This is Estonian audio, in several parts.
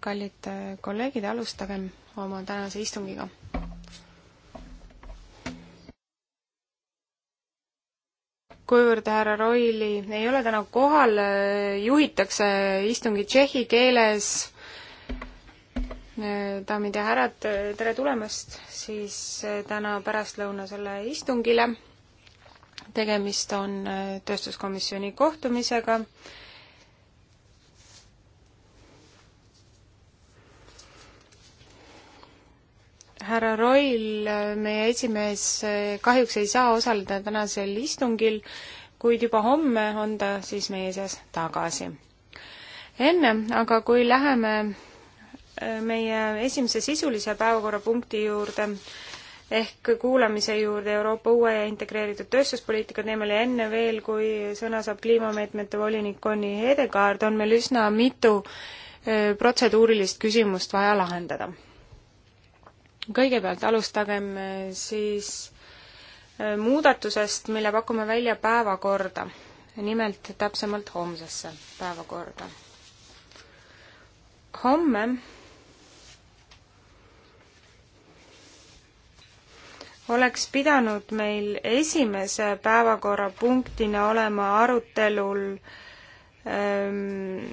kallid äh, kolleegid, alustagem oma tänase istungiga. kuivõrd härra Roili ei ole täna kohal, äh, juhitakse istungi tšehhi keeles. Äh, daamid ja härrad, tere tulemast siis täna pärastlõunasele istungile. tegemist on tööstuskomisjoni kohtumisega härra Roil, meie esimees, kahjuks ei saa osaleda tänasel istungil, kuid juba homme on ta siis meie seas tagasi. enne, aga kui läheme äh, meie esimese sisulise päevakorrapunkti juurde, ehk kuulamise juurde Euroopa uue ja integreeritud tööstuspoliitika teemal ja enne veel, kui sõna saab kliimameetmete volinik Conny Hedegaard, on meil üsna mitu äh, protseduurilist küsimust vaja lahendada kõigepealt alustagem äh, siis äh, muudatusest, mille pakume välja päevakorda, nimelt täpsemalt homsesse päevakorda. homme oleks pidanud meil esimese päevakorrapunktina olema arutelul ähm,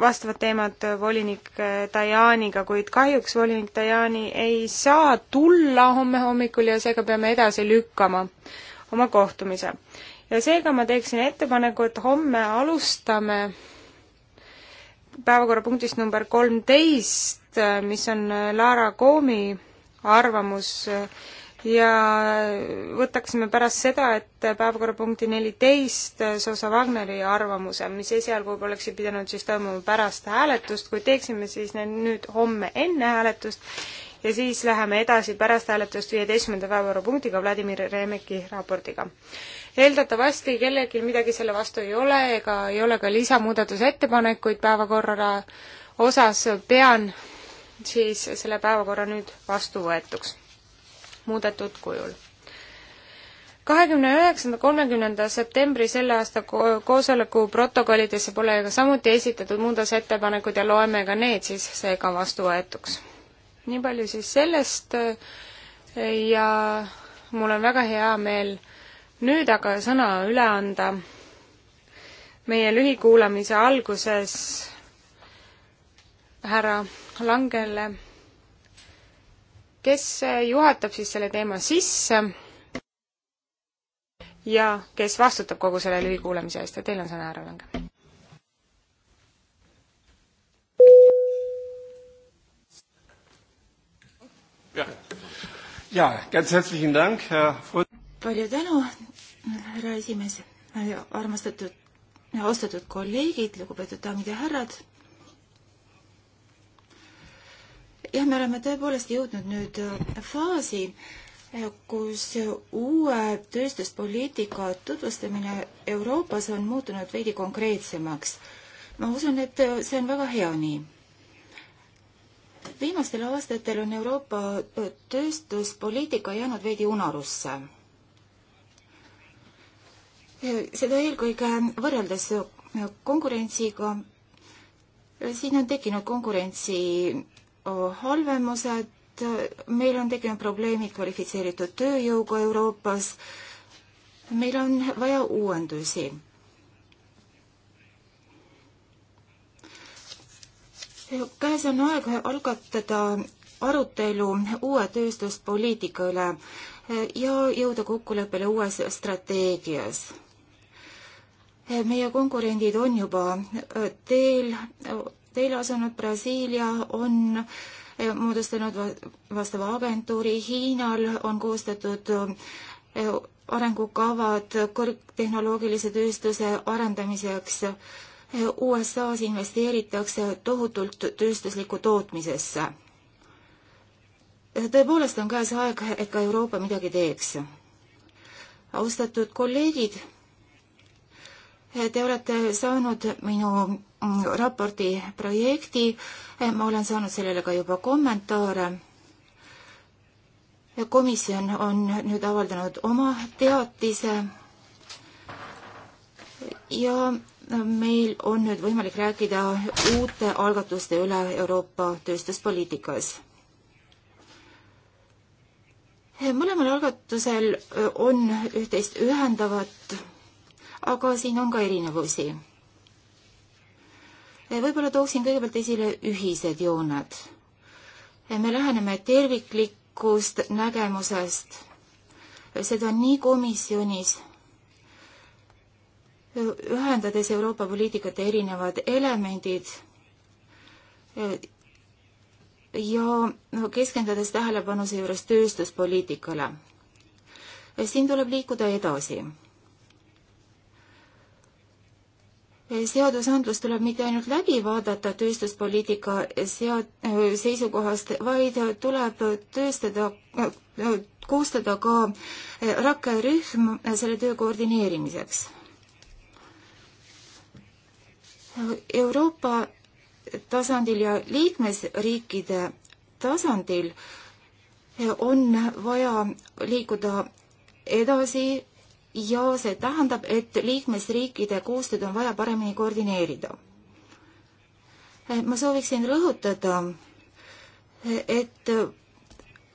vastavad teemad volinik Dajaaniga, kuid kahjuks volinik Dajani ei saa tulla homme hommikul ja seega peame edasi lükkama oma kohtumise. ja seega ma teeksin ettepaneku, et homme alustame päevakorrapunktist number kolmteist, mis on Laara Koomi arvamus ja võtaksime pärast seda, et päevakorrapunkti neliteist Zosa Wagneri arvamuse, mis esialgu oleksid pidanud siis toimuma pärast hääletust, kuid teeksime siis need nüüd homme enne hääletust ja siis läheme edasi pärast hääletust viieteistkümnenda päevakorrapunktiga Vladimir Remeki raportiga. eeldatavasti kellelgi midagi selle vastu ei ole ega ei ole ka lisamuudatusettepanekuid päevakorra osas, pean siis selle päevakorra nüüd vastu võetuks muudetud kujul kahekümne üheksanda, kolmekümnenda septembri selle aasta ko koosoleku protokollidesse pole ka samuti esitatud muudatusettepanekud ja loeme ka need siis seega vastuvõetuks. nii palju siis sellest ja mul on väga hea meel nüüd aga sõna üle anda meie lühikuulamise alguses härra Langele kes juhatab siis selle teema sisse ja kes vastutab kogu selle lühikuulamise eest ja teil on sõna ära lange. ja, ja, ganz herzlichen Dank, Herr Furt. palju tänu, härra esimees, armastatud, austatud kolleegid, lugupeetud daamid ja härrad jah, me oleme tõepoolest jõudnud nüüd äh, faasi, äh, kus uue tööstuspoliitika tutvustamine Euroopas on muutunud veidi konkreetsemaks. ma usun, et äh, see on väga hea nii. viimastel aastatel on Euroopa tööstuspoliitika jäänud veidi unarusse. seda eelkõige võrreldes konkurentsiga siin on tekkinud konkurentsi halvem osad, meil on tekkinud probleemid kvalifitseeritud tööjõuga Euroopas, meil on vaja uuendusi. käes on aeg algatada arutelu uue tööstuspoliitika üle ja jõuda kokkuleppele uues strateegias. meie konkurendid on juba teel teile asunud Brasiilia on eh, moodustanud vastava agentuuri, Hiinal on koostatud eh, arengukavad kõrgtehnoloogilise tööstuse arendamiseks. Eh, USA-s investeeritakse tohutult tööstuslikku tootmisesse. tõepoolest on käes aeg, et ka Euroopa midagi teeks. austatud kolleegid Te olete saanud minu mm, raporti projekti, ma olen saanud sellele ka juba kommentaare. komisjon on nüüd avaldanud oma teatise ja meil on nüüd võimalik rääkida uute algatuste üle Euroopa tööstuspoliitikas. mõlemal algatusel on üht-teist ühendavat aga siin on ka erinevusi. Eh, võib-olla tooksin kõigepealt esile ühised jooned. Eh, me läheneme terviklikust nägemusest, eh, seda nii komisjonis, ühendades Euroopa poliitikate erinevad elemendid ja keskendudes tähelepanu seejuures tööstuspoliitikale. siin tuleb liikuda edasi seadusandlus tuleb mitte ainult läbi vaadata tööstuspoliitika sead-, seisukohast, vaid tuleb tööstada, koostada ka rakkerühm selle töö koordineerimiseks. Euroopa tasandil ja liikmesriikide tasandil on vaja liikuda edasi ja see tähendab, et liikmesriikide koostööd on vaja paremini koordineerida. ma sooviksin rõhutada, et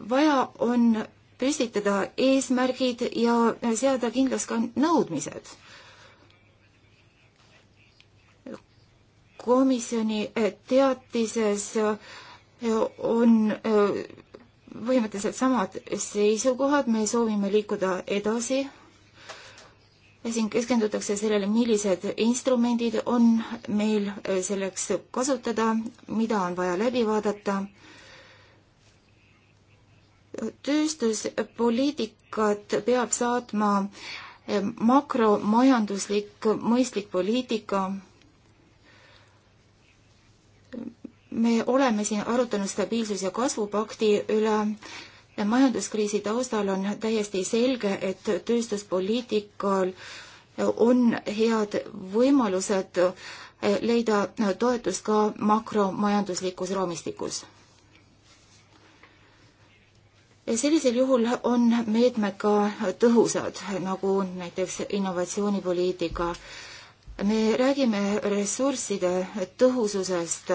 vaja on püstitada eesmärgid ja seada kindlaks ka nõudmised. komisjoni teatises on põhimõtteliselt samad seisukohad, me soovime liikuda edasi siin keskendutakse sellele, millised instrumendid on meil äh, selleks kasutada, mida on vaja läbi vaadata. tööstuspoliitikat peab saatma äh, makromajanduslik mõistlik poliitika. me oleme siin arutanud stabiilsus- ja kasvupakti üle majanduskriisi taustal on täiesti selge, et tööstuspoliitikal on head võimalused leida toetust ka makromajanduslikus raamistikus. sellisel juhul on meetmed ka tõhusad, nagu näiteks innovatsioonipoliitika. me räägime ressursside tõhususest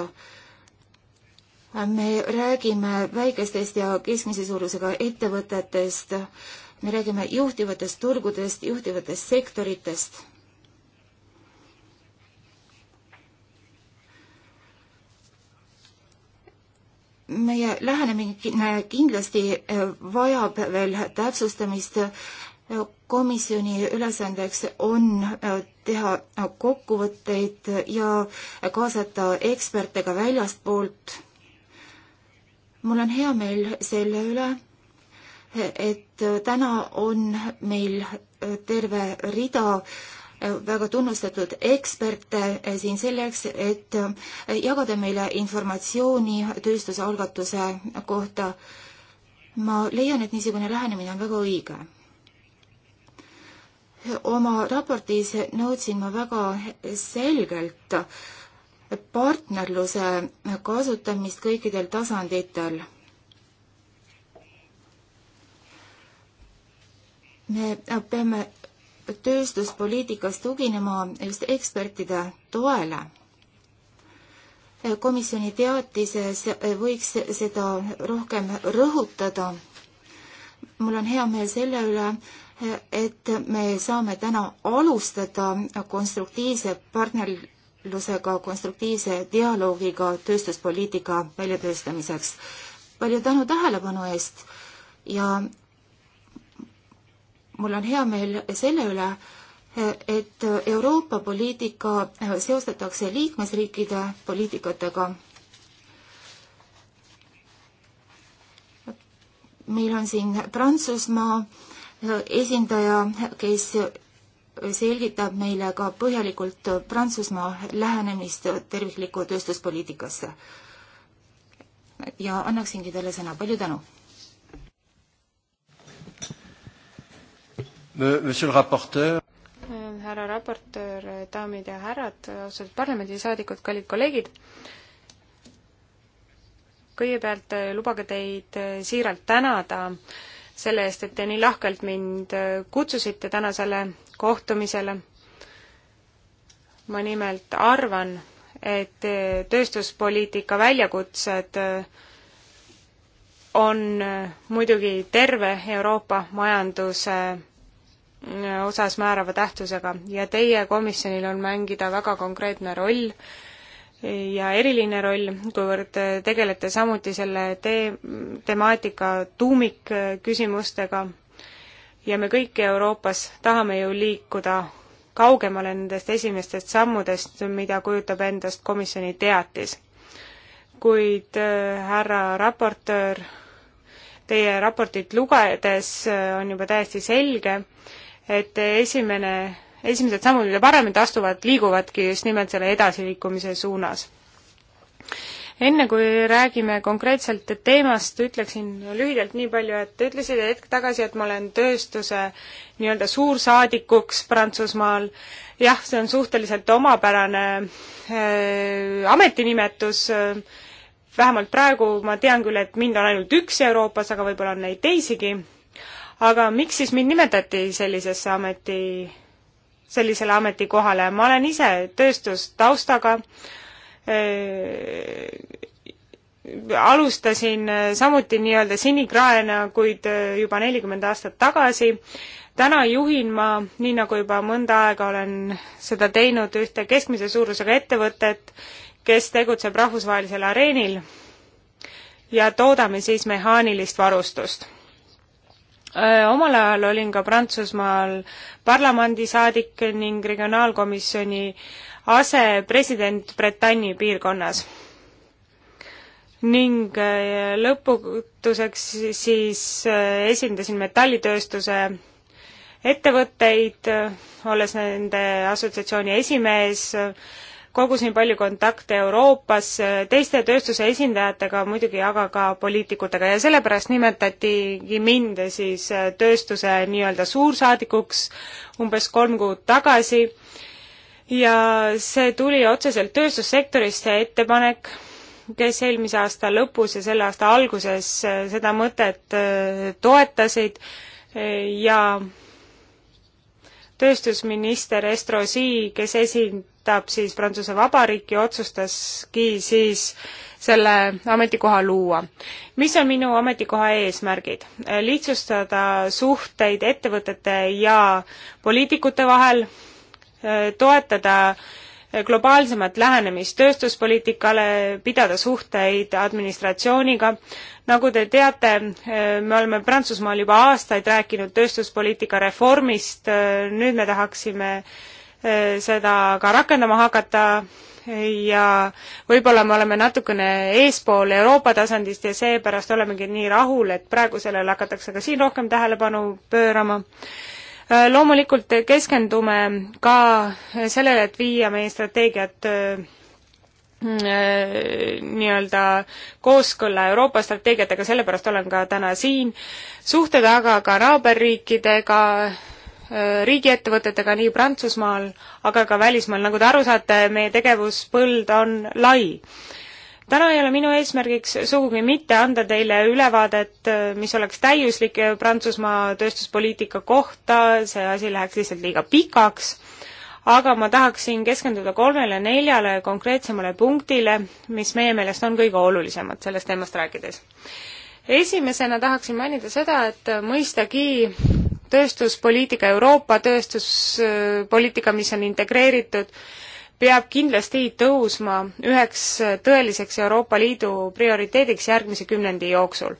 me räägime väikestest ja keskmise suurusega ettevõtetest, me räägime juhtivatest turgudest, juhtivatest sektoritest. meie lähenemine kindlasti vajab veel täpsustamist. komisjoni ülesandeks on teha kokkuvõtteid ja kaasata eksperte ka väljastpoolt mul on hea meel selle üle, et täna on meil terve rida väga tunnustatud eksperte siin selleks, et jagada meile informatsiooni tööstuse algatuse kohta. ma leian, et niisugune lähenemine on väga õige. oma raportis nõudsin ma väga selgelt äh, partnerluse kasutamist kõikidel tasanditel. me peame tööstuspoliitikas tuginema just ekspertide toele. komisjoni teatises võiks seda rohkem rõhutada. mul on hea meel selle üle, et me saame täna alustada konstruktiivse partner, partnerlusega, konstruktiivse dialoogiga tööstuspoliitika väljatöötamiseks. palju tänu tähelepanu eest ja mul on hea meel selle üle, et Euroopa poliitika seostatakse liikmesriikide poliitikatega. meil on siin Prantsusmaa esindaja, kes selgitab meile ka põhjalikult Prantsusmaa lähenemist terviklikku tööstuspoliitikasse. ja annaksingi teile sõna, palju tänu! härra raportöör, daamid ja härrad, austatud parlamendisaadikud, kallid kolleegid, kõigepealt lubage teid siiralt tänada äh, selle eest, et te nii lahkelt mind äh, kutsusite tänasele kohtumisele. ma nimelt arvan, et äh, tööstuspoliitika väljakutsed äh, on muidugi terve Euroopa majanduse osas määrava tähtsusega ja teie komisjonil on mängida väga konkreetne roll ja eriline roll, kuivõrd tegelete samuti selle tee, temaatika tuumikküsimustega ja me kõik Euroopas tahame ju liikuda kaugemale nendest esimestest sammudest, mida kujutab endast komisjoni teatis. kuid äh, härra raportöör, teie raportit lugedes äh, on juba täiesti selge, et esimene esimesed sammud, mida parlament astuvad, liiguvadki just nimelt selle edasiliikumise suunas. enne kui räägime konkreetselt teemast, ütleksin lühidalt nii palju, et te ütlesite hetk tagasi, et ma olen tööstuse nii-öelda suursaadikuks Prantsusmaal. jah, see on suhteliselt omapärane äh, ametinimetus äh,, vähemalt praegu ma tean küll, et mind on ainult üks Euroopas, aga võib-olla on neid teisigi aga miks siis mind nimetati sellisesse ameti sellisele ametikohale. ma olen ise tööstustaustaga äh,, alustasin äh, samuti nii-öelda sinikraena, kuid äh, juba nelikümmend aastat tagasi. täna juhin ma, nii nagu juba mõnda aega olen seda teinud, ühte keskmise suurusega ettevõtet, kes tegutseb rahvusvahelisel areenil ja toodame siis mehaanilist varustust Äh, omal ajal olin ka Prantsusmaal parlamendisaadik ning regionaalkomisjoni asepresident Bretagne piirkonnas. ning äh, lõputuseks siis äh, esindasin metallitööstuse ettevõtteid, olles nende assotsiatsiooni esimees, kogusin palju kontakte Euroopas teiste tööstuse esindajatega muidugi, aga ka poliitikutega ja sellepärast nimetatigi mind siis tööstuse nii-öelda suursaadikuks umbes kolm kuud tagasi ja see tuli otseselt tööstussektorist, see ettepanek, kes eelmise aasta lõpus ja selle aasta alguses seda mõtet äh, toetasid ja tööstusminister Estrosi, kes esindab siis Prantsuse Vabariiki, otsustaski siis selle ametikoha luua. mis on minu ametikoha eesmärgid? lihtsustada suhteid ettevõtete ja poliitikute vahel, toetada äh, globaalsemat lähenemist tööstuspoliitikale, pidada suhteid administratsiooniga. nagu te teate, me oleme Prantsusmaal juba aastaid rääkinud tööstuspoliitika reformist, nüüd me tahaksime eh, seda ka rakendama hakata ja võib-olla me oleme natukene eespool Euroopa tasandist ja seepärast olemegi nii rahul, et praegu sellele hakatakse ka siin rohkem tähelepanu pöörama Äh, loomulikult keskendume ka sellele, et viia meie strateegiat äh, mm, äh, nii-öelda kooskõlla Euroopa strateegiatega, sellepärast olen ka täna siin, suhted aga ka naaberriikidega, riigiettevõtetega nii Prantsusmaal, aga ka välismaal, nagu te aru saate, meie tegevuspõld on lai täna ei ole minu eesmärgiks sugugi mitte anda teile ülevaadet, äh, mis oleks täiuslik äh, Prantsusmaa tööstuspoliitika kohta, see asi läheks lihtsalt liiga pikaks, aga ma tahaksin keskenduda kolmele-neljale konkreetsemale punktile, mis meie meelest on kõige olulisemad sellest teemast rääkides. esimesena tahaksin mainida seda, et mõistagi tööstuspoliitika, Euroopa tööstuspoliitika, mis on integreeritud peab kindlasti tõusma üheks tõeliseks Euroopa Liidu prioriteediks järgmise kümnendi jooksul.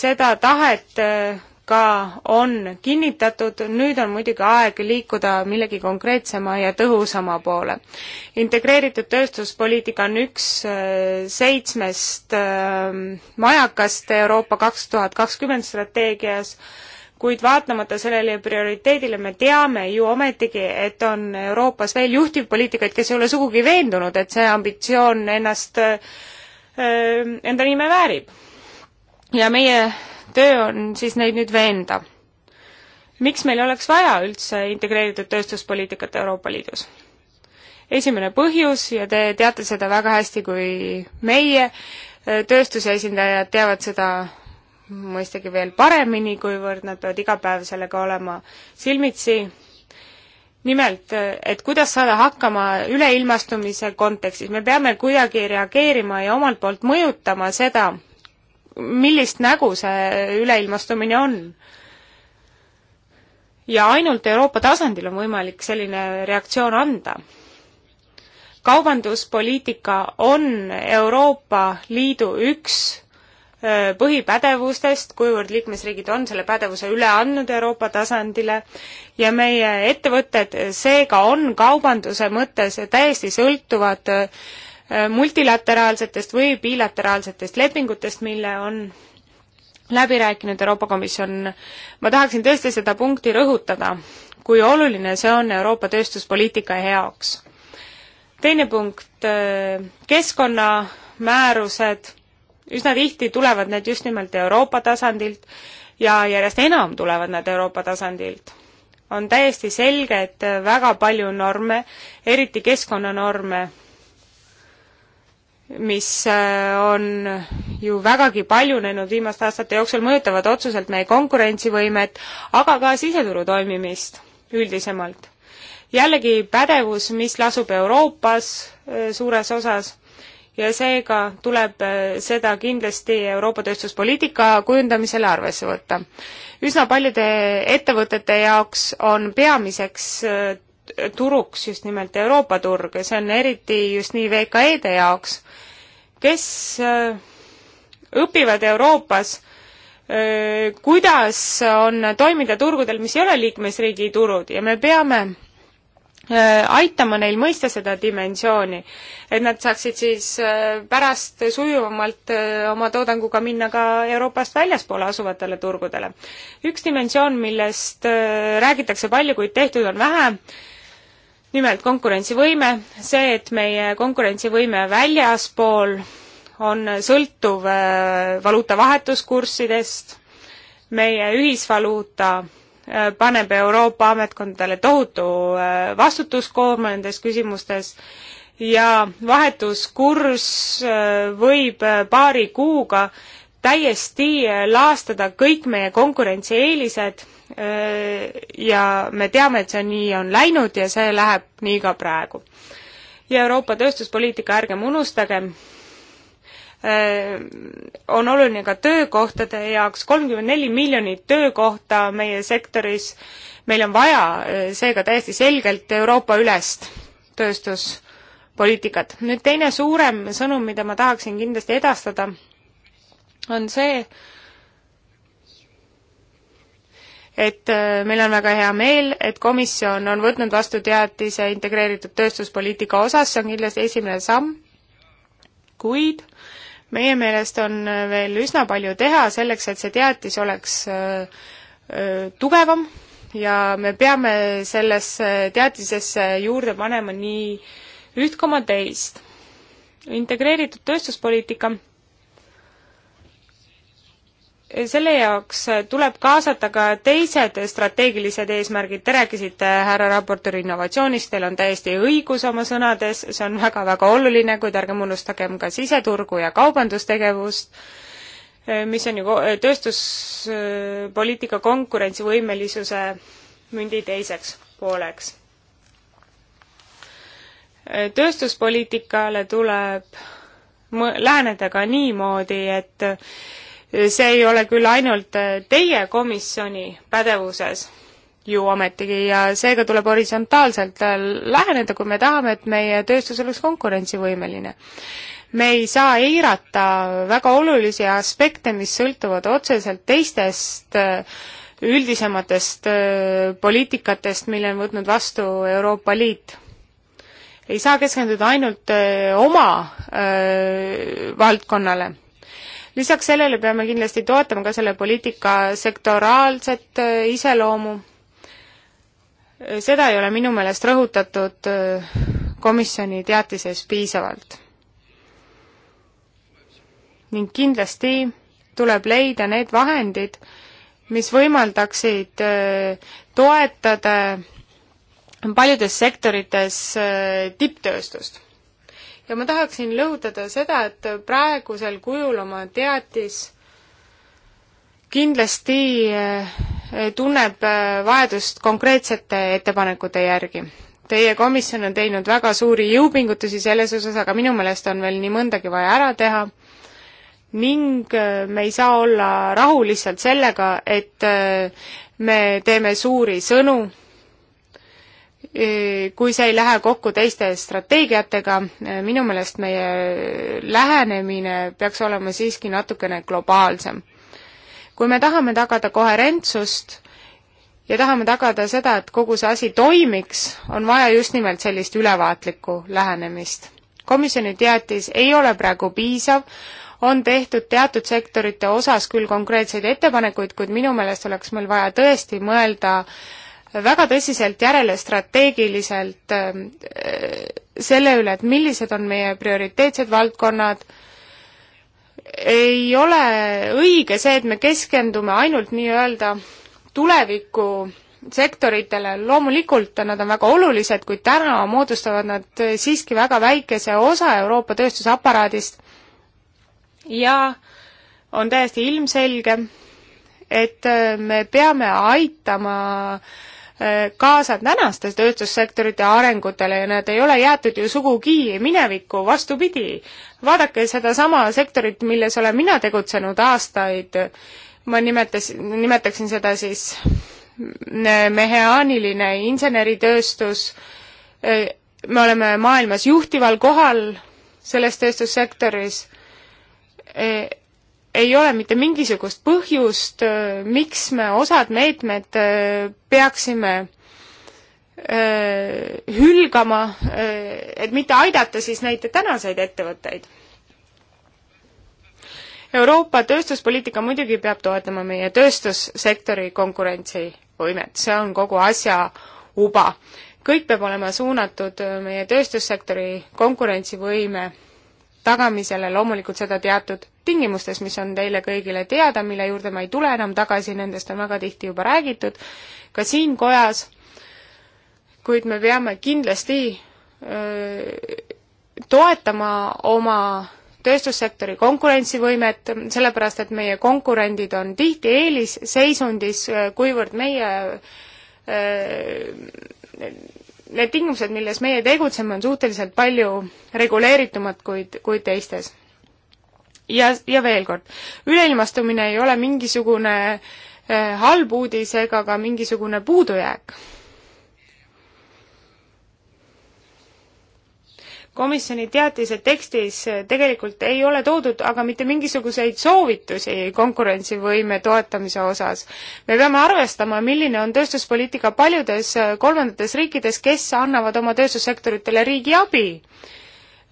seda tahet äh, ka on kinnitatud, nüüd on muidugi aeg liikuda millegi konkreetsema ja tõhusama poole. integreeritud tööstuspoliitika on üks äh, seitsmest äh, majakast Euroopa kaks tuhat kakskümmend strateegias kuid vaatamata sellele prioriteedile me teame ju ometigi, et on Euroopas veel juhtivpoliitikaid, kes ei ole sugugi veendunud, et see ambitsioon ennast, enda nime väärib. ja meie töö on siis neid nüüd veenda. miks meil oleks vaja üldse integreeritud tööstuspoliitikat Euroopa Liidus? esimene põhjus ja te teate seda väga hästi kui meie, tööstuse esindajad teavad seda mõistagi veel paremini, kuivõrd nad peavad iga päev sellega olema silmitsi. nimelt, et kuidas saada hakkama üleilmastumise kontekstis, me peame kuidagi reageerima ja omalt poolt mõjutama seda, millist nägu see üleilmastumine on. ja ainult Euroopa tasandil on võimalik selline reaktsioon anda kaubanduspoliitika on Euroopa Liidu üks Äh, põhipädevustest, kuivõrd liikmesriigid on selle pädevuse üle andnud Euroopa tasandile ja meie ettevõtted seega on kaubanduse mõttes täiesti sõltuvad äh, multilateraalsetest või bilateraalsetest lepingutest, mille on läbi rääkinud Euroopa Komisjon. ma tahaksin tõesti seda punkti rõhutada, kui oluline see on Euroopa tööstuspoliitika jaoks. teine punkt, äh, keskkonnamäärused üsna tihti tulevad need just nimelt Euroopa tasandilt ja järjest enam tulevad nad Euroopa tasandilt. on täiesti selge, et väga palju norme, eriti keskkonnanorme, mis äh, on ju vägagi paljunenud viimaste aastate jooksul, mõjutavad otseselt meie konkurentsivõimet, aga ka siseturu toimimist üldisemalt. jällegi pädevus, mis lasub Euroopas äh, suures osas ja seega tuleb äh, seda kindlasti Euroopa tööstuspoliitika kujundamisele arvesse võtta. üsna paljude ettevõtete jaoks on peamiseks äh, turuks just nimelt Euroopa turg ja see on eriti just nii VKE-de jaoks, kes äh, õpivad Euroopas, kuidas on toimida turgudel, mis ei ole liikmesriigi turud ja me peame Äh, aitama neil mõista seda dimensiooni, et nad saaksid siis äh, pärast sujuvamalt äh, oma toodanguga minna ka Euroopast väljaspoole asuvatele turgudele. üks dimensioon, millest räägitakse palju, kuid tehtud on vähe, nimelt konkurentsivõime, see, et meie konkurentsivõime väljaspool on sõltuv valuuta vahetuskurssidest, meie ühisvaluuta Äh, paneb Euroopa ametkondadele tohutu äh, vastutuskoorma nendes küsimustes ja vahetuskurss äh, võib paari kuuga täiesti laastada kõik meie konkurentsieelised ja me teame, et see nii on läinud ja see läheb nii ka praegu. ja Euroopa tööstuspoliitika, ärgem unustagem, Äh, on oluline ka töökohtade jaoks, kolmkümmend neli miljonit töökohta meie sektoris, meil on vaja äh, seega täiesti selgelt Euroopa-ülest tööstuspoliitikat. nüüd teine suurem sõnum, mida ma tahaksin kindlasti edastada, on see, et äh, meil on väga hea meel, et komisjon on võtnud vastu teatise integreeritud tööstuspoliitika osas, see on kindlasti esimene samm, kuid meie meelest on veel üsna palju teha selleks, et see teatis oleks äh, äh, tugevam ja me peame sellesse teatisesse juurde panema nii üht koma teist. integreeritud tööstuspoliitika selle jaoks tuleb kaasata ka teised strateegilised eesmärgid, te rääkisite, härra raportöör, innovatsioonist, teil on täiesti õigus oma sõnades, see on väga-väga oluline, kuid ärgem unustagem ka siseturgu ja kaubandustegevust, mis on ju tööstuspoliitika konkurentsivõimelisuse mündi teiseks pooleks. tööstuspoliitikale tuleb läheneda ka niimoodi, et see ei ole küll ainult äh, teie komisjoni pädevuses ju ometigi ja seega tuleb horisontaalselt äh, läheneda, kui me tahame, et meie tööstus oleks konkurentsivõimeline. me ei saa eirata väga olulisi aspekte, mis sõltuvad otseselt teistest äh, üldisematest poliitikatest, mille on võtnud vastu Euroopa Liit ei saa keskenduda ainult oma öö, valdkonnale lisaks sellele peame kindlasti toetama ka selle poliitika sektoraalset äh, iseloomu. seda ei ole minu meelest rõhutatud äh, komisjoni teatises piisavalt. ning kindlasti tuleb leida need vahendid, mis võimaldaksid äh, toetada paljudes sektorites tipptööstust ja ma tahaksin lõhutada seda, et praegusel kujul oma teatis kindlasti eh, tunneb eh, vajadust konkreetsete ettepanekute järgi. Teie komisjon on teinud väga suuri jõupingutusi selles osas, aga minu meelest on veel nii mõndagi vaja ära teha ning eh, me ei saa olla rahul lihtsalt sellega, et me teeme suuri sõnu Eh, kui see ei lähe kokku teiste strateegiatega, eh, minu meelest meie lähenemine peaks olema siiski natukene globaalsem. kui me tahame tagada koherentsust ja tahame tagada seda, et kogu see asi toimiks, on vaja just nimelt sellist ülevaatlikku lähenemist. komisjoni teatis ei ole praegu piisav, on tehtud teatud sektorite osas küll konkreetseid ettepanekuid, kuid minu meelest oleks meil vaja tõesti mõelda äh, väga tõsiselt järele strateegiliselt äh, selle üle, et millised on meie prioriteetsed valdkonnad, ei ole õige see, et me keskendume ainult nii-öelda tuleviku sektoritele, loomulikult nad on väga olulised, kuid täna moodustavad nad siiski väga väikese osa Euroopa tööstusaparaadist ja on täiesti ilmselge, et me peame aitama äh, kaasa tänaste tööstussektorite arengutele ja nad ei ole jäetud ju sugugi minevikku, vastupidi. vaadake sedasama sektorit, milles olen mina tegutsenud aastaid, ma nimetasin, nimetaksin seda siis mm, mehaaniline inseneritööstus, e, me oleme maailmas juhtival kohal selles tööstussektoris, e, ei ole mitte mingisugust põhjust, äh, miks me osad meetmed äh, peaksime äh, hülgama, et mitte aidata siis neid tänaseid ettevõtteid. Euroopa tööstuspoliitika muidugi peab toetama meie tööstussektori konkurentsivõimet, see on kogu asja uba. kõik peab olema suunatud meie tööstussektori konkurentsivõime tagamisele, loomulikult seda teatud tingimustes, mis on teile kõigile teada, mille juurde ma ei tule enam tagasi, nendest on väga tihti juba räägitud, ka siin kojas, kuid me peame kindlasti öö, toetama oma tööstussektori konkurentsivõimet, sellepärast et meie konkurendid on tihti eelisseisundis, kuivõrd meie öö, need tingimused, milles meie tegutseme, on suhteliselt palju reguleeritumad kui, kui teistes ja, ja veel kord, üleilmastumine ei ole mingisugune eh, halb uudis ega ka mingisugune puudujääk. komisjoni teatise tekstis eh, tegelikult ei ole toodud aga mitte mingisuguseid soovitusi konkurentsivõime toetamise osas. me peame arvestama, milline on tööstuspoliitika paljudes eh, kolmandates riikides, kes annavad oma tööstussektoritele riigi abi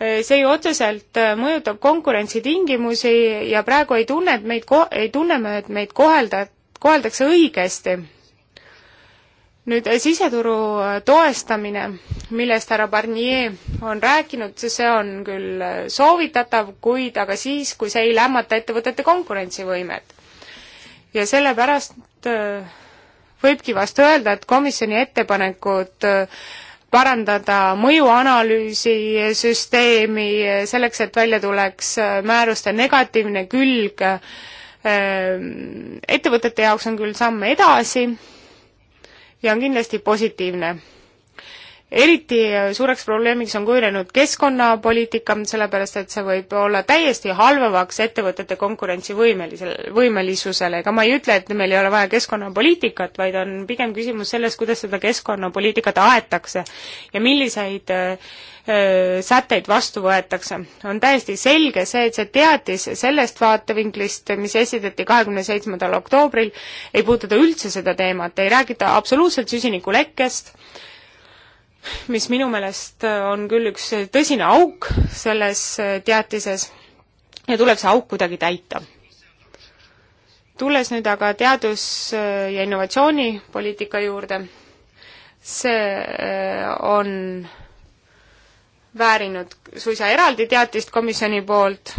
Äh, see ju otseselt äh, mõjutab konkurentsitingimusi ja praegu ei tunne, et meid ko-, ei tunne me, et meid kohelda, koheldakse õigesti. nüüd äh, siseturu toestamine, millest härra Barnier on rääkinud, see on küll soovitatav, kuid aga siis, kui see ei lämmata ettevõtete konkurentsivõimet. ja sellepärast võibki vast öelda, et komisjoni ettepanekud äh, parandada mõjuanalüüsi süsteemi selleks, et välja tuleks äh, määruste negatiivne külg. Äh, ettevõtete jaoks on küll samm edasi ja on kindlasti positiivne eriti suureks probleemiks on kujunenud keskkonnapoliitika, sellepärast et see võib olla täiesti halvavaks ettevõtete konkurentsivõimelisele, võimelisusele, ega ma ei ütle, et meil ei ole vaja keskkonnapoliitikat, vaid on pigem küsimus selles, kuidas seda keskkonnapoliitikat aetakse ja milliseid äh, sätteid vastu võetakse. on täiesti selge see, et see teatis sellest vaatevinklist, mis esitati kahekümne seitsmendal oktoobril, ei puuduta üldse seda teemat, ei räägita absoluutselt süsinikulekkest, mis minu meelest on küll üks tõsine auk selles teatises ja tuleb see auk kuidagi täita. tulles nüüd aga teadus- ja innovatsioonipoliitika juurde, see äh, on väärinud suisa eraldi teatist komisjoni poolt,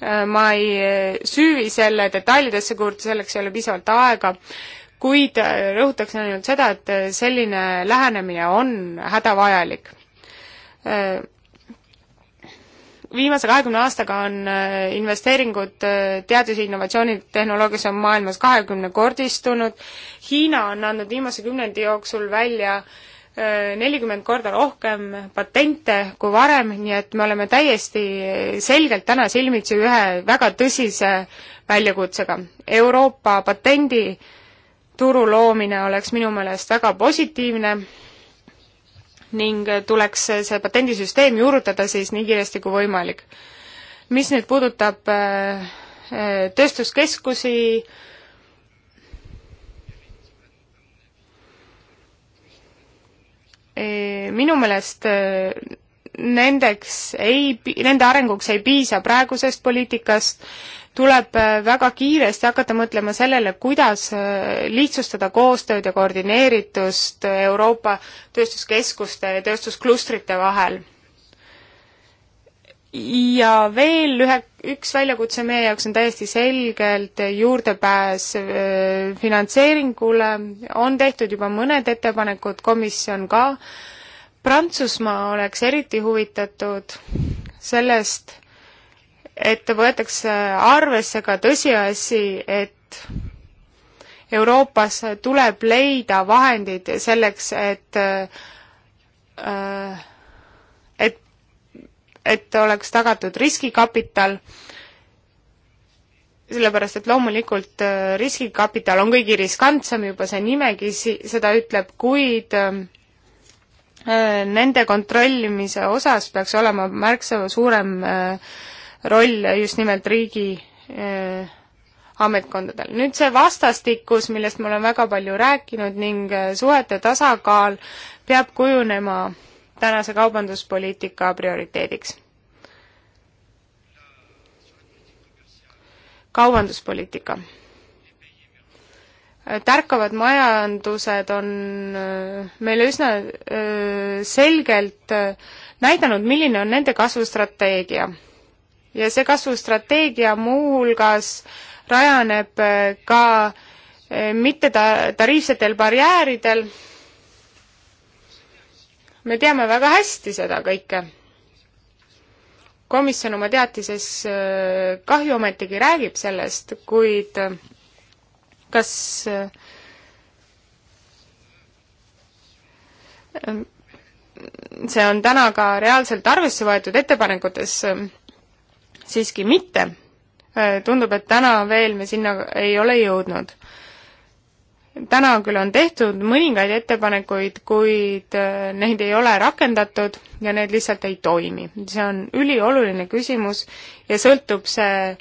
äh, ma ei äh, süüvi selle detailidesse, kuid selleks ei ole piisavalt aega, kuid äh, rõhutakse ainult seda, et äh, selline lähenemine on hädavajalik. Äh, viimase kahekümne aastaga on investeeringud teadus- ja innovatsioonitehnoloogiasse on maailmas kahekümnekordistunud, Hiina on andnud viimase kümnendi jooksul välja nelikümmend korda rohkem patente kui varem, nii et me oleme täiesti selgelt täna silmitsi ühe väga tõsise väljakutsega. Euroopa patendi äh, turu loomine oleks minu meelest väga positiivne ning tuleks see patendisüsteem juurutada siis nii kiiresti kui võimalik. mis nüüd puudutab äh, äh, tööstuskeskusi, äh, minu meelest nendeks ei, nende arenguks ei piisa praegusest poliitikast, tuleb äh, väga kiiresti hakata mõtlema sellele, kuidas äh, lihtsustada koostööd ja koordineeritust äh, Euroopa tööstuskeskuste ja tööstusklustrite vahel. ja veel ühe, üks väljakutse meie jaoks on täiesti selgelt juurdepääs finantseeringule, on tehtud juba mõned ettepanekud, komisjon ka, Prantsusmaa oleks eriti huvitatud sellest, et võetakse arvesse ka tõsiasi, et Euroopas tuleb leida vahendid selleks, et äh, et, et oleks tagatud riskikapital, sellepärast et loomulikult äh, riskikapital on kõige riskantsem, juba see nimegi seda ütleb, kuid äh, nende kontrollimise osas peaks olema märksa suurem äh, roll just nimelt riigi äh, ametkondadel. nüüd see vastastikus, millest ma olen väga palju rääkinud ning eh, suhete tasakaal peab kujunema tänase kaubanduspoliitika prioriteediks. kaubanduspoliitika. tärkavad majandused on eh, meile üsna selgelt näidanud, milline on nende kasvustrateegia ja see kasvustrateegia muuhulgas rajaneb äh, ka äh, mittetariifsetel barjääridel. me teame väga hästi seda kõike. komisjon oma teatises äh, kahju ometigi räägib sellest, kuid kas see on täna ka reaalselt arvesse võetud ettepanekutes siiski mitte. Äh, tundub, et täna veel me sinna ei ole jõudnud. täna küll on tehtud mõningaid ettepanekuid, kuid äh, neid ei ole rakendatud ja need lihtsalt ei toimi. see on ülioluline küsimus ja sõltub see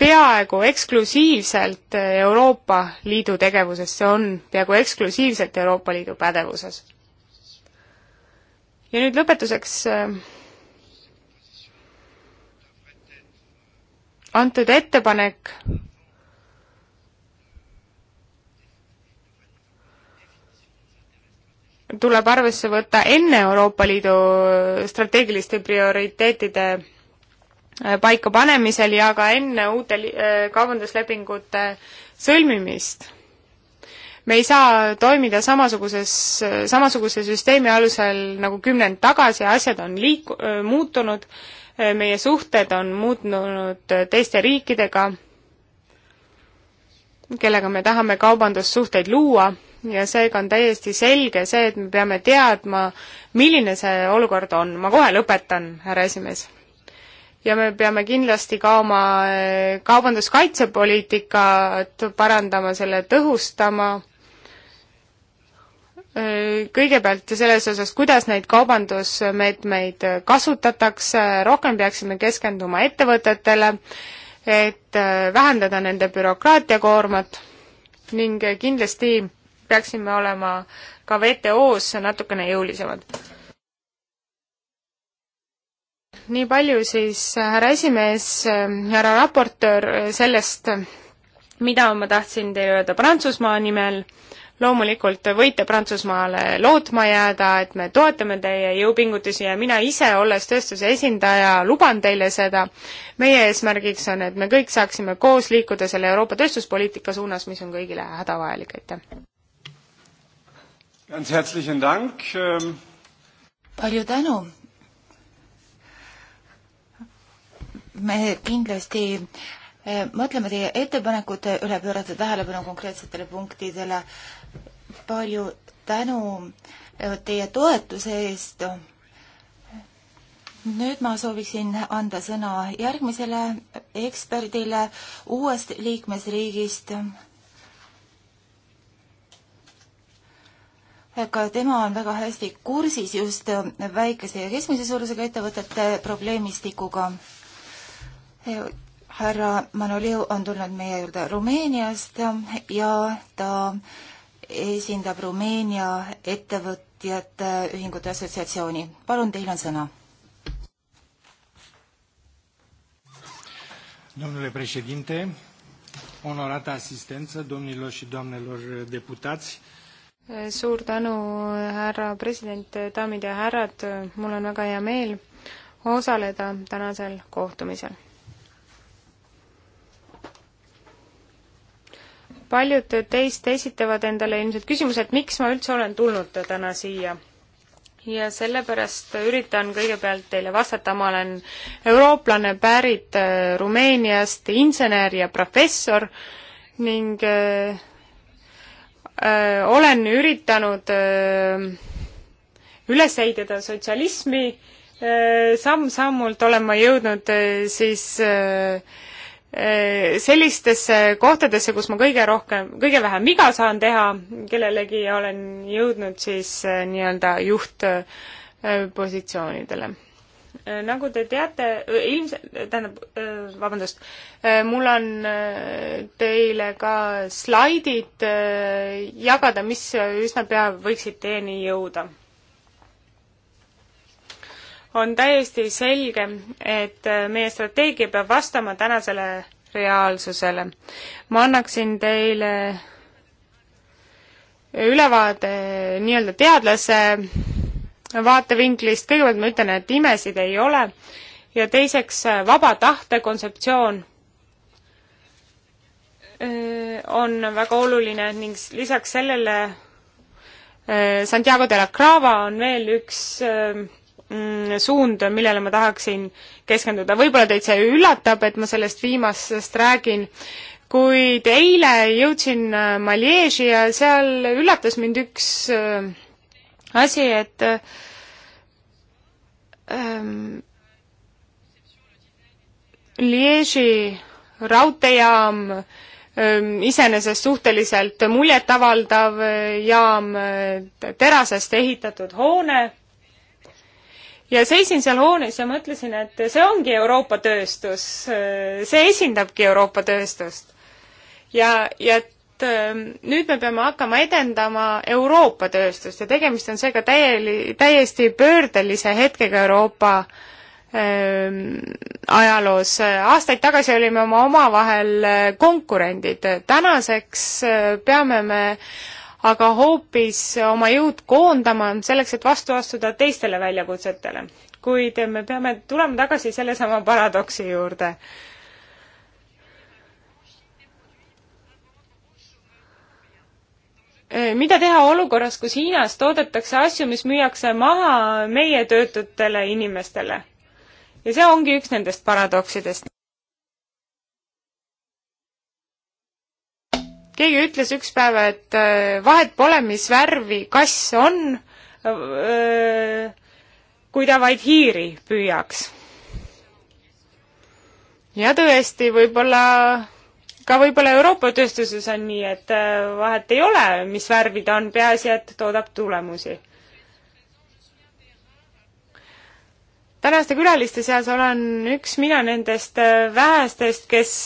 peaaegu eksklusiivselt Euroopa Liidu tegevuses, see on peaaegu eksklusiivselt Euroopa Liidu pädevuses. ja nüüd lõpetuseks äh, antud ettepanek tuleb arvesse võtta enne Euroopa Liidu strateegiliste prioriteetide äh, paikapanemisel ja ka enne uute äh, kaubanduslepingute sõlmimist. me ei saa toimida samasuguses, äh, samasuguse süsteemi alusel nagu kümnend tagasi, asjad on liik-, muutunud meie suhted on muutunud teiste riikidega, kellega me tahame kaubandussuhteid luua ja seega on täiesti selge see, et me peame teadma, milline see olukord on. ma kohe lõpetan, härra esimees. ja me peame kindlasti ka oma eh, kaubanduskaitsepoliitikat parandama, selle tõhustama kõigepealt selles osas, kuidas neid kaubandusmeetmeid kasutatakse, rohkem peaksime keskenduma ettevõtetele, et äh, vähendada nende bürokraatiakoormat ning kindlasti peaksime olema ka WTO-s natukene jõulisemad. nii palju siis, äh, härra esimees, äh, härra raportöör, sellest, mida ma tahtsin teile öelda Prantsusmaa nimel loomulikult võite Prantsusmaale lootma jääda, et me toetame teie jõupingutusi ja mina ise, olles tööstuse esindaja, luban teile seda. meie eesmärgiks on, et me kõik saaksime koos liikuda selle Euroopa tööstuspoliitika suunas, mis on kõigile hädavajalik, aitäh! Ähm. palju tänu! me kindlasti äh, mõtleme teie ettepanekute üle, pöörata tähelepanu konkreetsetele punktidele palju tänu äh, teie toetuse eest. nüüd ma sooviksin anda sõna järgmisele eksperdile uuest liikmesriigist. ka tema on väga hästi kursis just väikese ja keskmise suurusega ettevõtete probleemistikuga. härra Manoliu on tulnud meie juurde Rumeeniast ja ta esindab Rumeenia Ettevõtjate Ühingute Assotsiatsiooni. palun, teil on sõna. Domnule președinte, onorată asistență, domnilor și doamnelor deputați. Suur tänu, härra president, daamid ja härrad, mul on väga hea meel osaleda tänasel kohtumisel paljud teist esitavad endale ilmselt küsimuse, et miks ma üldse olen tulnud täna siia. ja sellepärast üritan kõigepealt teile vastata, ma olen eurooplane pärit äh, Rumeeniast, insener ja professor ning öö, äh, öö, äh, olen üritanud öö, üles ehitada sotsialismi, samm-sammult olen ma jõudnud öö, siis öö, Äh, sellistesse kohtadesse, kus ma kõige rohkem, kõige vähem viga saan teha kellelegi ja olen jõudnud siis äh, nii-öelda juhtpositsioonidele. Äh, nagu te teate, ilmselt, tähendab, vabandust, mul on teile ka slaidid jagada, mis üsna pea võiksid teieni jõuda on täiesti selge, et äh, meie strateegia peab vastama tänasele reaalsusele. ma annaksin teile ülevaade nii-öelda teadlase vaatevinklist, kõigepealt ma ütlen, et imesid ei ole ja teiseks äh, vaba tahte kontseptsioon äh, on väga oluline ning lisaks sellele Santiago de la Crava on veel üks Mm, suund, millele ma tahaksin keskenduda. võib-olla teid see üllatab, et ma sellest viimasest räägin, kuid eile jõudsin äh, Malježi ja seal üllatas mind üks äh, asi, et ähm, Liege'i raudteejaam ähm, iseenesest suhteliselt muljetavaldav äh, jaam, terasest ehitatud hoone ja seisin seal hoones ja mõtlesin, et see ongi Euroopa tööstus, see esindabki Euroopa tööstust. ja, ja et ähm, nüüd me peame hakkama edendama Euroopa tööstust ja tegemist on seega täieli, täiesti pöördelise hetkega Euroopa ähm, ajaloos. aastaid tagasi olime oma omavahel äh, konkurendid, tänaseks äh, peame me aga hoopis oma jõud koondama selleks, et vastu astuda teistele väljakutsetele. kuid me peame tulema tagasi sellesama paradoksi juurde mida teha olukorras, kus Hiinas toodetakse asju, mis müüakse maha meie töötutele inimestele? ja see ongi üks nendest paradoksidest. keegi ütles üks päev, et äh, vahet pole, mis värvi kass on, äh, kui ta vaid hiiri püüaks. ja tõesti, võib-olla ka võib-olla Euroopa tööstuses on nii, et äh, vahet ei ole, mis värvi ta on, peaasi, et toodab tulemusi. tänaste külaliste seas olen üks mina nendest vähestest, kes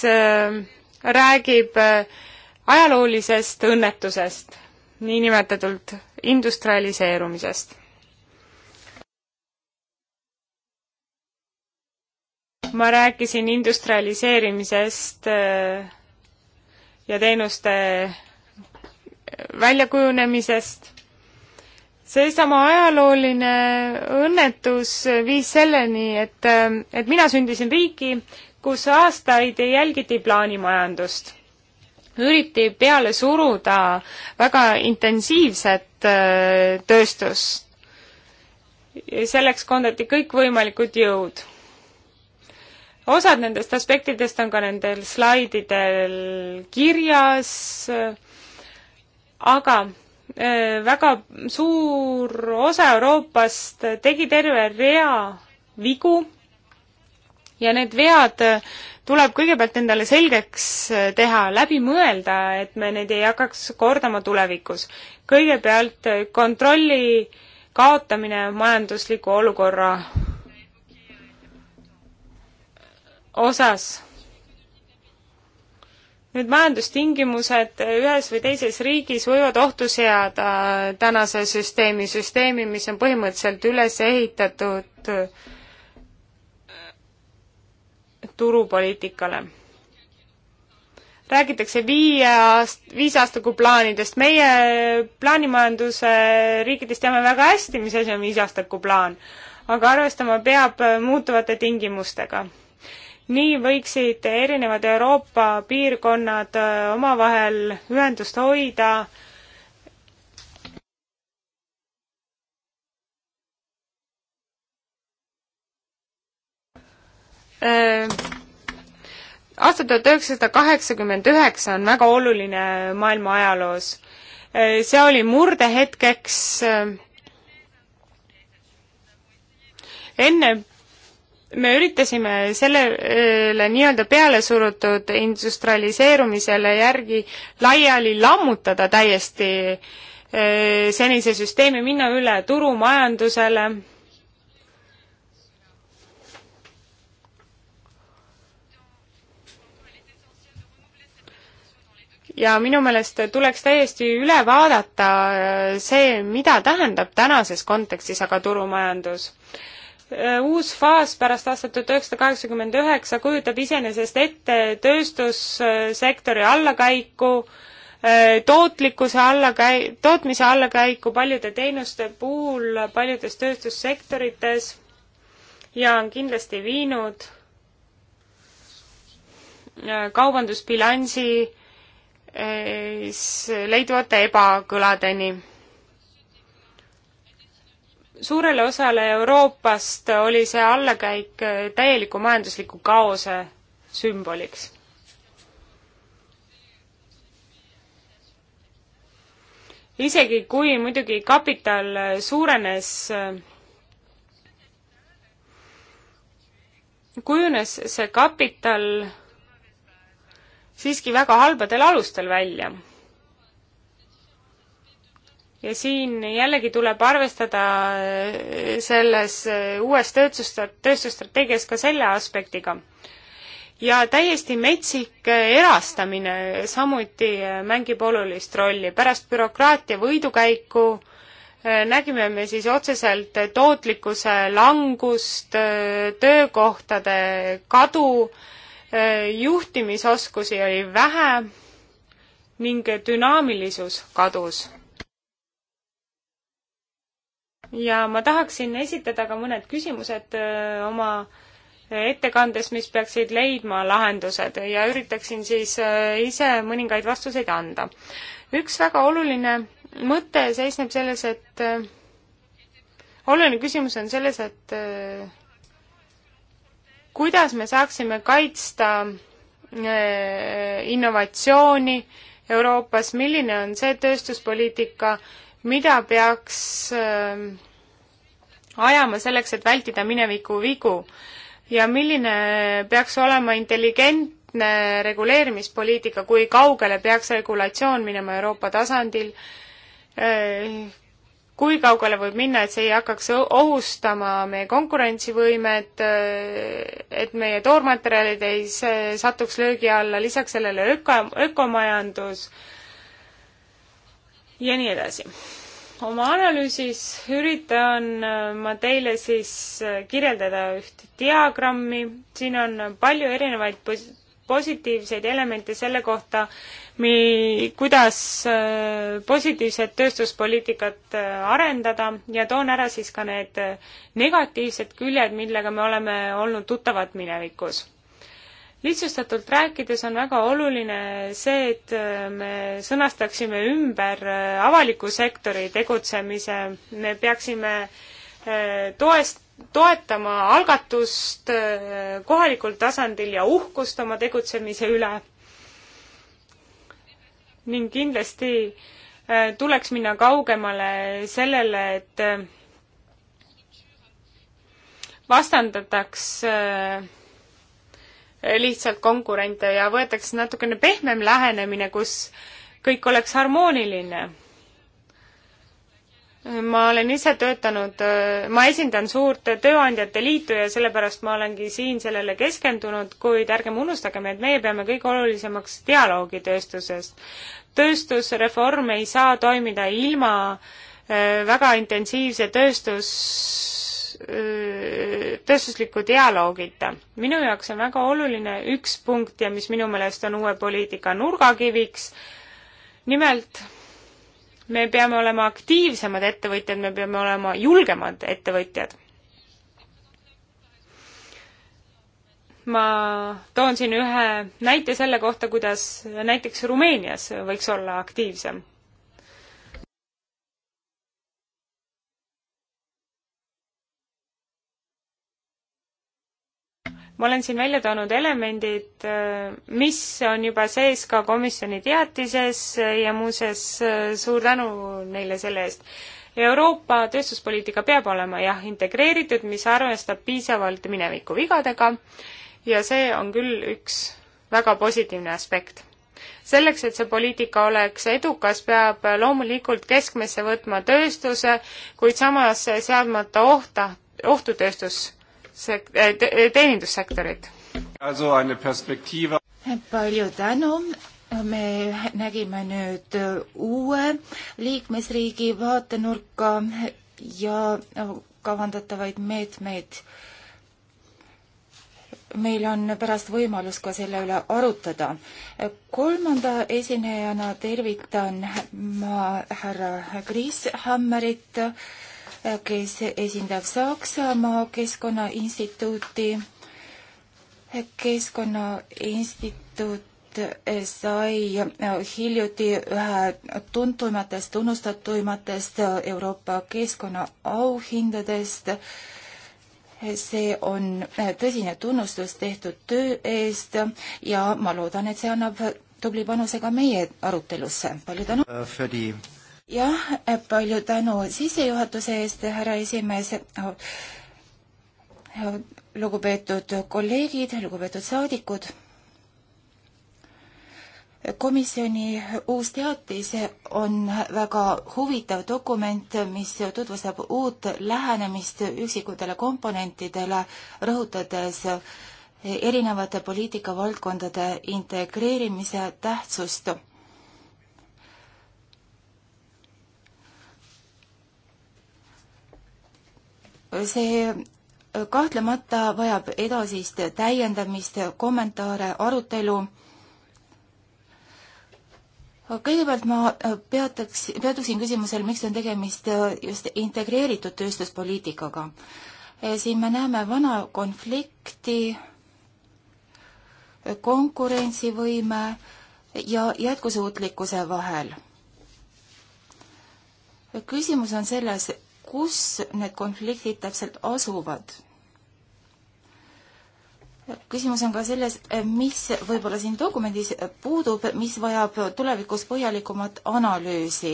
räägib äh, ajaloolisest õnnetusest, niinimetatult industrialiseerumisest. ma rääkisin industrialiseerimisest äh, ja teenuste väljakujunemisest. seesama ajalooline õnnetus viis selleni, et, äh, et mina sündisin riiki, kus aastaid jälgiti plaanimajandust üriti peale suruda väga intensiivset äh, tööstust. selleks koondati kõikvõimalikud jõud. osad nendest aspektidest on ka nendel slaididel kirjas, aga äh, väga suur osa Euroopast tegi terve rea vigu ja need vead tuleb kõigepealt endale selgeks äh, teha, läbi mõelda, et me neid ei hakkaks kordama tulevikus. kõigepealt äh, kontrolli kaotamine majandusliku olukorra osas. nüüd majandustingimused äh, ühes või teises riigis võivad ohtu seada tänase süsteemi, süsteemi, mis on põhimõtteliselt üles ehitatud turupoliitikale. räägitakse viie aast-, viisaastaku plaanidest, meie plaanimajanduse riikidest teame väga hästi, mis asi on viisaastaku plaan, aga arvestama peab muutuvate tingimustega nii võiksid erinevad Euroopa piirkonnad omavahel ühendust hoida Äh, aastal tuhat üheksasada kaheksakümmend üheksa on väga oluline maailma ajaloos. Äh, see oli murdehetkeks äh, enne me üritasime sellele nii-öelda peale surutud industrialiseerumisele järgi laiali lammutada täiesti senise süsteemi, minna üle turumajandusele ja minu meelest tuleks täiesti üle vaadata äh, see, mida tähendab tänases kontekstis aga turumajandus. Äh, uus faas pärast aastat tuhat üheksasada kaheksakümmend üheksa kujutab iseenesest ette tööstussektori allakäiku, äh, tootlikkuse allakäi-, tootmise allakäiku paljude teenuste puhul paljudes tööstussektorites ja on kindlasti viinud kaubandusbilansi leiduvate ebakõladeni. suurele osale Euroopast oli see allakäik täieliku majandusliku kaose sümboliks isegi kui muidugi kapital suurenes, kujunes see kapital siiski väga halbadel alustel välja. ja siin jällegi tuleb arvestada äh, selles äh, uues tööstust-, tööstusstrateegias ka selle aspektiga. ja täiesti metsik äh, erastamine samuti mängib olulist rolli, pärast bürokraatia võidukäiku nägime me siis otseselt tootlikkuse langust, töökohtade kadu, juhtimisoskusi oli vähe ning dünaamilisus kadus. ja ma tahaksin esitada ka mõned küsimused äh, oma ettekandes, mis peaksid leidma lahendused ja üritaksin siis äh, ise mõningaid vastuseid anda. üks väga oluline mõte seisneb selles, et äh, oluline küsimus on selles, et kuidas me saaksime kaitsta äh, innovatsiooni Euroopas, milline on see tööstuspoliitika, mida peaks ähm, ajama selleks, et vältida mineviku vigu ja milline peaks olema intelligentne reguleerimispoliitika, kui kaugele peaks regulatsioon minema Euroopa tasandil, äh, kui kaugele võib minna, et see ei hakkaks ohustama meie konkurentsivõimet, et meie toormaterjalid ei satuks löögi alla, lisaks sellele öko, ökomajandus ja nii edasi. oma analüüsis üritan äh, ma teile siis äh, kirjeldada üht diagrammi, siin on palju erinevaid pos-, positiivseid elemente selle kohta, mi-, kuidas äh, positiivset tööstuspoliitikat äh, arendada ja toon ära siis ka need äh, negatiivsed küljed, millega me oleme olnud tuttavad minevikus lihtsustatult rääkides on väga oluline see, et me sõnastaksime ümber avaliku sektori tegutsemise, me peaksime toest toetama algatust äh, kohalikul tasandil ja uhkust oma tegutsemise üle. ning kindlasti äh, tuleks minna kaugemale sellele, et äh, vastandataks lihtsalt konkurente ja võetakse natukene pehmem lähenemine, kus kõik oleks harmooniline ma olen ise töötanud, ma esindan suurt tööandjate liitu ja sellepärast ma olengi siin sellele keskendunud, kuid ärgem unustagem, et meie peame kõige olulisemaks dialoogi tööstusest. tööstusreform ei saa toimida ilma äh, väga intensiivse tööstus, äh, tööstusliku dialoogita. minu jaoks on väga oluline üks punkt ja mis minu meelest on uue poliitika nurgakiviks, nimelt me peame olema aktiivsemad ettevõtjad, me peame olema julgemad ettevõtjad. ma toon siin ühe näite selle kohta, kuidas näiteks Rumeenias võiks olla aktiivsem ma olen siin välja toonud elemendid, äh, mis on juba sees ka komisjoni teatises ja muuseas äh, suur tänu neile selle eest. Euroopa tööstuspoliitika peab olema jah, integreeritud, mis arvestab piisavalt mineviku vigadega ja see on küll üks väga positiivne aspekt. selleks, et see poliitika oleks edukas, peab loomulikult keskmesse võtma tööstuse, kuid samas seadmata ohta, ohtu tööstus sek-, äh, äh, teenindussektorit. palju tänu, me nägime nüüd äh, uue liikmesriigi vaatenurka ja kavandatavaid meetmeid. meil on pärast võimalus ka selle üle arutada. kolmanda esinejana tervitan ma härra Kris Hammerit, kes esindab Saksamaa Keskkonnainstituuti. keskkonnainstituut sai hiljuti ühe tuntuimatest, tunnustatuimatest Euroopa keskkonnaauhindadest. see on tõsine tunnustus tehtud töö eest ja ma loodan, et see annab tubli panuse ka meie arutelusse. palju tänu! Uh, jah, eh, palju tänu sissejuhatuse eest, härra esimees. Oh, oh, lugupeetud kolleegid, lugupeetud saadikud. komisjoni uus teatis on väga huvitav dokument, mis tutvustab uut lähenemist üksikutele komponentidele, rõhutades erinevate poliitikavaldkondade integreerimise tähtsust see äh, kahtlemata vajab edasist täiendamist, kommentaare, arutelu. kõigepealt ma äh, peataks, peatuksin küsimusel, miks on tegemist äh, just integreeritud tööstuspoliitikaga. siin me näeme vana konflikti, konkurentsivõime ja jätkusuutlikkuse vahel. küsimus on selles, kus need konfliktid täpselt asuvad. küsimus on ka selles, mis võib-olla siin dokumendis puudub, mis vajab tulevikus põhjalikumat analüüsi.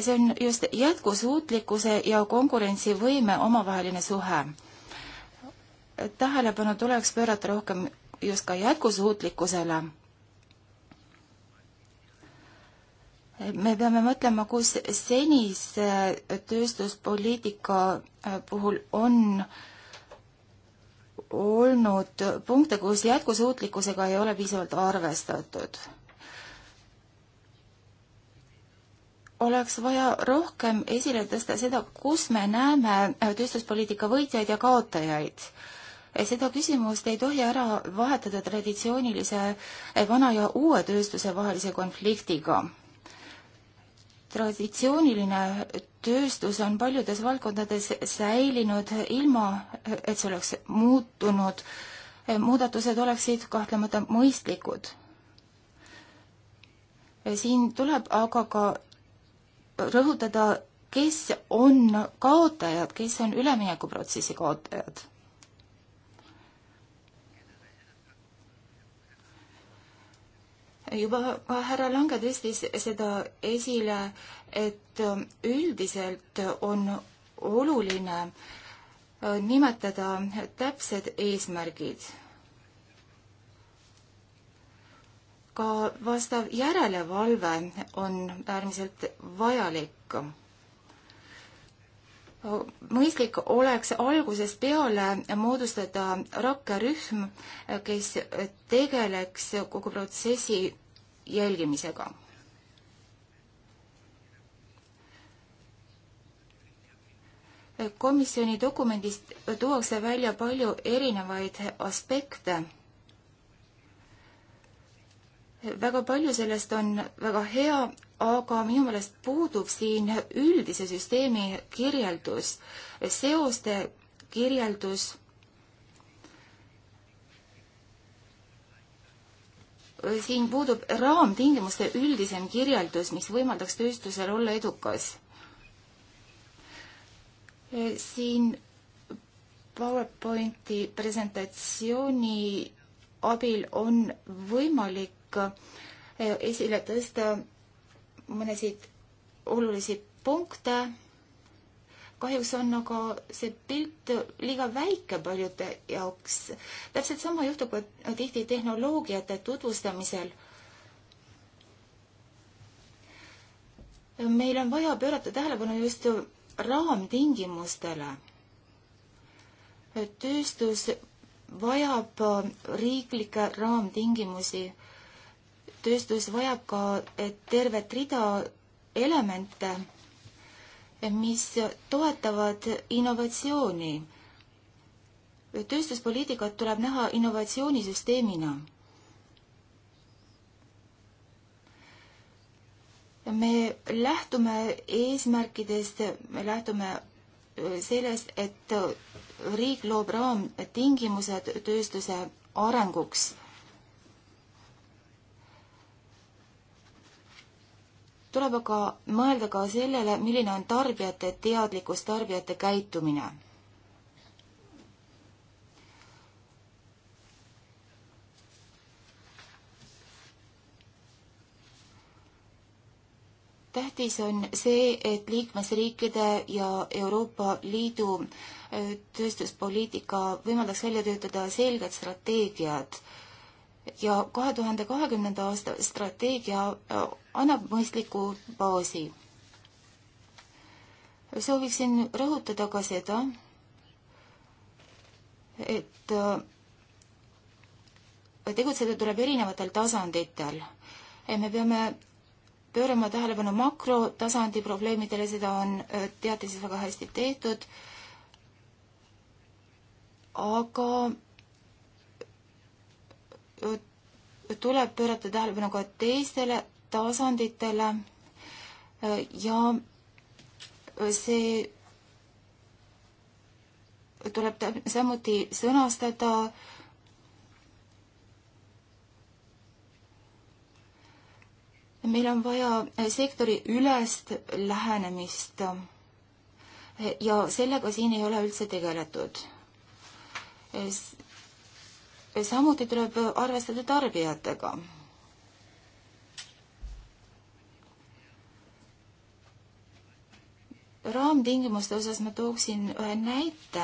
see on just jätkusuutlikkuse ja konkurentsivõime omavaheline suhe. tähelepanu tuleks pöörata rohkem just ka jätkusuutlikkusele me peame mõtlema, kus senise äh, tööstuspoliitika äh, puhul on olnud punkte, kus jätkusuutlikkusega ei ole piisavalt arvestatud. oleks vaja rohkem esile tõsta seda, kus me näeme äh, tööstuspoliitika võitjaid ja kaotajaid seda küsimust ei tohi ära vahetada traditsioonilise vana ja uue tööstuse vahelise konfliktiga traditsiooniline tööstus on paljudes valdkondades säilinud ilma, et see oleks muutunud. muudatused oleksid kahtlemata mõistlikud. siin tuleb aga ka rõhutada, kes on kaotajad, kes on üleminekuprotsessi kaotajad. juba härra Lange tõstis seda esile, et ähm, üldiselt on oluline äh, nimetada täpsed eesmärgid. ka vastav järelevalve on äärmiselt vajalik. mõistlik oleks algusest peale moodustada rakkerühm, kes tegeleks kogu protsessi jälgimisega. komisjoni dokumendist tuuakse välja palju erinevaid aspekte. väga palju sellest on väga hea, aga minu meelest puudub siin üldise süsteemi kirjeldus, seoste kirjeldus siin puudub raamtingimuste üldisem kirjeldus, mis võimaldaks tööstusel olla edukas. siin PowerPointi presentatsiooni abil on võimalik eh, esile tõsta mõnesid olulisi punkte kahjuks on aga see pilt liiga väike paljude jaoks. täpselt sama juhtub ka tihti tehnoloogiate tutvustamisel. meil on vaja pöörata tähelepanu just raamtingimustele. tööstus vajab riiklikke raamtingimusi. tööstus vajab ka tervet rida elemente mis toetavad innovatsiooni. tööstuspoliitikat tuleb näha innovatsioonisüsteemina. me lähtume eesmärkidest, me lähtume äh, sellest, et riik loob raamtingimused tööstuse arenguks tuleb aga mõelda ka sellele, milline on tarbijate teadlikkus, tarbijate käitumine. tähtis on see, et liikmesriikide ja Euroopa Liidu äh, tööstuspoliitika võimaldaks välja töötada selged strateegiad ja kahe tuhande kahekümnenda aasta strateegia äh, annab mõistliku baasi. sooviksin rõhutada ka seda, et äh, tegutseda tuleb erinevatel tasanditel. me peame pöörama tähelepanu makrotasandi probleemidele, seda on äh, teatises väga hästi tehtud, aga äh, tuleb pöörata tähelepanu ka teistele tasanditele ja see tuleb samuti sõnastada meil on vaja sektori ülest lähenemist ja sellega siin ei ole üldse tegeletud. samuti tuleb arvestada tarbijatega raamtingimuste osas ma tooksin ühe näite.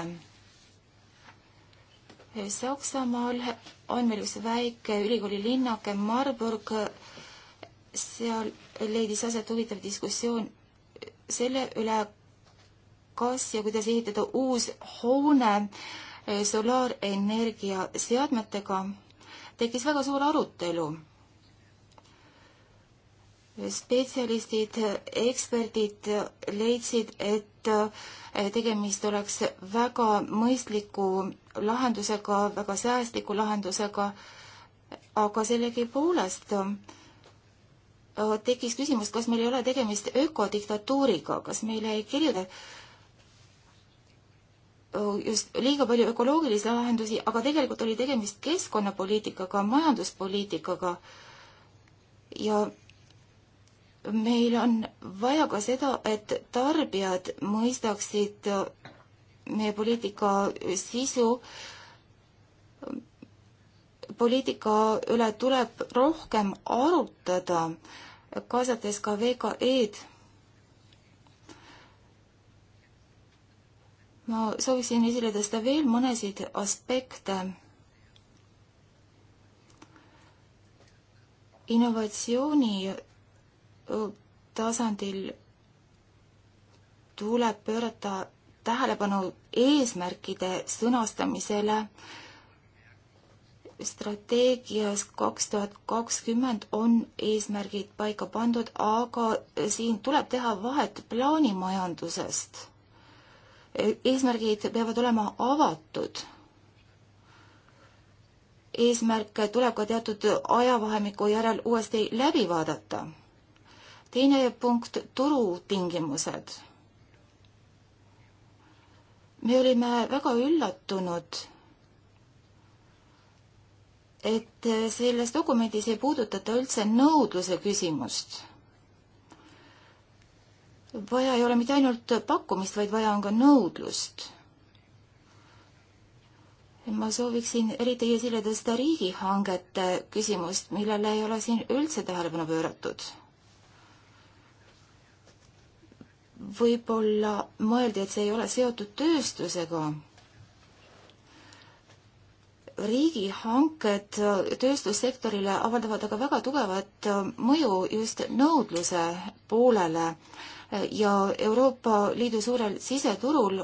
Saksamaal on meil üks väike ülikooli linnake Marburg. seal leidis aset huvitav diskussioon selle üle, kas ja kuidas ehitada uus hoone solaarenergia seadmetega. tekkis väga suur arutelu spetsialistid, eksperdid leidsid, et äh, tegemist oleks väga mõistliku lahendusega, väga säästliku lahendusega, aga sellegipoolest äh, tekkis küsimus, kas meil ei ole tegemist ökodiktatuuriga, kas meile ei kirjuta äh, just liiga palju ökoloogilisi lahendusi, aga tegelikult oli tegemist keskkonnapoliitikaga, majanduspoliitikaga ja meil on vaja ka seda, et tarbijad mõistaksid äh, meie poliitika sisu. poliitika üle tuleb rohkem arutada, kaasates ka VKE-d. ma sooviksin esile tõsta veel mõnesid aspekte innovatsiooni tasandil tuleb pöörata tähelepanu eesmärkide sõnastamisele. strateegias kaks tuhat kakskümmend on eesmärgid paika pandud, aga siin tuleb teha vahet plaanimajandusest. eesmärgid peavad olema avatud eesmärke tuleb ka teatud ajavahemiku järel uuesti läbi vaadata teine punkt, turutingimused. me olime väga üllatunud, et selles dokumendis ei puudutata üldse nõudluse küsimust. vaja ei ole mitte ainult pakkumist, vaid vaja on ka nõudlust ma sooviksin eriti esile tõsta riigihangete küsimust, millele ei ole siin üldse tähelepanu pööratud. võib-olla mõeldi, et see ei ole seotud tööstusega. riigihanked tööstussektorile avaldavad aga väga tugevat mõju just nõudluse poolele ja Euroopa Liidu suurel siseturul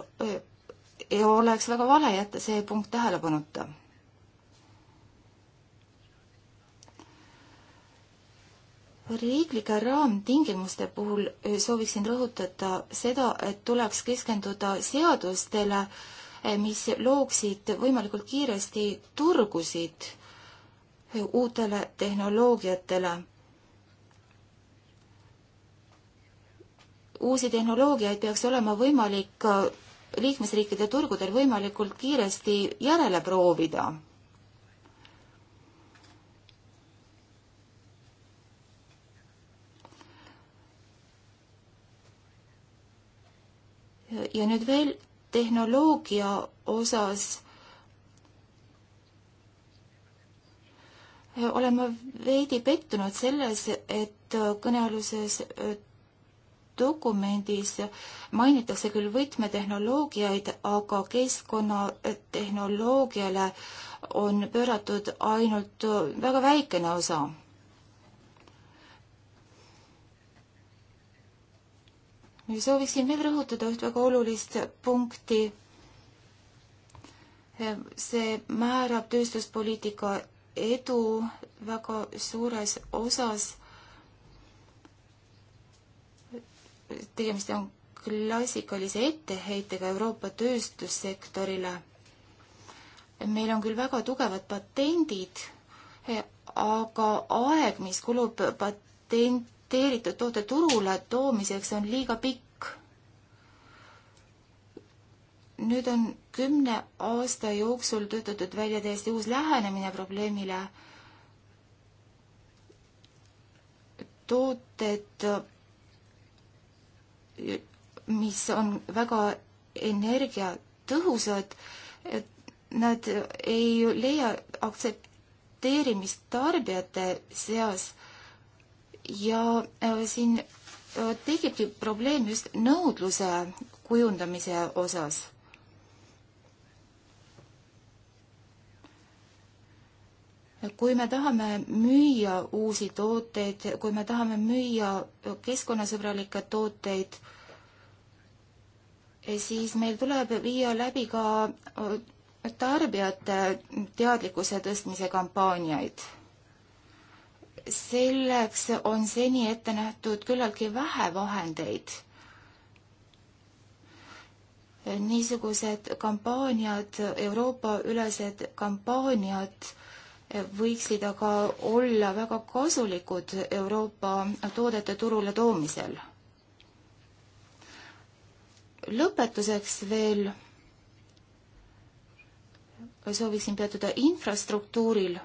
oleks väga vale jätta see punkt tähelepanuta riiklike raamtingimuste puhul eh, sooviksin rõhutada seda, et tuleks keskenduda seadustele, eh, mis looksid võimalikult kiiresti turgusid eh, uutele tehnoloogiatele. uusi tehnoloogiaid peaks olema võimalik liikmesriikide turgudel võimalikult kiiresti järele proovida ja nüüd veel tehnoloogia osas olen ma veidi pettunud selles, et kõnealuses äh, dokumendis mainitakse küll võtmetehnoloogiaid, aga keskkonnatehnoloogiale on pööratud ainult väga väikene osa. sooviksin veel rõhutada üht väga olulist punkti. Ehm, see määrab tööstuspoliitika edu väga suures osas. tegemist on klassikalise etteheitega Euroopa tööstussektorile. meil on küll väga tugevad patendid, eh, aga aeg, mis kulub patent patenteeritud toote turule toomiseks on liiga pikk. nüüd on kümne aasta jooksul töötatud välja täiesti uus lähenemine probleemile. tooted, mis on väga energiatõhusad, nad ei leia aktsepteerimist tarbijate seas ja äh, siin äh, tekibki probleem just nõudluse kujundamise osas. kui me tahame müüa uusi tooteid, kui me tahame müüa keskkonnasõbralikke tooteid, eh, siis meil tuleb viia läbi ka äh, tarbijate teadlikkuse tõstmise kampaaniaid selleks on seni ette nähtud küllaltki vähe vahendeid. niisugused kampaaniad, Euroopa-ülesed kampaaniad võiksid aga olla väga kasulikud Euroopa toodete turule toomisel. lõpetuseks veel sooviksin peatuda infrastruktuuril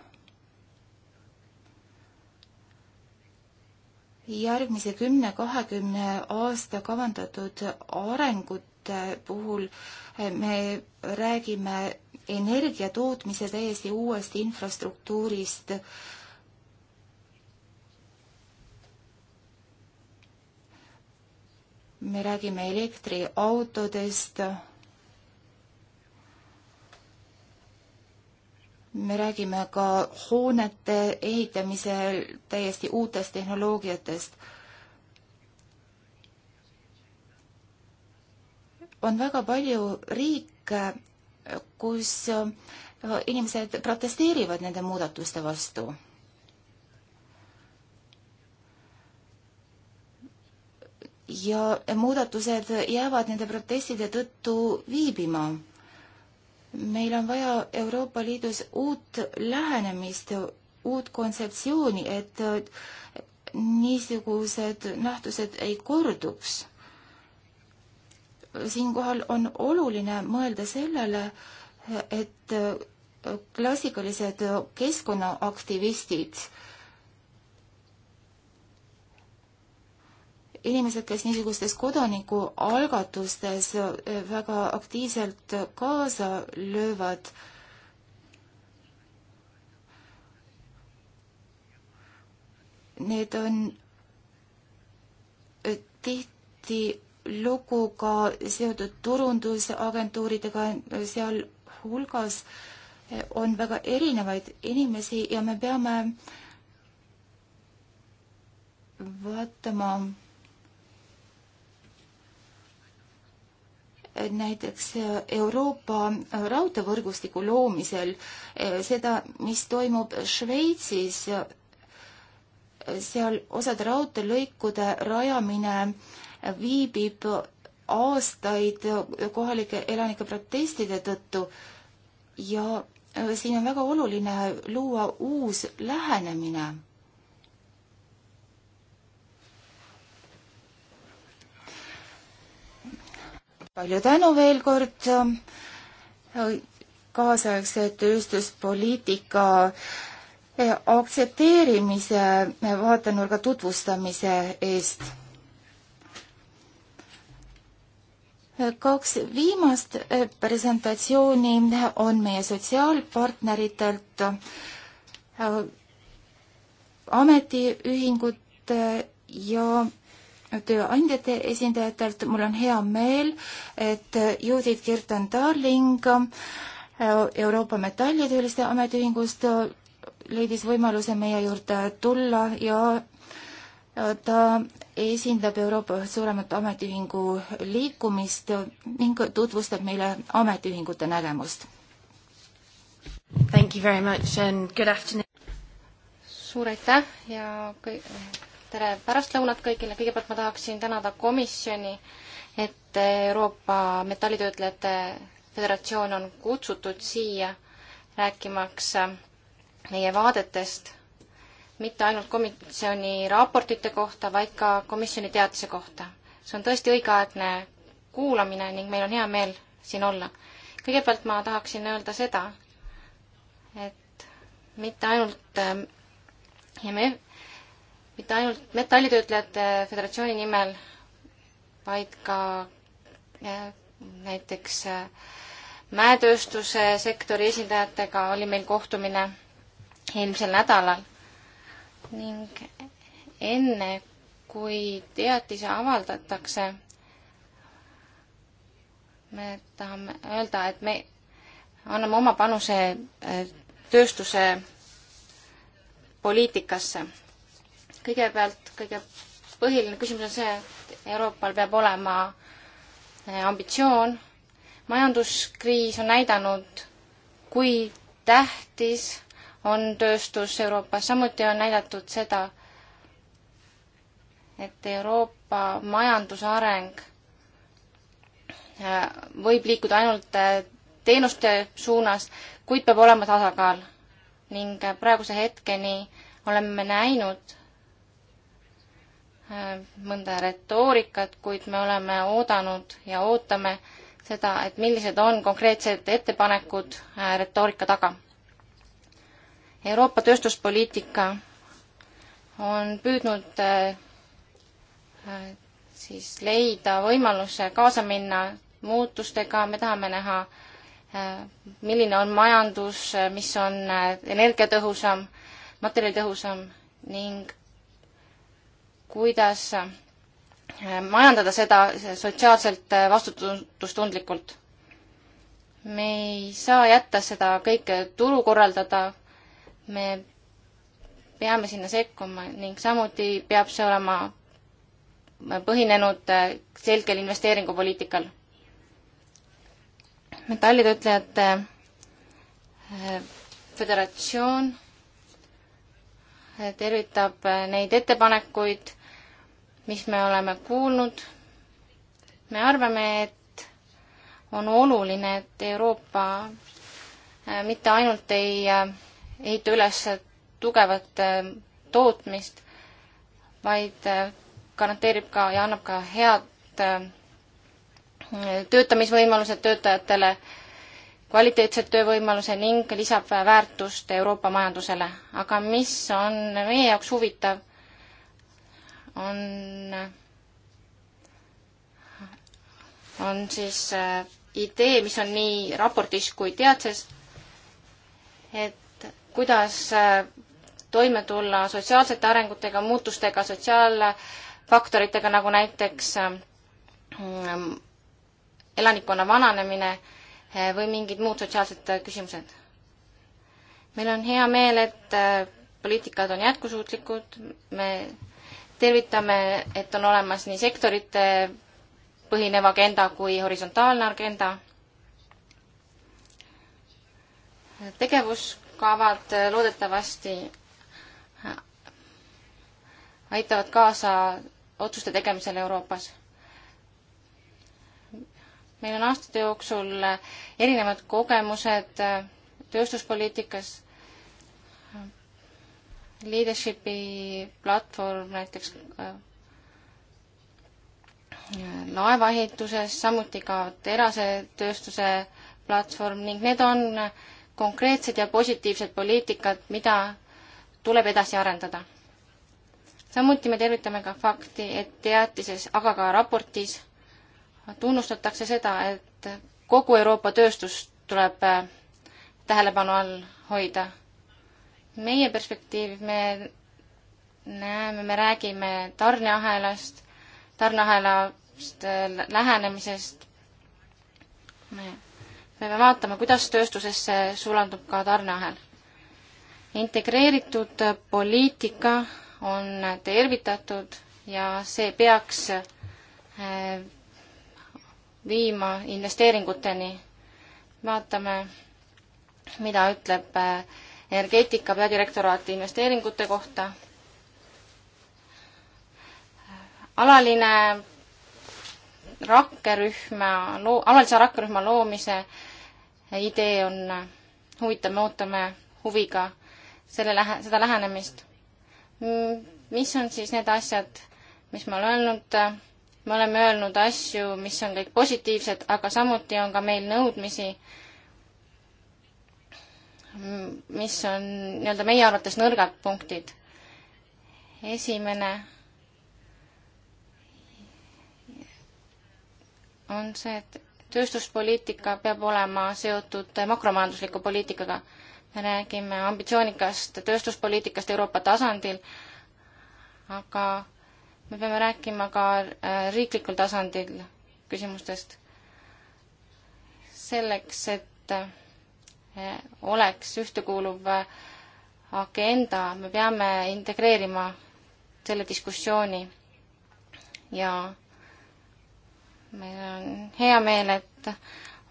järgmise kümne-kahekümne aasta kavandatud arengute puhul eh, me räägime energia tootmise täiesti uuest infrastruktuurist. me räägime elektriautodest me räägime ka hoonete ehitamisel täiesti uutest tehnoloogiatest. on väga palju riike, kus inimesed protesteerivad nende muudatuste vastu. ja muudatused jäävad nende protestide tõttu viibima meil on vaja Euroopa Liidus uut lähenemist, uut kontseptsiooni, et niisugused nähtused ei korduks. siinkohal on oluline mõelda sellele, et klassikalised keskkonnaaktivistid äh, inimesed, kes niisugustes kodanikualgatustes eh, väga aktiivselt kaasa löövad, need on eh, tihtilugu ka seotud turundusagentuuridega, eh, sealhulgas on väga erinevaid inimesi ja me peame vaatama näiteks Euroopa raudteevõrgustiku loomisel, seda, mis toimub Šveitsis, seal osade raudteelõikude rajamine viibib aastaid kohalike elanike protestide tõttu ja äh, siin on väga oluline luua uus lähenemine palju tänu veel kord ähm, äh, kaasaegse tööstuspoliitika äh, aktsepteerimise äh, vaatenurga tutvustamise eest. kaks viimast presentatsiooni on meie sotsiaalpartneritelt, ametiühingute ja tööandjate esindajatelt. mul on hea meel, et Judith Kirtan-Darling Euroopa Metallitööliste Ametiühingust leidis võimaluse meie juurde tulla ja ta esindab Euroopa suuremat ametiühingu liikumist ning tutvustab meile ametiühingute nägemust. Thank you very much and good afternoon. suur aitäh ja kõik tere pärastlõunat kõigile, kõigepealt ma tahaksin tänada komisjoni, et Euroopa Metallitöötlejate Föderatsioon on kutsutud siia rääkimaks meie vaadetest mitte ainult komisjoni raportite kohta, vaid ka komisjoni teadise kohta. see on tõesti õigeaegne kuulamine ning meil on hea meel siin olla. kõigepealt ma tahaksin öelda seda, et mitte ainult IMF, mitte ainult metallitöötlejate föderatsiooni nimel, vaid ka näiteks äh, mäetööstuse sektori esindajatega oli meil kohtumine eelmisel nädalal ning enne, kui teatise avaldatakse, me tahame öelda, et me anname oma panuse äh, tööstuse poliitikasse kõigepealt kõige põhiline küsimus on see, et Euroopal peab olema eh, ambitsioon. majanduskriis on näidanud, kui tähtis on tööstus Euroopas, samuti on näidatud seda, et Euroopa majanduse areng eh, võib liikuda ainult eh, teenuste suunas, kuid peab olema tasakaal. ning praeguse hetkeni oleme näinud, mõnda retoorikat, kuid me oleme oodanud ja ootame seda, et millised on konkreetsed ettepanekud äh, retoorika taga. Euroopa tööstuspoliitika on püüdnud äh, äh, siis leida võimaluse kaasa minna muutustega, me tahame näha, milline on majandus, mis on energiatõhusam, materjalitõhusam ning kuidas äh, majandada seda sotsiaalselt äh, vastutustundlikult. me ei saa jätta seda kõike turu korraldada, me peame sinna sekkuma ning samuti peab see olema äh, põhinenud selgel investeeringupoliitikal. metallitöötlejate föderatsioon tervitab neid ettepanekuid mis me oleme kuulnud. me arvame, et on oluline, et Euroopa äh, mitte ainult ei äh, ehita üles tugevat äh, tootmist, vaid garanteerib ka ja annab ka head töötamisvõimalused töötajatele, kvaliteetsed töövõimaluse ning lisab väärtust Euroopa majandusele. aga mis on meie jaoks huvitav, on, on siis äh, idee, mis on nii raportis kui teadses, et kuidas äh, toime tulla sotsiaalsete arengutega, muutustega, sotsiaalfaktoritega, nagu näiteks äh, elanikkonna vananemine või mingid muud sotsiaalsed küsimused. meil on hea meel, et poliitikad on jätkusuutlikud, me tervitame, et on olemas nii sektorite põhinev agenda kui horisontaalne agenda. tegevuskavad loodetavasti aitavad kaasa otsuste tegemisele Euroopas. meil on aastate jooksul erinevad kogemused tööstuspoliitikas leadership'i platvorm näiteks äh, laevaehituses, samuti ka terasetööstuse platvorm ning need on konkreetsed ja positiivsed poliitikad, mida tuleb edasi arendada. samuti me tervitame ka fakti, et teatises, aga ka raportis tunnustatakse seda, et kogu Euroopa tööstus tuleb äh, tähelepanu all hoida meie perspektiiv, me näeme, me räägime tarneahelast, tarneahelast äh, lähenemisest. me peame vaatama, kuidas tööstusesse sulandub ka tarneahel. integreeritud poliitika on tervitatud ja see peaks äh, viima investeeringuteni. vaatame, mida ütleb äh, energeetika peadirektoraati investeeringute kohta. alaline rakkerühma loo-, alalise rakkerühma loomise idee on huvitav, me ootame huviga selle lähe-, seda lähenemist. mis on siis need asjad, mis ma olen öelnud, me oleme öelnud asju, mis on kõik positiivsed, aga samuti on ka meil nõudmisi äh, mis on nii-öelda meie arvates nõrgad punktid. esimene on see, et tööstuspoliitika peab olema seotud makromajandusliku poliitikaga. me räägime ambitsioonikast tööstuspoliitikast Euroopa tasandil, aga me peame rääkima ka äh, riiklikul tasandil küsimustest. selleks, et äh, oleks ühtekuuluv agenda, me peame integreerima selle diskussiooni ja meil on hea meel, et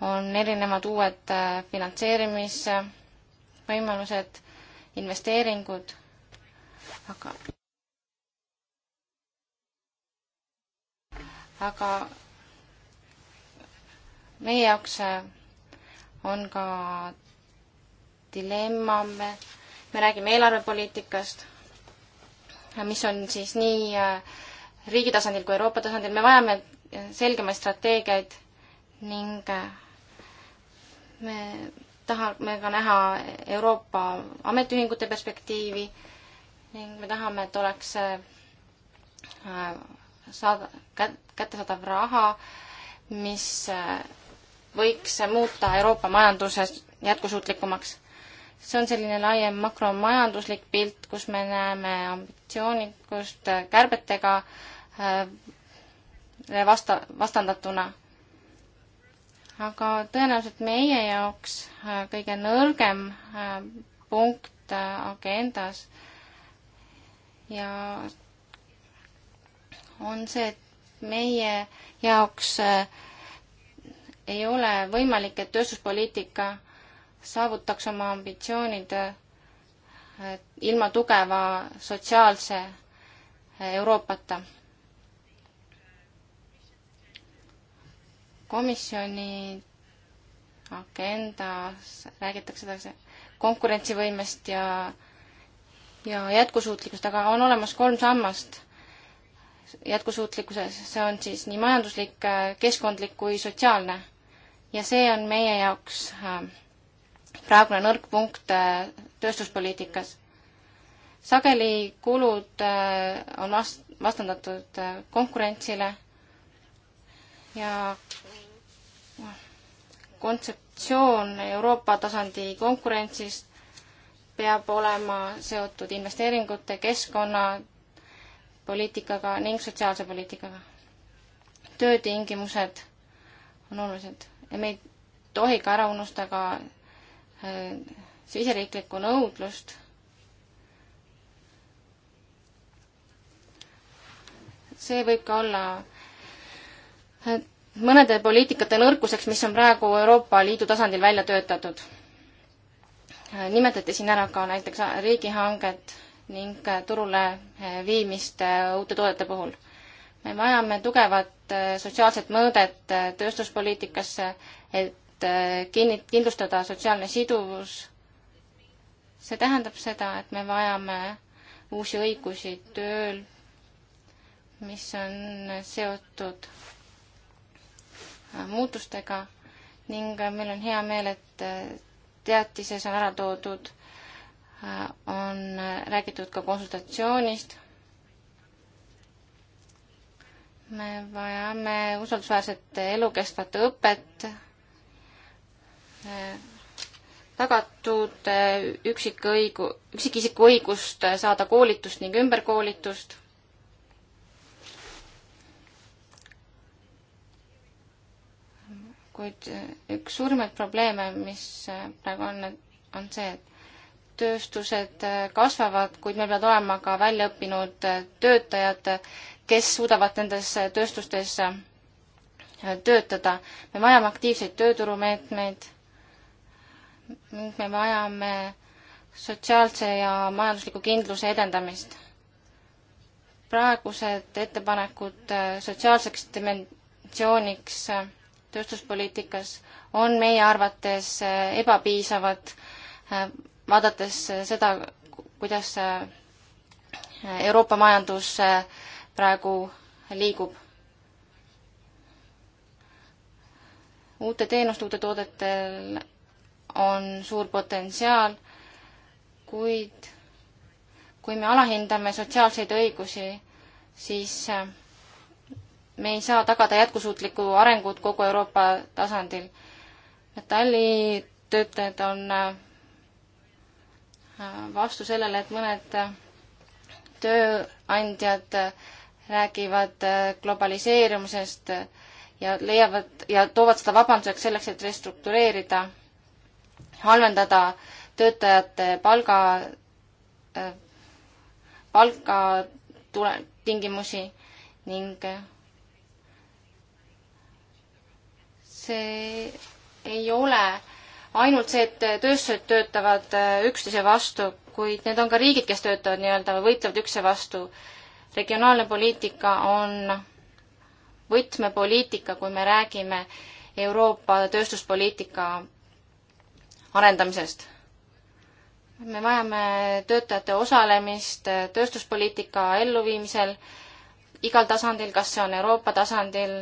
on erinevad uued finantseerimisvõimalused, investeeringud, aga aga meie jaoks on ka dilemma, me, me räägime eelarvepoliitikast, mis on siis nii äh, riigi tasandil kui Euroopa tasandil, me vajame äh, selgemaid strateegiaid ning äh, me tahame ka näha Euroopa ametiühingute perspektiivi ning me tahame, et oleks saada, kättesaadav raha, mis võiks muuta Euroopa majanduse jätkusuutlikumaks see on selline laiem makromajanduslik pilt, kus me näeme ambitsioonikust äh, kärbetega äh, vasta, vastandatuna. aga tõenäoliselt meie jaoks äh, kõige nõrgem punkt agendas ja on see, et meie jaoks ei ole võimalik, et tööstuspoliitika saavutaks oma ambitsioonid ilma tugeva sotsiaalse Euroopata. komisjoni agendas räägitakse edasi konkurentsivõimest ja, ja jätkusuutlikkust, aga on olemas kolm sammast jätkusuutlikkuses, see on siis nii majanduslik, keskkondlik kui sotsiaalne. ja see on meie jaoks äh, praegune nõrk punkt äh, tööstuspoliitikas. sageli kulud äh, on vast-, vastandatud äh, konkurentsile ja noh, kontseptsioon Euroopa tasandi konkurentsist peab olema seotud investeeringute, keskkonnapoliitikaga ning sotsiaalse poliitikaga. töötingimused on olulised ja me ei tohi ka ära unustada ka siseriiklikku nõudlust see võib ka olla mõnede poliitikate nõrkuseks, mis on praegu Euroopa Liidu tasandil välja töötatud. nimetati siin ära ka näiteks riigihanget ning turule viimist uute toodete puhul. me vajame tugevat sotsiaalset mõõdet tööstuspoliitikasse, et et äh, kinni, kindlustada sotsiaalne siduvus. see tähendab seda, et me vajame uusi õigusi tööl, mis on seotud äh, muutustega ning äh, meil on hea meel, et teatises on ära toodud, on räägitud ka konsultatsioonist. me vajame usaldusväärset elukestvat õpet tagatud eh, üksikõigu, üksikisiku õigust eh, saada koolitust ning ümberkoolitust. kuid eh, üks suurimaid probleeme, mis praegu on, on see, et tööstused kasvavad, kuid meil peavad olema ka väljaõppinud töötajad, kes suudavad nendes tööstustes töötada. me vajame aktiivseid tööturumeetmeid ning me vajame sotsiaalse ja majandusliku kindluse edendamist. praegused ettepanekud äh, sotsiaalseks dimensiooniks äh, tööstuspoliitikas on meie arvates äh, ebapiisavad, vaadates seda, kuidas Euroopa majandus praegu liigub. uute teenuste, uute toodete on suur potentsiaal, kuid kui me alahindame sotsiaalseid õigusi, siis äh, me ei saa tagada jätkusuutlikku arengut kogu Euroopa tasandil. metallitöötajad on äh, äh, vastu sellele, et mõned tööandjad räägivad globaliseerumisest ja leiavad ja toovad seda vabanduseks selleks, et restruktureerida halvendada töötajate palga, äh, palka tule-, tingimusi ning äh, see ei ole ainult see, et tööstused töötavad äh, üksteise vastu, kuid need on ka riigid, kes töötavad nii-öelda või võitlevad üksteise vastu. regionaalne poliitika on võtmepoliitika, kui me räägime Euroopa tööstuspoliitika arendamisest. me vajame töötajate osalemist tööstuspoliitika elluviimisel igal tasandil, kas see on Euroopa tasandil,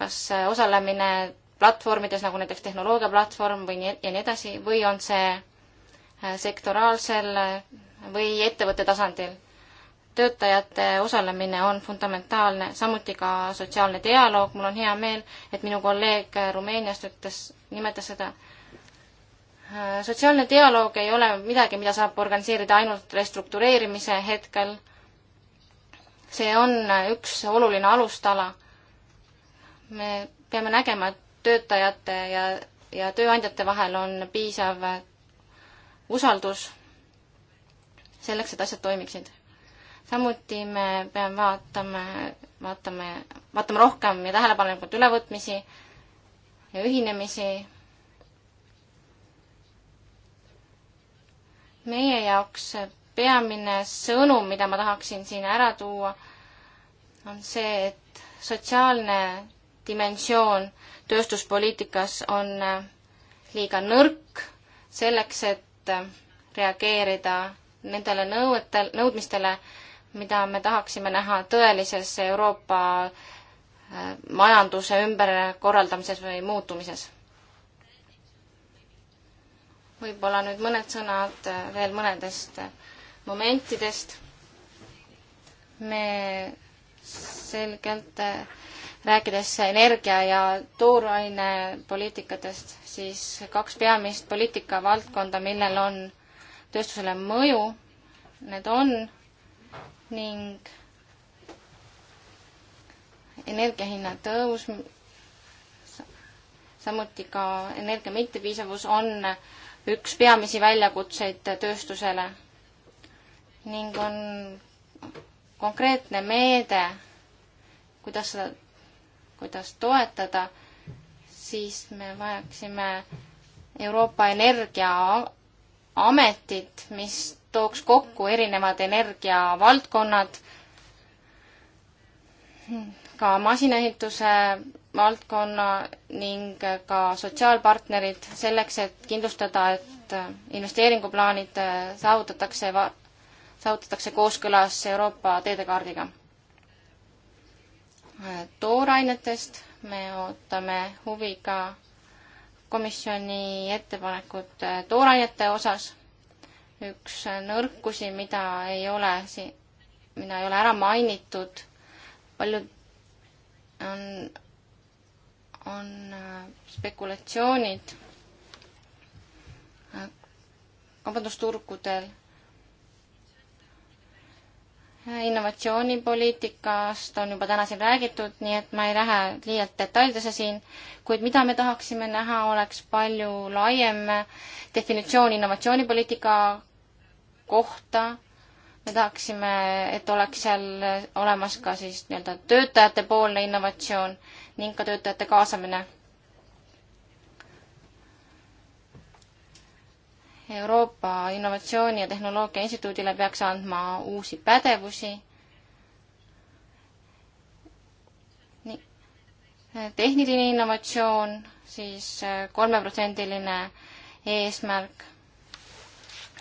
kas osalemine platvormides, nagu näiteks tehnoloogiaplatvorm või nii, ja nii edasi, või on see äh, sektoraalsel äh, või ettevõtte tasandil. töötajate osalemine on fundamentaalne, samuti ka sotsiaalne dialoog, mul on hea meel, et minu kolleeg Rumeeniast ütles, nimetas seda äh, Äh, sotsiaalne dialoog ei ole midagi, mida saab organiseerida ainult restruktureerimise hetkel. see on üks oluline alustala. me peame nägema, et töötajate ja, ja tööandjate vahel on piisav usaldus selleks, et asjad toimiksid. samuti me peame vaatama, vaatame, vaatame rohkem ja tähelepanelikult ülevõtmisi ja ühinemisi meie jaoks peamine sõnum, mida ma tahaksin siin ära tuua, on see, et sotsiaalne dimensioon tööstuspoliitikas on äh, liiga nõrk selleks, et äh, reageerida nendele nõuetel, nõudmistele, mida me tahaksime näha tõelises Euroopa äh, majanduse ümberkorraldamises või muutumises võib-olla nüüd mõned sõnad äh, veel mõnedest äh, momentidest. me selgelt äh, rääkides energia ja tooraine poliitikatest, siis kaks peamist poliitikavaldkonda, millel on tööstusele mõju, need on ning energiahinna tõus, samuti ka energia mittepiisavus on üks peamisi väljakutseid tööstusele ning on konkreetne meede, kuidas seda, kuidas toetada, siis me vajaksime Euroopa Energiaametit, mis tooks kokku erinevad energiavaldkonnad, ka masinaehituse valdkonna ning ka sotsiaalpartnerid selleks, et kindlustada, et investeeringuplaanid saavutatakse, saavutatakse kooskõlas Euroopa teedekaardiga. toorainetest me ootame huviga komisjoni ettepanekut toorainete osas. üks nõrkusi, mida ei ole siin, mida ei ole ära mainitud, paljud on on äh, spekulatsioonid äh, kaubandusturgudel äh, innovatsioonipoliitikast on juba täna siin räägitud, nii et ma ei lähe liialt detailidesse siin, kuid mida me tahaksime näha, oleks palju laiem definitsioon innovatsioonipoliitika kohta. me tahaksime, et oleks seal olemas ka siis nii-öelda töötajate poolne innovatsioon ning ka töötajate kaasamine. Euroopa Innovatsiooni ja Tehnoloogia Instituudile peaks andma uusi pädevusi. tehniline innovatsioon, siis äh, kolmeprotsendiline eesmärk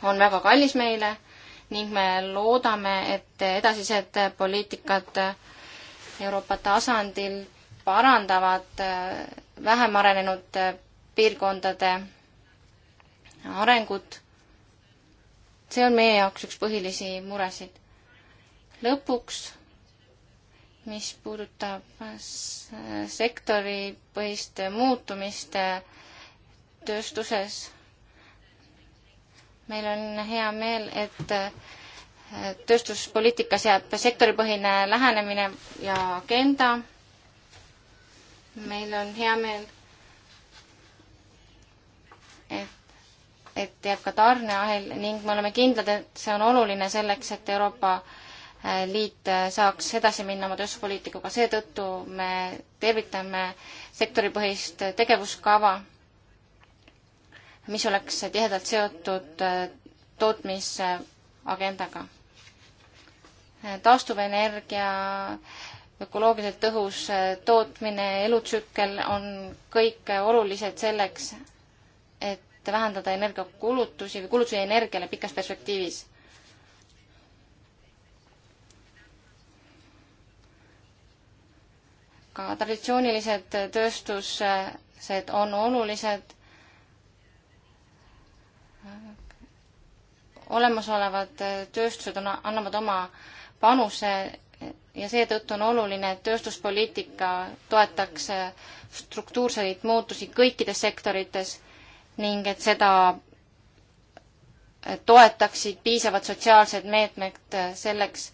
on väga kallis meile ning me loodame, et edasised poliitikad Euroopa tasandil parandavad äh, vähem arenenud äh, piirkondade arengut. see on meie jaoks üks põhilisi muresid. lõpuks, mis puudutab äh, sektoripõhist muutumist tööstuses, meil on hea meel, et tööstuspoliitikas jääb sektoripõhine lähenemine ja agenda meil on hea meel, et, et jääb ka tarneahel ning me oleme kindlad, et see on oluline selleks, et Euroopa äh, Liit äh, saaks edasi minna oma tööstuspoliitikaga, seetõttu me tervitame sektoripõhist tegevuskava, mis oleks tihedalt seotud äh, tootmisagendaga. taastuvenergia äh, ökoloogiliselt tõhus äh, tootmine, elutsükkel on kõik äh, olulised selleks, et vähendada energiakulutusi või kulutusi energiale pikas perspektiivis. ka traditsioonilised tööstused on olulised olemasolevad tööstused on, annavad oma panuse ja seetõttu on oluline, et tööstuspoliitika toetaks struktuurseid muutusi kõikides sektorites ning et seda toetaksid piisavad sotsiaalsed meetmed selleks,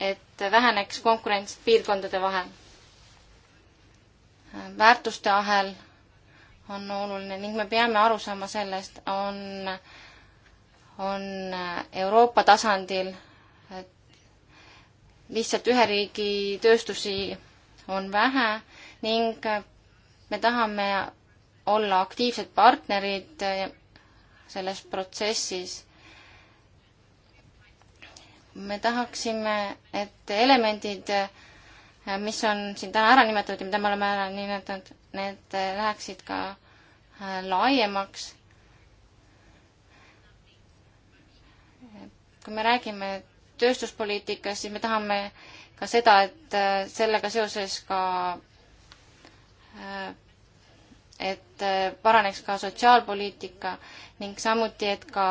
et väheneks konkurents piirkondade vahel. väärtuste ahel on oluline ning me peame aru saama sellest, on, on Euroopa tasandil lihtsalt ühe riigi tööstusi on vähe ning me tahame olla aktiivsed partnerid selles protsessis. me tahaksime, et elemendid, mis on siin täna ära nimetatud ja mida me oleme ära nimetanud, need läheksid ka äh, laiemaks. kui me räägime, et tööstuspoliitikas, siis me tahame ka seda, et äh, sellega seoses ka, äh, et äh, paraneks ka sotsiaalpoliitika ning samuti, et ka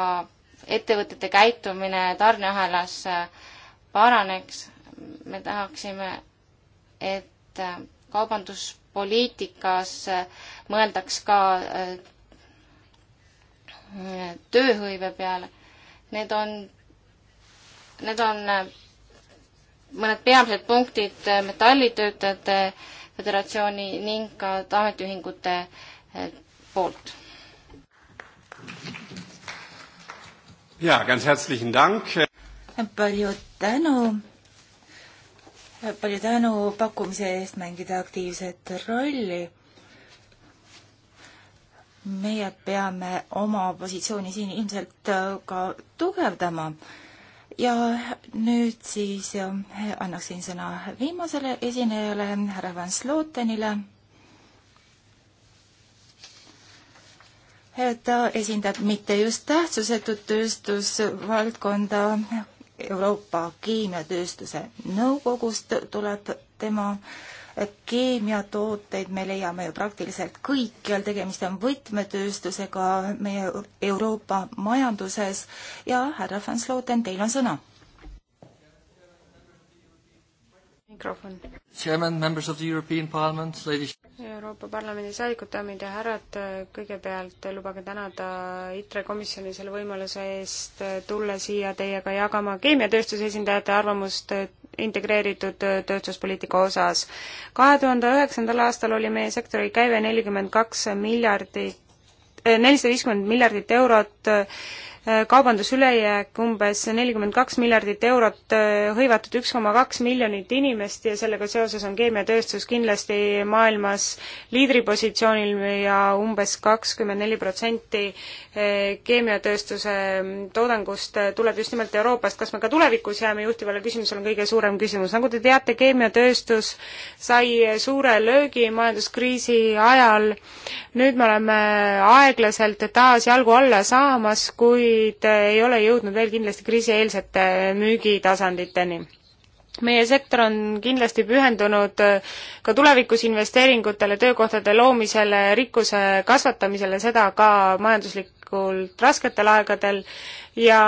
ettevõtete käitumine tarneahelas paraneks. me tahaksime, et kaubanduspoliitikas mõeldaks ka tööhõive peale. Need on Need on äh, mõned peamised punktid äh, metallitöötajate föderatsiooni ning ka ametiühingute äh, poolt. jaa, ganz herzlichen Dank! palju tänu, palju tänu pakkumise eest mängida aktiivset rolli. meie peame oma positsiooni siin ilmselt ka tugevdama ja nüüd siis annaksin sõna viimasele esinejale, härra Van Slotenile. ta esindab mitte just tähtsusetut tööstusvaldkonda, Euroopa Keemiatööstuse Nõukogust tuleb tema äh, keemiatooteid me leiame ju praktiliselt kõikjal, tegemist on võtmetööstusega meie Euroopa majanduses ja härra van Sloten, teil on sõna. mikrofon. Chairman, members of the European Parliament, ladies. Euroopa Parlamendi saadikud, daamid ja härrad, kõigepealt lubage tänada ITRE komisjoni selle võimaluse eest tulla siia teiega jagama keemiatööstuse esindajate arvamust integreeritud tööstuspoliitika osas. kahe tuhande üheksandal aastal oli meie sektori käive nelikümmend kaks miljardit, nelisada viiskümmend miljardit eurot Äh, kaubandusülejääk umbes nelikümmend kaks miljardit eurot, äh, hõivatud üks koma kaks miljonit inimest ja sellega seoses on keemiatööstus kindlasti maailmas liidripositsioonil ja umbes kakskümmend neli protsenti äh, keemiatööstuse mm, toodangust tuleb just nimelt Euroopast. kas me ka tulevikus jääme juhtivale küsimusele, on kõige suurem küsimus. nagu te teate, keemiatööstus sai suure löögi majanduskriisi ajal. nüüd me oleme aeglaselt taas jalgu alla saamas, kui kuid ei ole jõudnud veel kindlasti kriisieelsete müügitasanditeni meie sektor on kindlasti pühendunud ka tulevikus investeeringutele, töökohtade loomisele, rikkuse kasvatamisele, seda ka majanduslikult rasketel aegadel ja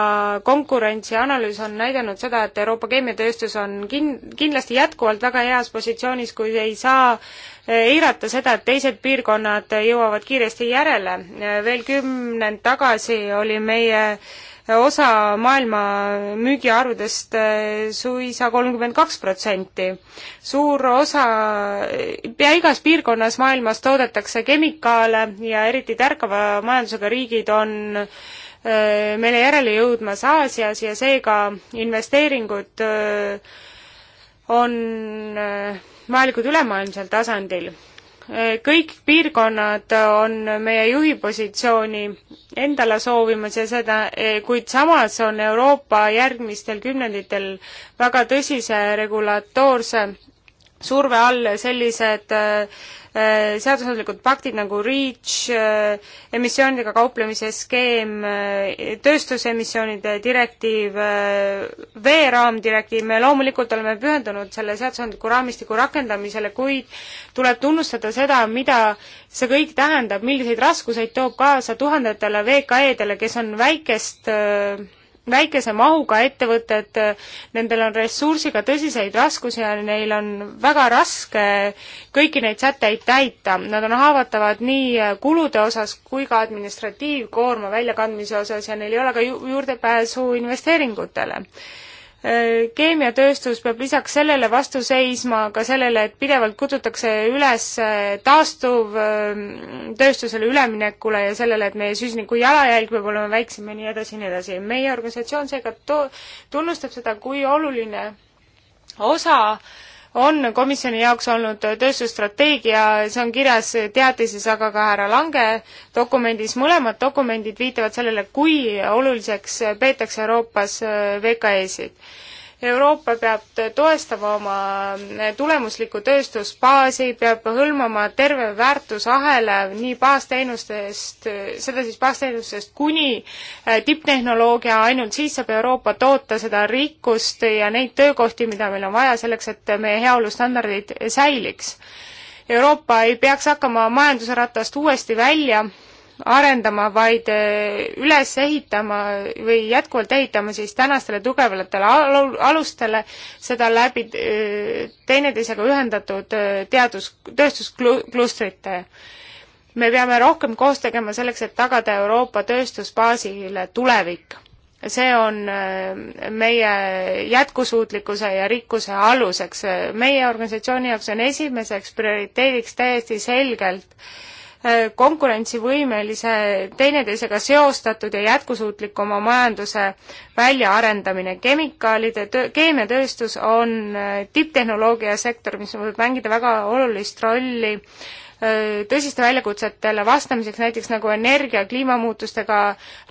konkurentsianalüüs on näidanud seda, et Euroopa keemiatööstus on kin-, kindlasti jätkuvalt väga heas positsioonis, kui ei saa eh, eirata seda, et teised piirkonnad jõuavad kiiresti järele. Eh, veel kümnend tagasi oli meie eh, osa maailma müügiarvudest suisa kolmkümmend kaks protsenti. suur osa, pea igas piirkonnas maailmas toodetakse kemikaale ja eriti tärkava majandusega riigid on äh, meile järele jõudmas Aasias ja seega investeeringud on vajalikud ülemaailmsel tasandil. kõik piirkonnad on meie juhi positsiooni endale soovimas ja seda, kuid samas on Euroopa järgmistel kümnenditel väga tõsise regulatoorse surve all sellised äh, äh, seadusandlikud paktid nagu REACH, äh, emissioonidega kauplemise skeem, tööstusemissioonide direktiiv, veeraamdirektiiv, me loomulikult oleme pühendunud selle seadusandliku raamistiku rakendamisele, kuid tuleb tunnustada seda, mida see kõik tähendab, milliseid raskuseid toob kaasa tuhandetele VKE-dele, kes on väikest öö, väikese mahuga ettevõtted, nendel on ressursiga tõsiseid raskusi ja neil on väga raske kõiki neid sätteid täita. Nad on haavatavad nii kulude osas kui ka administratiivkoorma väljakandmise osas ja neil ei ole ka ju juurdepääsu investeeringutele keemiatööstus peab lisaks sellele vastu seisma ka sellele, et pidevalt kutsutakse üles taastuvtööstusele ähm, üleminekule ja sellele, et meie süsiniku jalajälg peab olema väiksem ja nii edasi ja nii edasi. meie organisatsioon seega to-, tunnustab seda kui oluline osa äh, on komisjoni jaoks olnud tööstusstrateegia, see on kirjas teatises, aga ka härra Lange dokumendis, mõlemad dokumendid viitavad sellele, kui oluliseks peetakse Euroopas VKE-sid Euroopa peab toestama oma tulemuslikku tööstusbaasi, peab hõlmama terve väärtusahela nii baasteenustest, seda siis baasteenustest kuni äh, tipptehnoloogia, ainult siis saab Euroopa toota seda rikkust ja neid töökohti, mida meil on vaja selleks, et meie heaolustandardid säiliks. Euroopa ei peaks hakkama majandusratast uuesti välja arendama, vaid eh, üles ehitama või jätkuvalt ehitama siis tänastele tugevatele alustele, seda läbi eh, teineteisega ühendatud eh, teadus, tööstusklustrite. me peame rohkem koos tegema selleks, et tagada Euroopa tööstusbaasile tulevik. see on meie jätkusuutlikkuse ja rikkuse aluseks. meie organisatsiooni jaoks on esimeseks prioriteediks täiesti selgelt äh, Äh, konkurentsivõimelise, teineteisega seostatud ja jätkusuutliku oma majanduse väljaarendamine. kemikaalide, keemiatööstus on äh, tipptehnoloogia sektor, mis võib mängida väga olulist rolli äh, tõsiste väljakutsetele vastamiseks, näiteks nagu energia, kliimamuutustega,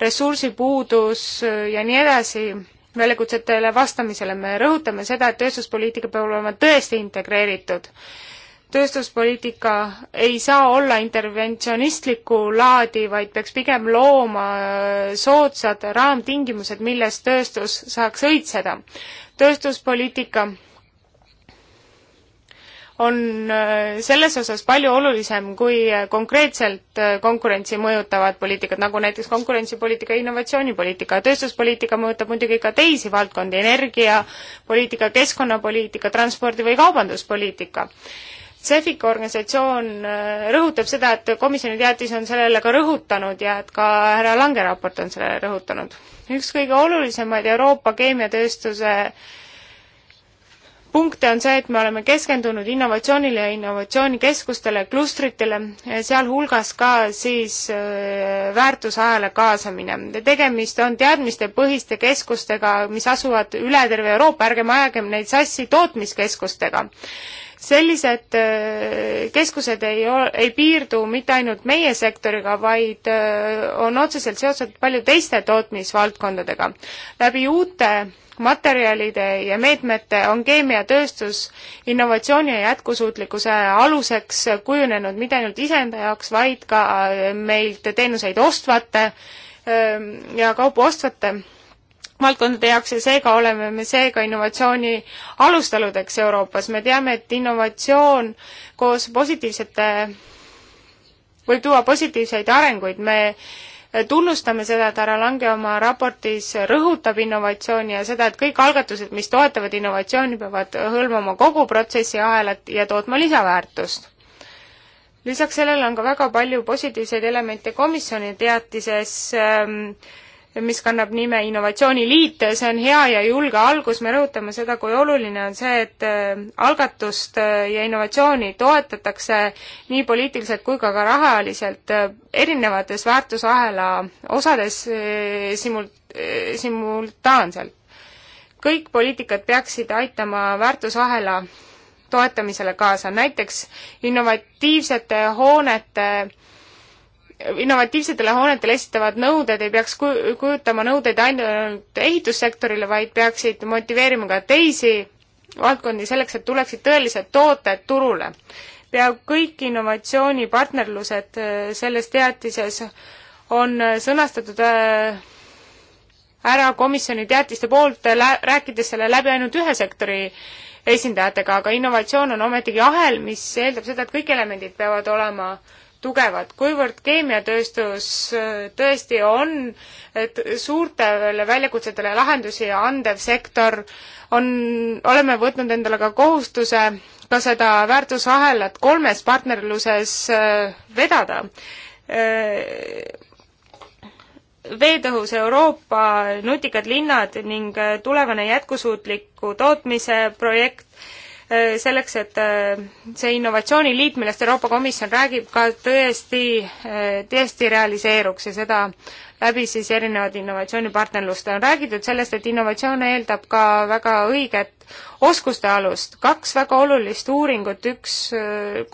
ressursipuudus ja nii edasi väljakutsetele vastamisele. me rõhutame seda, et tööstuspoliitika peab olema tõesti integreeritud tööstuspoliitika ei saa olla interventsionistliku laadi, vaid peaks pigem looma äh, soodsad raamtingimused, milles tööstus saaks õitseda. tööstuspoliitika on äh, selles osas palju olulisem kui äh, konkreetselt konkurentsi mõjutavad poliitikad, nagu näiteks konkurentsipoliitika ja innovatsioonipoliitika. tööstuspoliitika mõjutab muidugi ka teisi valdkondi, energiapoliitika, keskkonnapoliitika, transpordi- või kaubanduspoliitika. CEFIC organisatsioon äh, rõhutab seda, et komisjoni teatis on sellele ka rõhutanud ja et ka härra Lange raport on sellele rõhutanud. üks kõige olulisemaid Euroopa keemiatööstuse punkte on see, et me oleme keskendunud innovatsioonile ja innovatsioonikeskustele, klustritele, sealhulgas ka siis äh, väärtusahela kaasamine. tegemist on teadmistepõhiste keskustega, mis asuvad üle terve Euroopa, ärgem ajagem neid sassi tootmiskeskustega sellised äh, keskused ei, ei piirdu mitte ainult meie sektoriga, vaid äh, on otseselt seotud palju teiste tootmisvaldkondadega. läbi uute materjalide ja meetmete on keemiatööstus innovatsiooni ja jätkusuutlikkuse aluseks kujunenud mitte ainult iseenda jaoks, vaid ka meilt teenuseid ostvate ähm, ja kaupu ostvate valdkondade jaoks ja seega oleme me seega innovatsiooni alustaludeks Euroopas. me teame, et innovatsioon koos positiivsete, võib tuua positiivseid arenguid, me tunnustame seda, et härra Lange oma raportis rõhutab innovatsiooni ja seda, et kõik algatused, mis toetavad innovatsiooni, peavad hõlmama kogu protsessi ahelat ja tootma lisaväärtust. lisaks sellele on ka väga palju positiivseid elemente komisjoni teatises ähm, mis kannab nime Innovatsiooniliit, see on hea ja julge algus, me rõhutame seda, kui oluline on see, et äh, algatust äh, ja innovatsiooni toetatakse nii poliitiliselt kui ka ka rahaliselt äh, erinevates väärtusahela osades simul-, simultaanselt. kõik poliitikad peaksid aitama väärtusahela toetamisele kaasa, näiteks innovatiivsete hoonete innovatiivsetele hoonetele esitavad nõuded ei peaks kujutama nõudeid ainult ehitussektorile, vaid peaksid motiveerima ka teisi valdkondi selleks, et tuleksid tõelised tooted turule. peaaegu kõik innovatsioonipartnerlused äh, selles teatises on äh, sõnastatud äh, ära komisjoni teatiste poolt, rääkides selle läbi ainult ühe sektori esindajatega, aga innovatsioon on ometigi ahel, mis eeldab seda, et kõik elemendid peavad olema äh, tugevad, kuivõrd keemiatööstus äh, tõesti on suurtele väljakutsetele lahendusi andev sektor, on, oleme võtnud endale ka kohustuse ka seda väärtusahelat kolmes partnerluses äh, vedada. Äh, veetõhus Euroopa, nutikad linnad ning tulevane jätkusuutliku tootmise projekt Äh, selleks, et äh, see innovatsiooniliit, millest Euroopa Komisjon räägib, ka tõesti, äh, tõesti realiseeruks ja seda läbi siis erinevad innovatsioonipartnerluste. on räägitud sellest, et innovatsioon eeldab ka väga õiget oskuste alust. kaks väga olulist uuringut, üks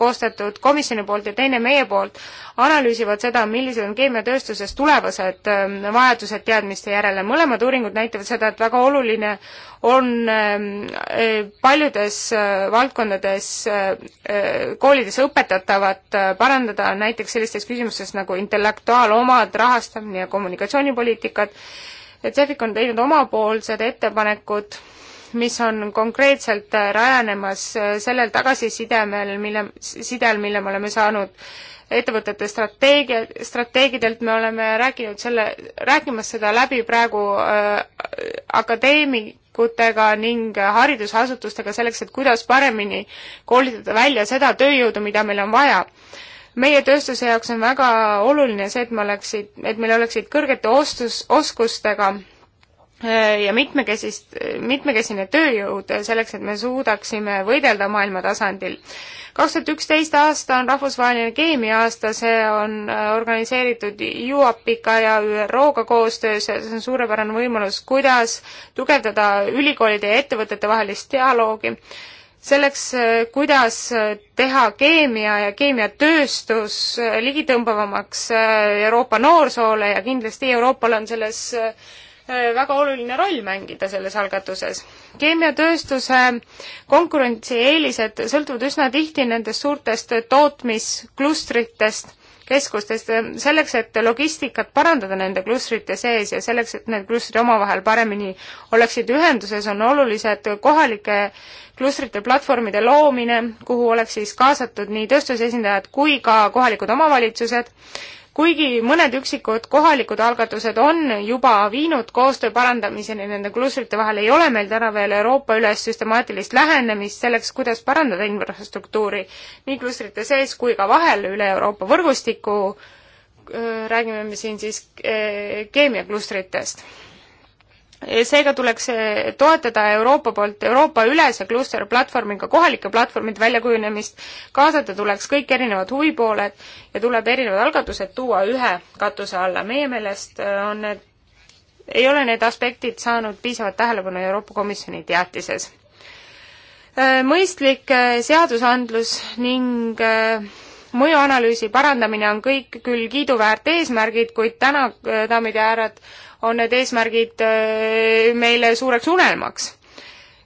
koostatud komisjoni poolt ja teine meie poolt, analüüsivad seda, millised on keemiatööstuses tulevased vajadused teadmiste järele. mõlemad uuringud näitavad seda, et väga oluline on paljudes valdkondades koolides õpetatavat parandada, näiteks sellistes küsimustes nagu intellektuaalomad, rahastamine ja kommunikatsioonipoliitikad, et CEFIC on teinud omapoolsed ettepanekud mis on konkreetselt äh, rajanemas äh, sellel tagasisidemel, mille, sidel, mille me oleme saanud ettevõtete strateegia, strateegidelt, me oleme rääkinud selle, rääkimas seda läbi praegu äh, akadeemikutega ning haridusasutustega selleks, et kuidas paremini koolitada välja seda tööjõudu, mida meil on vaja meie tööstuse jaoks on väga oluline see, et me oleksid, et meil oleksid kõrgete ostus, oskustega ja mitmekesist, mitmekesine tööjõud selleks, et me suudaksime võidelda maailma tasandil. kaks tuhat üksteist aasta on rahvusvaheline keemiaaasta, see on äh, organiseeritud UAP-iga ja ÜRO-ga koostöös ja see on suurepärane võimalus, kuidas tugevdada ülikoolide ja ettevõtete vahelist dialoogi selleks, äh, kuidas äh, teha keemia ja keemiatööstus ligitõmbavamaks Euroopa noorsoole ja kindlasti Euroopal on selles Äh, väga oluline roll mängida selles algatuses. keemiatööstuse konkurentsieelised sõltuvad üsna tihti nendest suurtest tootmisklustritest, keskustest, äh, selleks, et logistikat parandada nende klustrite sees ja selleks, et need klustrid omavahel paremini oleksid ühenduses, on olulised kohalike klustrite platvormide loomine, kuhu oleks siis kaasatud nii tööstuse esindajad kui ka kohalikud omavalitsused, kuigi mõned üksikud kohalikud algatused on juba viinud koostöö parandamiseni nende klustrite vahel, ei ole meil täna veel Euroopa üles süstemaatilist lähenemist selleks, kuidas parandada infrastruktuuri nii klustrite sees kui ka vahel üle Euroopa võrgustiku, äh, räägime me siin siis äh, keemiaklustritest seega tuleks eh, toetada Euroopa poolt Euroopa-ülese klusterplatvormiga kohalike platvormide väljakujunemist, kaasata tuleks kõik erinevad huvipooled ja tuleb erinevad algatused tuua ühe katuse alla. meie meelest eh, on need, ei ole need aspektid saanud piisavat tähelepanu Euroopa Komisjoni teatises eh, mõistlik seadusandlus ning mõjuanalüüsi parandamine on kõik küll kiiduväärt eesmärgid, kuid täna, daamid ja härrad, on need eesmärgid äh, meile suureks unelmaks.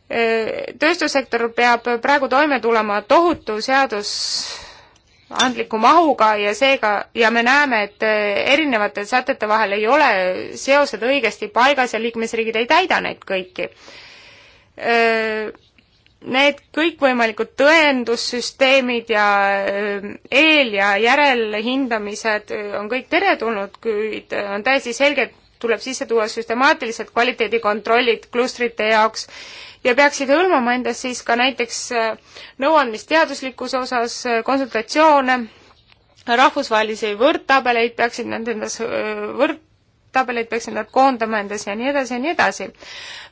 Äh, tööstussektor peab praegu toime tulema tohutu seadus andliku mahuga ja seega, ja me näeme, et äh, erinevate sätete vahel ei ole seosed õigesti paigas ja liikmesriigid ei täida neid kõiki need kõikvõimalikud tõendussüsteemid ja ähm, eel- ja järelhindamised äh, on kõik teretulnud, kuid äh, on täiesti selge, et tuleb sisse tuua süstemaatilised kvaliteedikontrollid klustrite jaoks ja peaksid hõlmama endas siis ka näiteks äh, nõuandmist teaduslikkuse osas, konsultatsioone, rahvusvahelisi võrdtabeleid peaksid nad endas võrd-, tabeleid peaksid nad koondama endas ja nii edasi ja nii edasi.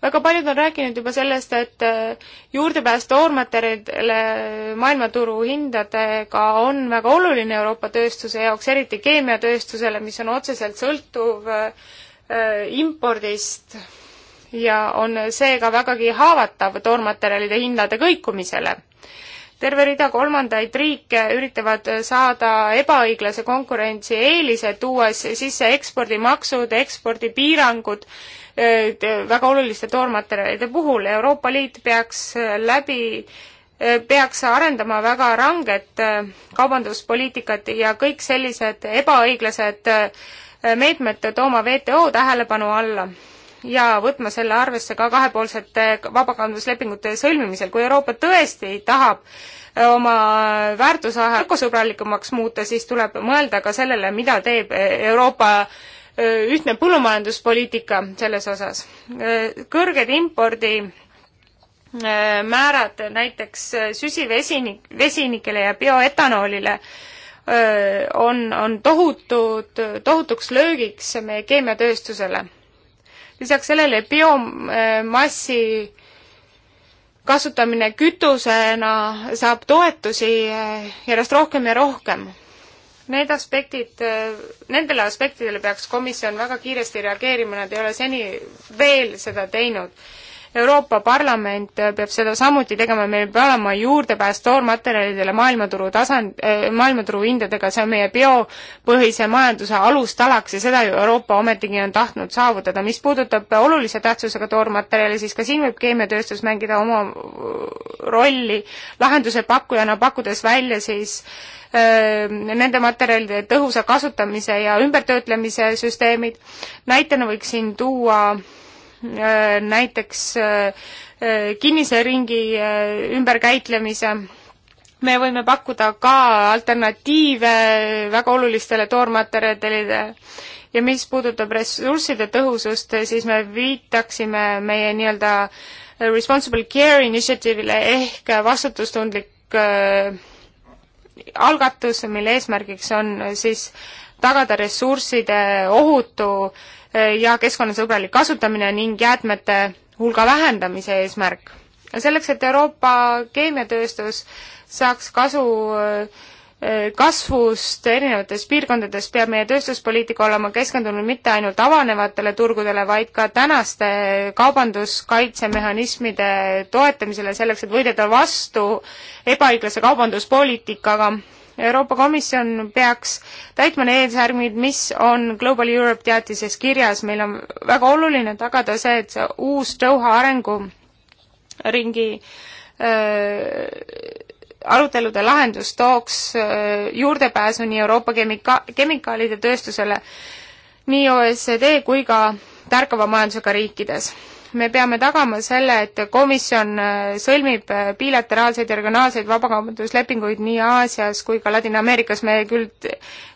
väga paljud on rääkinud juba sellest, et äh, juurdepääs toormaterjalidele maailmaturu hindadega on väga oluline Euroopa tööstuse jaoks, eriti keemiatööstusele, mis on otseselt sõltuv äh, impordist ja on seega vägagi haavatav toormaterjalide hindade kõikumisele terve rida kolmandaid riike üritavad saada ebaõiglase konkurentsi eelise, tuues sisse ekspordimaksud, ekspordipiirangud eh, väga oluliste toormaterjalide puhul. Euroopa Liit peaks läbi eh, peaks arendama väga ranget eh, kaubanduspoliitikat ja kõik sellised ebaõiglased meetmed tooma WTO tähelepanu alla ja võtma selle arvesse ka kahepoolsete vabakaubanduslepingute sõlmimisel. kui Euroopa tõesti tahab äh, oma väärtusahel ökosõbralikumaks muuta, siis tuleb mõelda ka sellele, mida teeb äh, Euroopa äh, ühtne põllumajanduspoliitika selles osas. kõrged impordi määrad näiteks süsivesinik, vesinikele ja bioetanoolile on, on tohutud, tohutuks löögiks meie keemiatööstusele lisaks sellele biomassi kasutamine kütusena saab toetusi eh, järjest rohkem ja rohkem. Need aspektid, eh, nendele aspektidele peaks komisjon väga kiiresti reageerima, nad ei ole seni veel seda teinud Euroopa Parlament peab seda samuti tegema, meil peab olema juurdepääs toormaterjalidele maailmaturu tasand, eh, maailmaturu hindadega, see on meie biopõhise majanduse alustalaks ja seda ju Euroopa ometigi on tahtnud saavutada. mis puudutab olulise tähtsusega toormaterjali, siis ka siin võib keemiatööstus mängida oma rolli lahenduse pakkujana, pakkudes välja siis öö, eh, nende materjalide tõhusa kasutamise ja ümbertöötlemise süsteemid. näitena võiksin tuua öö, Äh, näiteks äh, äh, kinnise ringi ümberkäitlemise, me võime pakkuda ka alternatiive väga olulistele toormaterjalidele ja mis puudutab ressursside tõhusust, siis me viitaksime meie nii-öelda Responsible Care Initiative'ile ehk vastutustundlik algatus, mille eesmärgiks on siis äh, tagada ressursside ohutu eh, ja keskkonnasõbralik kasutamine ning jäätmete hulga vähendamise eesmärk. selleks, et Euroopa keemiatööstus saaks kasu eh, kasvust erinevates piirkondades peab meie tööstuspoliitika olema keskendunud mitte ainult avanevatele turgudele, vaid ka tänaste kaubanduskaitsemehhanismide toetamisele selleks, et võidelda vastu ebaõiglase kaubanduspoliitikaga Euroopa Komisjon peaks täitma need eesmärgid, mis on Global Europe teatises kirjas, meil on väga oluline tagada see, et see uus Doha arenguringi äh, arutelude lahendus tooks äh, juurdepääsu nii Euroopa kemika-, kemikaalide tööstusele, nii OECD kui ka tärkava majandusega riikides me peame tagama selle, et komisjon äh, sõlmib äh, bilateraalseid ja regionaalseid vabakaubanduslepinguid nii Aasias kui ka Ladina-Ameerikas, me küll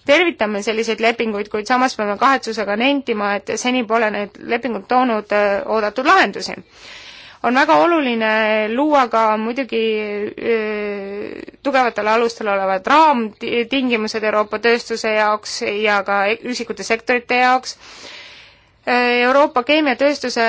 tervitame selliseid lepinguid, kuid samas peame kahetsusega nentima, et seni pole need lepingud toonud äh, oodatud lahendusi. on väga oluline luua ka muidugi tugevatel alustel olevad raamtingimused Euroopa tööstuse jaoks ja ka e-, üksikute sektorite jaoks, Euroopa keemiatööstuse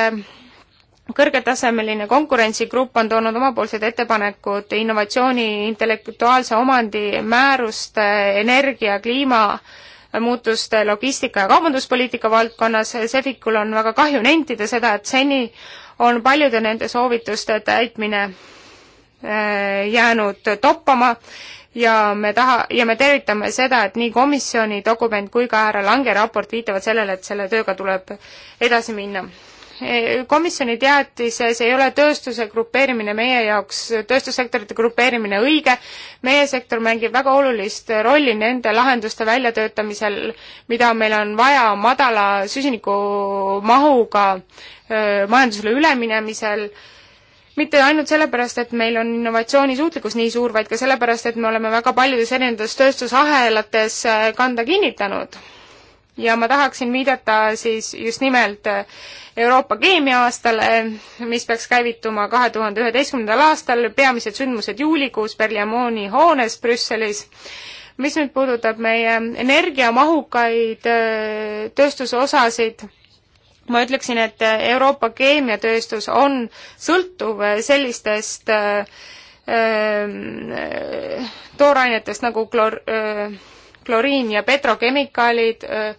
kõrgetasemeline konkurentsigrupp on toonud omapoolsed ettepanekud innovatsiooni, intellektuaalse omandi, määruste, energia, kliimamuutuste, logistika ja kaubanduspoliitika valdkonnas. Sefikul on väga kahju nentida seda, et seni on paljude nende soovituste täitmine äh, jäänud toppama ja me taha, ja me tervitame seda, et nii komisjoni dokument kui ka härra Lange raport viitavad sellele, et selle tööga tuleb edasi minna komisjoni teatises ei ole tööstuse grupeerimine meie jaoks, tööstussektorite grupeerimine õige, meie sektor mängib väga olulist rolli nende lahenduste väljatöötamisel, mida meil on vaja madala süsinikumahuga majandusele üleminemisel, mitte ainult sellepärast, et meil on innovatsioonisuutlikkus nii suur, vaid ka sellepärast, et me oleme väga paljudes erinevates tööstusahelates kanda kinnitanud ja ma tahaksin viidata siis just nimelt äh, Euroopa keemia-aastale, mis peaks käivituma kahe tuhande üheteistkümnendal aastal, peamised sündmused juulikuus Berliamoni hoones Brüsselis. mis nüüd puudutab meie energiamahukaid äh, tööstusosasid, ma ütleksin, et äh, Euroopa keemiatööstus on sõltuv sellistest toorainetest nagu klor-, kloriin ja petrokemikaalid äh,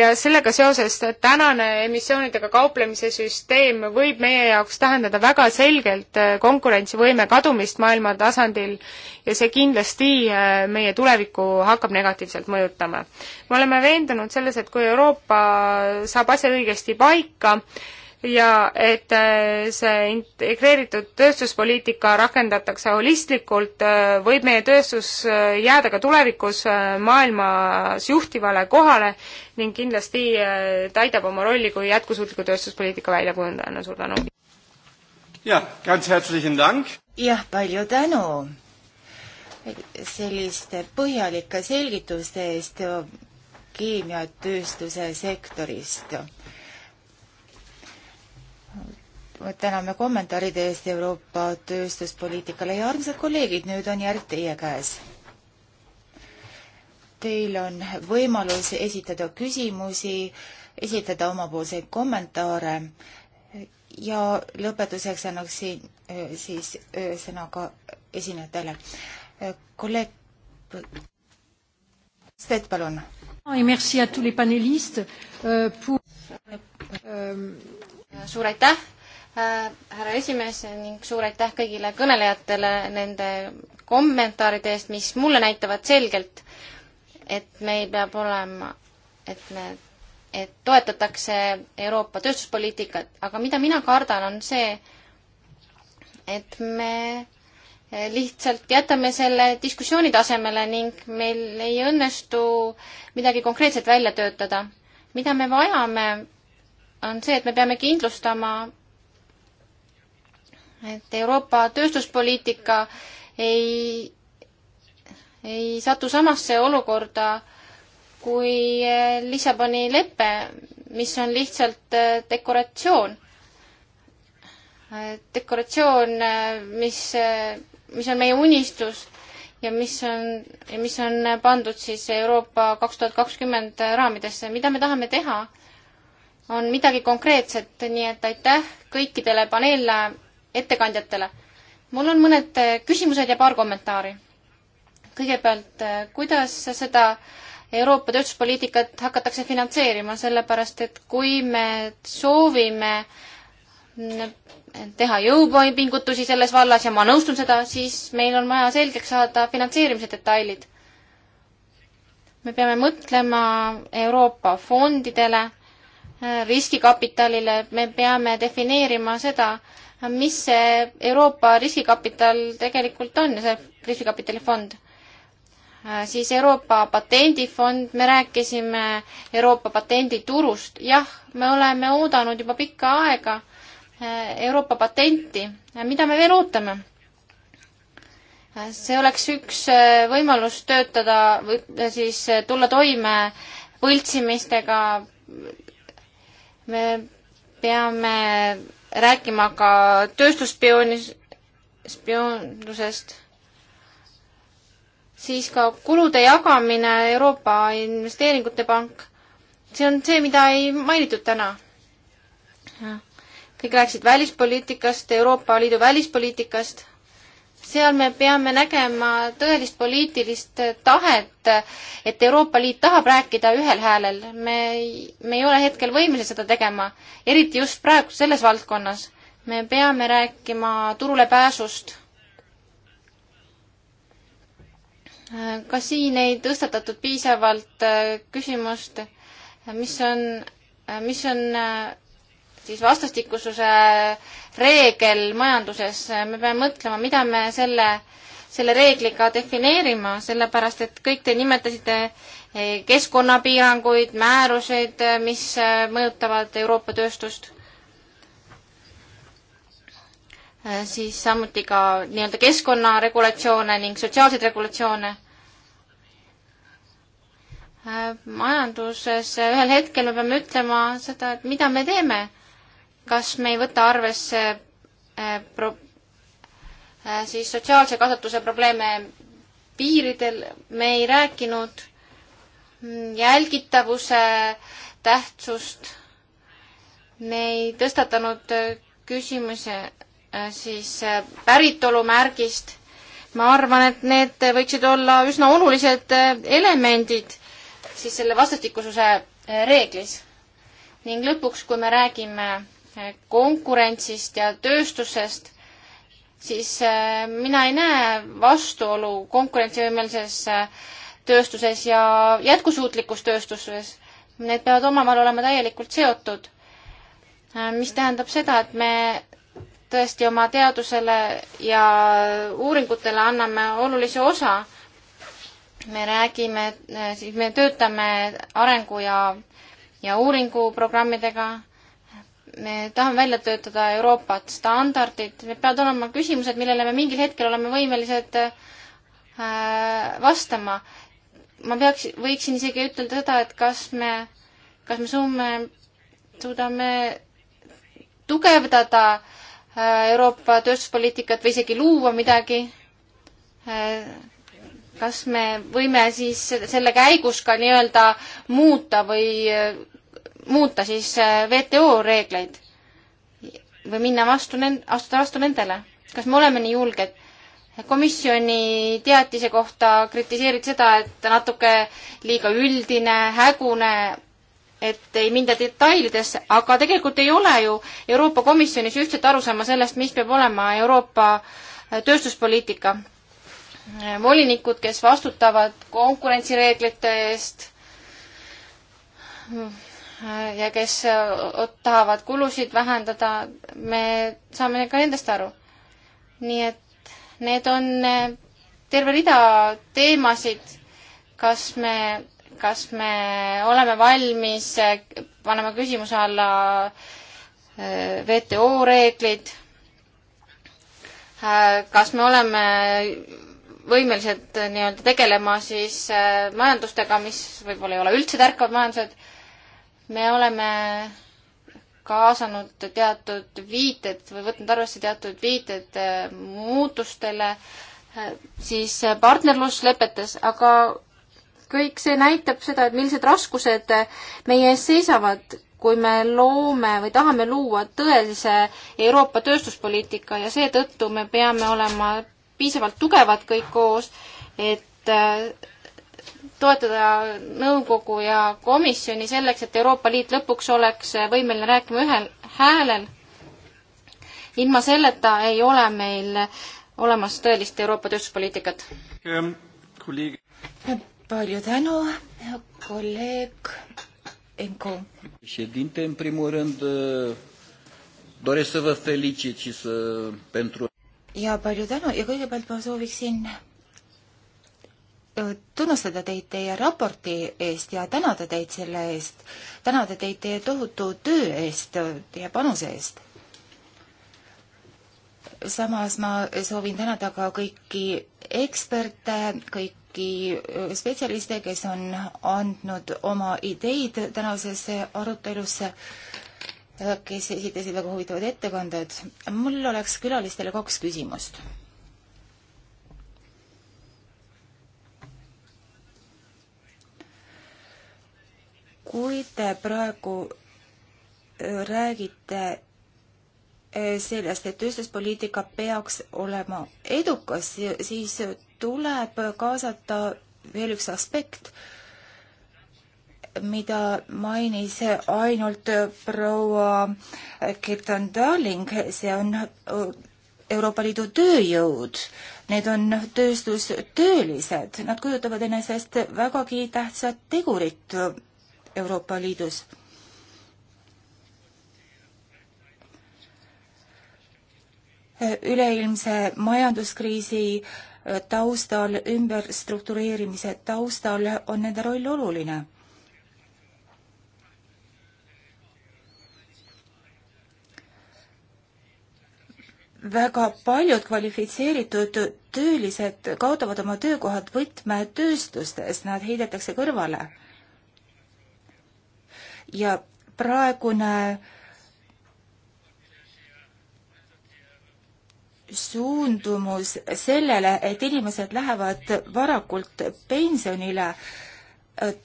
ja sellega seoses tänane emissioonidega kauplemise süsteem võib meie jaoks tähendada väga selgelt äh, konkurentsivõime kadumist maailma tasandil ja see kindlasti äh, meie tulevikku hakkab negatiivselt mõjutama. me oleme veendunud selles, et kui Euroopa saab asjad õigesti paika, ja et äh, see integreeritud tööstuspoliitika rakendatakse holistlikult, äh, võib meie tööstus äh, jääda ka tulevikus maailmas juhtivale kohale ning kindlasti täidab oma rolli kui jätkusuutliku tööstuspoliitika väljakujundajana, suur tänu! jah, jah, palju tänu selliste põhjalike selgituste eest keemiatööstuse sektorist täname kommentaaride eest Euroopa tööstuspoliitikale ja armsad kolleegid, nüüd on järg teie käes. Teil on võimalus esitada küsimusi, esitada omapoolseid kommentaare ja lõpetuseks annaksin äh, siis äh, sõna ka esinejatele. Äh, kolleeg Stet, palun. Ah, euh, euh, suur aitäh Äh, härra esimees ning suur aitäh kõigile kõnelejatele nende kommentaaride eest, mis mulle näitavad selgelt, et meil peab olema, et me, et toetatakse Euroopa tööstuspoliitikat, aga mida mina kardan, on see, et me lihtsalt jätame selle diskussiooni tasemele ning meil ei õnnestu midagi konkreetset välja töötada. mida me vajame, on see, et me peame kindlustama et Euroopa tööstuspoliitika ei, ei satu samasse olukorda kui Lissaboni lepe, mis on lihtsalt äh, dekoratsioon. dekoratsioon, äh, mis, äh, mis on meie unistus ja mis on, mis on pandud siis Euroopa kaks tuhat kakskümmend raamidesse, mida me tahame teha, on midagi konkreetset, nii et aitäh kõikidele paneelle ettekandjatele. mul on mõned äh, küsimused ja paar kommentaari. kõigepealt, äh, kuidas seda Euroopa tööstuspoliitikat hakatakse finantseerima, sellepärast et kui me soovime mm, teha jõupingutusi selles vallas ja ma nõustun seda, siis meil on vaja selgeks saada finantseerimise detailid. me peame mõtlema Euroopa fondidele, äh, riskikapitalile, me peame defineerima seda, mis see Euroopa riskikapital tegelikult on, see riskikapitalifond äh, siis Euroopa patendifond, me rääkisime Euroopa patenditurust, jah, me oleme oodanud juba pikka aega äh, Euroopa patenti, äh, mida me veel ootame? see oleks üks võimalus töötada või siis tulla toime võltsimistega. me peame rääkima ka tööstusspioonis, spioondusest, siis ka kulude jagamine Euroopa Investeeringute Pank, see on see, mida ei mainitud täna. kõik rääkisid välispoliitikast, Euroopa Liidu välispoliitikast seal me peame nägema tõelist poliitilist tahet, et Euroopa Liit tahab rääkida ühel häälel. me, me ei ole hetkel võimelised seda tegema, eriti just praegu selles valdkonnas. me peame rääkima turule pääsust. ka siin ei tõstatatud piisavalt äh, küsimust, mis on, äh, mis on äh, siis vastastikususe reegel majanduses, me peame mõtlema, mida me selle, selle reegliga defineerima, sellepärast et kõik te nimetasite eh, keskkonnapiiranguid, määruseid, eh, mis eh, mõjutavad Euroopa tööstust. siis samuti ka nii-öelda keskkonnaregulatsioone ning sotsiaalseid regulatsioone majanduses ühel hetkel me peame ütlema seda, et mida me teeme kas me ei võta arvesse äh, pro-, äh, siis sotsiaalse kasvatuse probleeme piiridel, me ei rääkinud mm, jälgitavuse tähtsust, me ei tõstatanud äh, küsimuse siis päritolumärgist. ma arvan, et need võiksid olla üsna olulised elemendid siis selle vastastikususe reeglis. ning lõpuks, kui me räägime konkurentsist ja tööstusest, siis äh, mina ei näe vastuolu konkurentsivõimelises äh, tööstuses ja jätkusuutlikus tööstuses. Need peavad omavahel olema täielikult seotud. Äh, mis tähendab seda, et me tõesti oma teadusele ja uuringutele anname olulise osa. me räägime, siis me töötame arengu ja, ja uuringuprogrammidega me tahame välja töötada Euroopat, standardid, need peavad olema küsimused, millele me mingil hetkel oleme võimelised äh, vastama. ma peaks, võiksin isegi ütelda seda, et kas me, kas me suume, suudame tugevdada äh, Euroopa tööstuspoliitikat või isegi luua midagi. Äh, kas me võime siis selle käigus ka nii-öelda muuta või muuta siis äh, WTO reegleid või minna vastu nend-, astuda vastu nendele. kas me oleme nii julged? komisjoni teatise kohta kritiseerid seda, et natuke liiga üldine, hägune, et ei minda detailidesse, aga tegelikult ei ole ju Euroopa Komisjonis ühtset arusaama sellest, mis peab olema Euroopa äh, tööstuspoliitika. Äh, volinikud, kes vastutavad konkurentsireeglite eest, Äh, ja kes äh, tahavad kulusid vähendada, me saame ka nendest aru. nii et need on äh, terve rida teemasid, kas me, kas me oleme valmis panema küsimuse alla WTO reeglid, kas me oleme võimelised nii-öelda tegelema siis majandustega, mis võib-olla ei ole üldse tärkavad majandused me oleme kaasanud teatud viited või võtnud arvesse teatud viited eh, muutustele, eh, siis eh, partnerluslepetes, aga kõik see näitab seda, et millised raskused meie ees seisavad, kui me loome või tahame luua tõelise Euroopa tööstuspoliitika ja seetõttu me peame olema piisavalt tugevad kõik koos, et toetada nõukogu ja komisjoni selleks, et Euroopa Liit lõpuks oleks võimeline rääkima ühel häälel. ilma selleta ei ole meil olemas tõelist Euroopa tööstuspoliitikat. Ähm, palju tänu, kolleeg Enko. în primul rând doresc să vă felicit și să pentru ja palju tänu ja kõigepealt ma sooviksin tunnustada teid teie raporti eest ja tänada teid selle eest, tänada teid teie tohutu töö eest, teie panuse eest. samas ma soovin tänada ka kõiki eksperte, kõiki spetsialiste, kes on andnud oma ideid tänasesse arutelusse, kes esitasid väga huvitavad ettekanded. mul oleks külalistele kaks küsimust kui te praegu äh, räägite äh, sellest, et tööstuspoliitika peaks olema edukas, siis tuleb kaasata veel üks aspekt, mida mainis ainult proua Kirton Darling, see on äh, Euroopa Liidu tööjõud. Need on tööstustöölised, nad kujutavad enesest vägagi tähtsat tegurit Euroopa Liidus. üleilmse majanduskriisi taustal, ümberstruktureerimise taustal on nende roll oluline. väga paljud kvalifitseeritud töölised kaotavad oma töökohad võtmetööstustes, nad heidetakse kõrvale ja praegune suundumus sellele, et inimesed lähevad varakult pensionile,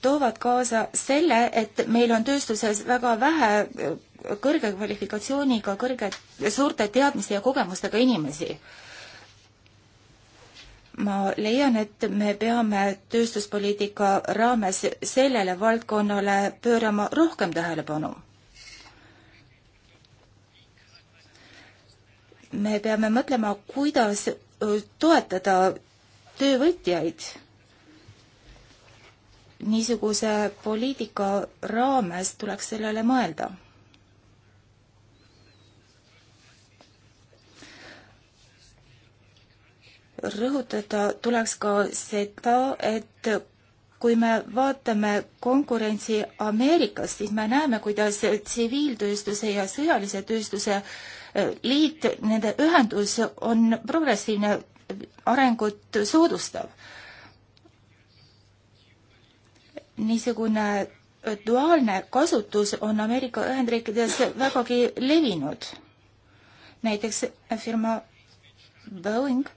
toovad kaasa selle, et meil on tööstuses väga vähe kõrge kvalifikatsiooniga, kõrge, suurte teadmiste ja kogemustega inimesi ma leian, et me peame tööstuspoliitika raames sellele valdkonnale pöörama rohkem tähelepanu. me peame mõtlema, kuidas toetada töövõtjaid niisuguse poliitika raames tuleks sellele mõelda rõhutada tuleks ka seda, et kui me vaatame konkurentsi Ameerikas, siis me näeme, kuidas tsiviiltööstuse ja sõjalise tööstuse eh, liit, nende ühendus on progressiivne, arengut soodustav. niisugune eh, duaalne kasutus on Ameerika Ühendriikides vägagi levinud. näiteks firma Boeing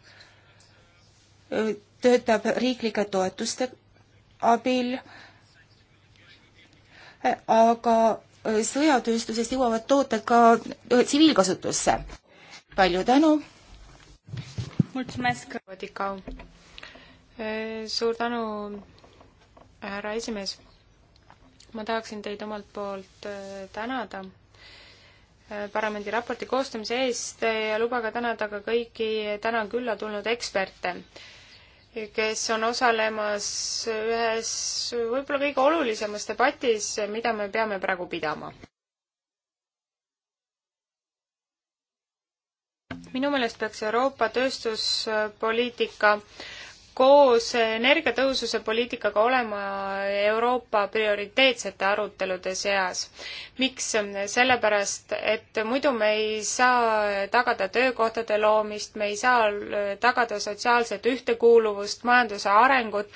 töötab riiklike toetuste abil, aga sõjatööstusest jõuavad tooted ka tsiviilkasutusse. palju tänu! suur tänu, härra esimees! ma tahaksin teid omalt poolt eh, tänada eh, parlamendi raporti koostamise eest ja lubage tänada ka kõiki täna külla tulnud eksperte kes on osalemas ühes võib-olla kõige olulisemas debatis, mida me peame praegu pidama. minu meelest peaks Euroopa tööstuspoliitika äh, koos energiatõhususe poliitikaga olema Euroopa prioriteetsete arutelude seas. miks? sellepärast, et muidu me ei saa tagada töökohtade loomist, me ei saa tagada sotsiaalset ühtekuuluvust, majanduse arengut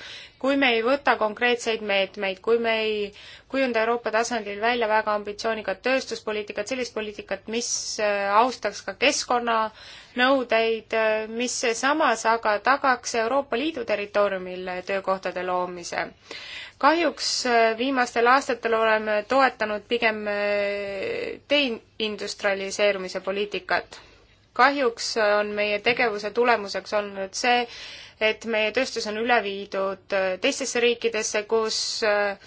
kui me ei võta konkreetseid meetmeid, kui me ei kujunda Euroopa tasandil välja väga ambitsioonikat tööstuspoliitikat, sellist poliitikat, mis äh, austaks ka keskkonnanõudeid, äh, mis samas aga tagaks Euroopa Liidu territooriumil töökohtade loomise. kahjuks äh, viimastel aastatel oleme toetanud pigem deindustrialiseerumise poliitikat kahjuks on meie tegevuse tulemuseks olnud see, et meie tööstus on üle viidud äh, teistesse riikidesse, kus äh,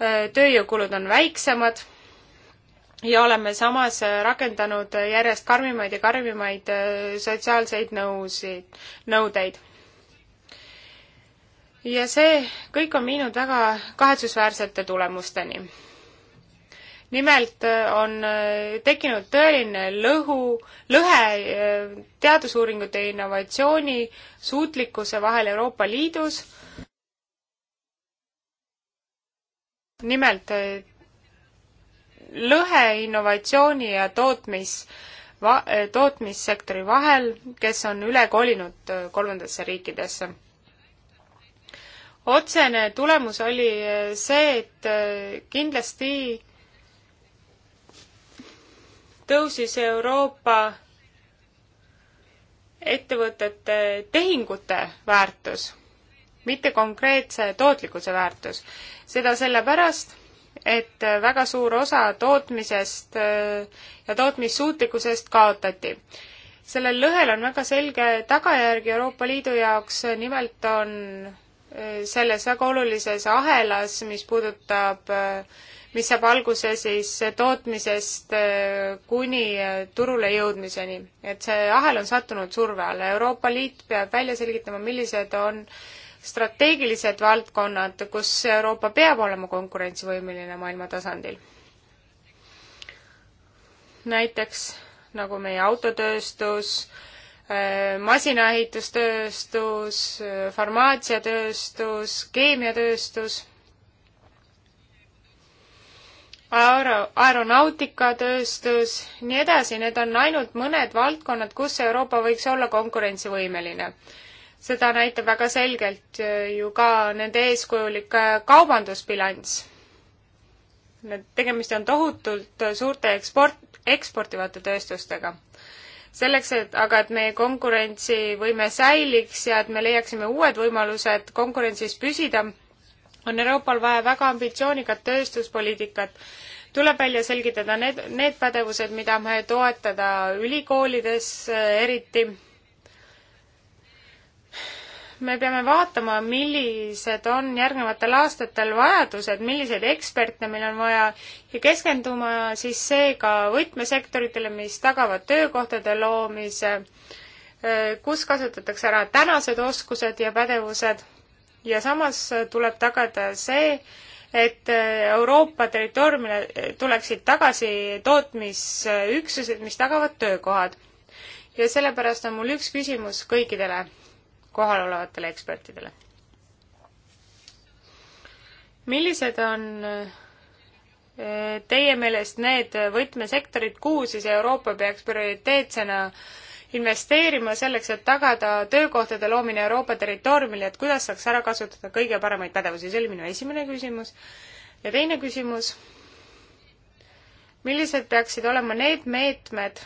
äh, tööjõukulud on väiksemad ja oleme samas rakendanud järjest karmimaid ja karmimaid sotsiaalseid nõusid, nõudeid. ja see kõik on viinud väga kahetsusväärsete tulemusteni nimelt äh, on äh, tekkinud tõeline lõhu, lõhe äh, teadusuuringute ja innovatsiooni suutlikkuse vahel Euroopa Liidus. nimelt lõhe innovatsiooni ja tootmis, tootmissektori vahel, kes on üle kolinud kolmandatesse riikidesse otsene tulemus oli see, et kindlasti tõusis Euroopa ettevõtete tehingute väärtus, mitte konkreetse tootlikkuse väärtus. seda sellepärast, et väga suur osa tootmisest äh, ja tootmissuutlikkusest kaotati. sellel lõhel on väga selge tagajärg Euroopa Liidu jaoks, nimelt on äh, selles väga olulises ahelas, mis puudutab äh, mis saab alguse siis tootmisest äh, kuni äh, turule jõudmiseni. et see ahel on sattunud surve alla. Euroopa Liit peab välja selgitama, millised on strateegilised valdkonnad, kus Euroopa peab olema konkurentsivõimeline maailma tasandil. näiteks nagu meie autotööstus, äh, masinaehitustööstus, farmaatsiatööstus, keemiatööstus aero, aeronautikatööstus, nii edasi, need on ainult mõned valdkonnad, kus Euroopa võiks olla konkurentsivõimeline. seda näitab väga selgelt äh, ju ka nende eeskujulik äh, kaubandusbilanss. tegemist on tohutult äh, suurte eksport, eksportivate tööstustega. selleks, et aga, et meie konkurentsivõime säiliks ja et me leiaksime uued võimalused konkurentsis püsida on Euroopal vaja väga ambitsioonikat tööstuspoliitikat. tuleb välja selgitada need, need pädevused, mida me toetada ülikoolides äh, eriti. me peame vaatama, millised on järgnevatel aastatel vajadused, milliseid eksperte meil on vaja ja keskenduma siis seega võtmesektoritele, mis tagavad töökohtade loomise, äh, kus kasutatakse ära tänased oskused ja pädevused ja samas äh, tuleb tagada see, et äh, Euroopa territooriumile äh, tuleksid tagasi tootmisüksused, mis tagavad töökohad. ja sellepärast on mul üks küsimus kõikidele kohalolevatele ekspertidele. millised on teie meelest need võtmesektorid, kuhu siis Euroopa peaks prioriteetsena investeerima selleks, et tagada töökohtade loomine Euroopa territooriumil, et kuidas saaks ära kasutada kõige paremaid pädevusi, see oli minu esimene küsimus. ja teine küsimus, millised peaksid olema need meetmed,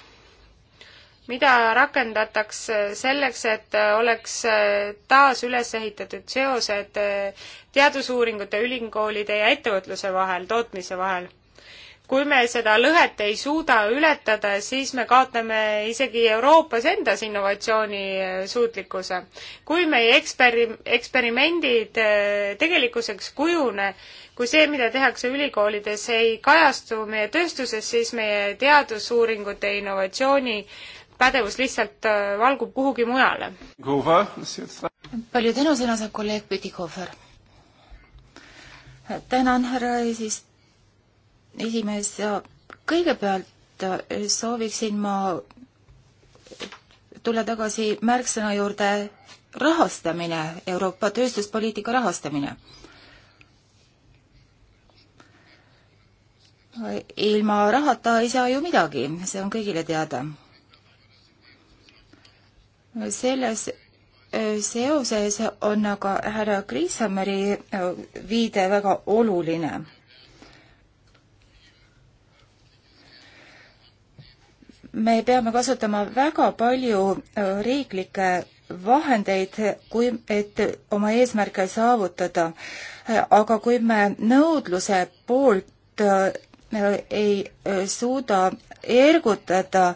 mida rakendatakse selleks, et oleks taas üles ehitatud seosed teadusuuringute, ülikoolide ja ettevõtluse vahel, tootmise vahel? kui me seda lõhet ei suuda ületada, siis me kaotame isegi Euroopas endas innovatsioonisuutlikkuse. Eh, kui meie eksperi-, eksperimendid eh, tegelikkuseks kujune, kui see, mida tehakse ülikoolides, ei kajastu meie tööstuses, siis meie teadusuuringute innovatsiooni pädevus lihtsalt eh, valgub kuhugi mujale. palju tänu, sõna saab kolleeg Pütikofer. tänan, härra eesist-, esimees, kõigepealt äh, sooviksin ma tulla tagasi märksõna juurde rahastamine, Euroopa tööstuspoliitika rahastamine. ilma rahata ei saa ju midagi, see on kõigile teada. selles äh, seoses on aga härra Kriisamäri äh, viide väga oluline me peame kasutama väga palju äh, riiklikke vahendeid, kui, et oma eesmärke saavutada. Äh, aga kui me nõudluse poolt äh, ei suuda ergutada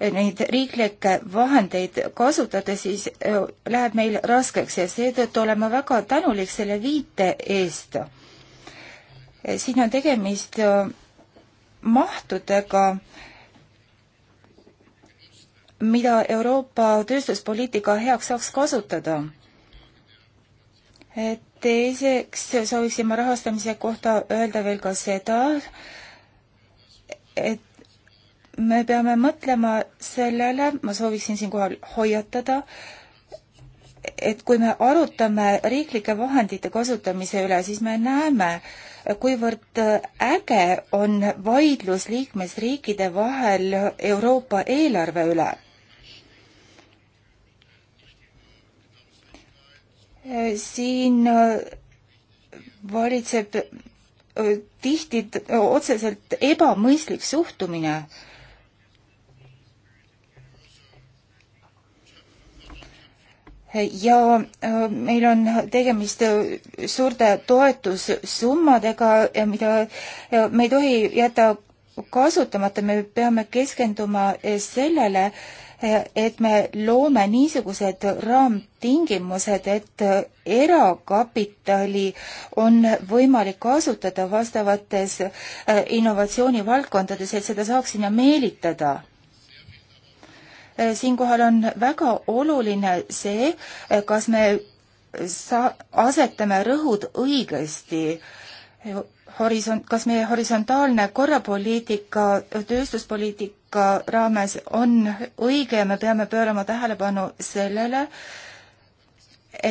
neid riiklikke vahendeid kasutada, siis läheb meil raskeks ja seetõttu olen ma väga tänulik selle viite eest. siin on tegemist mahtudega, mida Euroopa tööstuspoliitika heaks saaks kasutada. teiseks sooviksin ma rahastamise kohta öelda veel ka seda, et me peame mõtlema sellele, ma sooviksin siinkohal hoiatada, et kui me arutame riiklike vahendite kasutamise üle, siis me näeme, kuivõrd äge on vaidlus liikmesriikide vahel Euroopa eelarve üle siin äh, valitseb äh, tihti äh, otseselt ebamõistlik suhtumine. ja meil on tegemist suurte toetussummadega, mida me ei tohi jätta kasutamata, me peame keskenduma sellele, Eh, et me loome niisugused raamtingimused, et eh, erakapitali on võimalik kasutada vastavates eh, innovatsioonivaldkondades, et seda saaks sinna meelitada siinkohal on väga oluline see, kas me sa-, asetame rõhud õigesti horisont, kas meie horisontaalne korrapoliitika tööstuspoliitika raames on õige ja me peame pöörama tähelepanu sellele,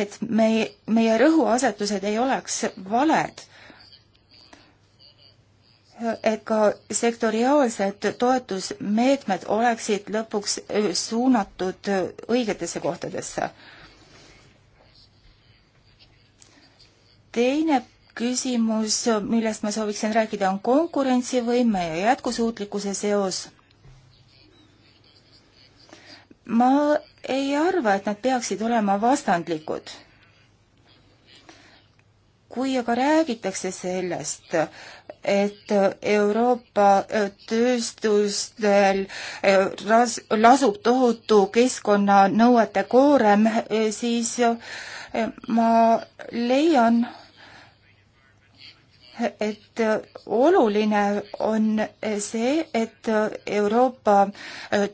et meie, meie rõhuasetused ei oleks valed. et ka sektoriaalsed toetusmeetmed oleksid lõpuks äh, suunatud äh, õigetesse kohtadesse. teine küsimus, millest ma sooviksin rääkida, on konkurentsivõime ja jätkusuutlikkuse seos. ma ei arva, et nad peaksid olema vastandlikud. kui aga räägitakse sellest, et Euroopa tööstustel eh, ras-, lasub tohutu keskkonnanõuete koorem, eh, siis eh, ma leian, et oluline on see, et Euroopa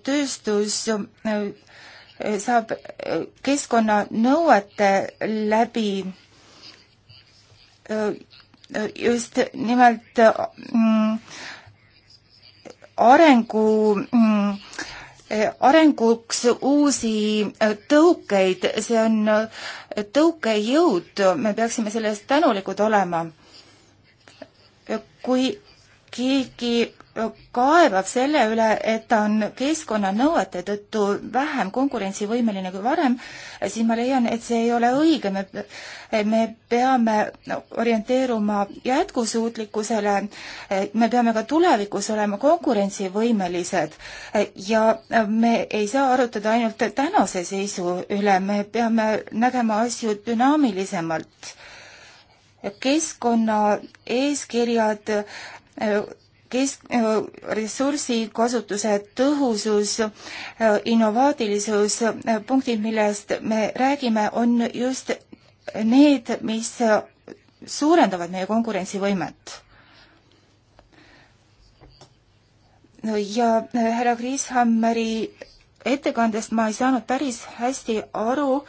tööstus eh, saab keskkonnanõuete läbi eh, just nimelt mm, arengu, mm, eh, arenguks uusi tõukeid, see on tõukejõud, me peaksime selle eest tänulikud olema kui keegi kaebab selle üle, et ta on keskkonnanõuete tõttu vähem konkurentsivõimeline kui varem, siis ma leian, et see ei ole õige, me, me peame orienteeruma jätkusuutlikkusele, me peame ka tulevikus olema konkurentsivõimelised ja me ei saa arutada ainult tänase seisu üle, me peame nägema asju dünaamilisemalt keskkonna eeskirjad, äh, kesk-, äh, ressursikasutuse tõhusus, äh, innovaatilisus, punktid, millest me räägime, on just need, mis suurendavad meie konkurentsivõimet ja härra Kriishammeri ettekandest ma ei saanud päris hästi aru,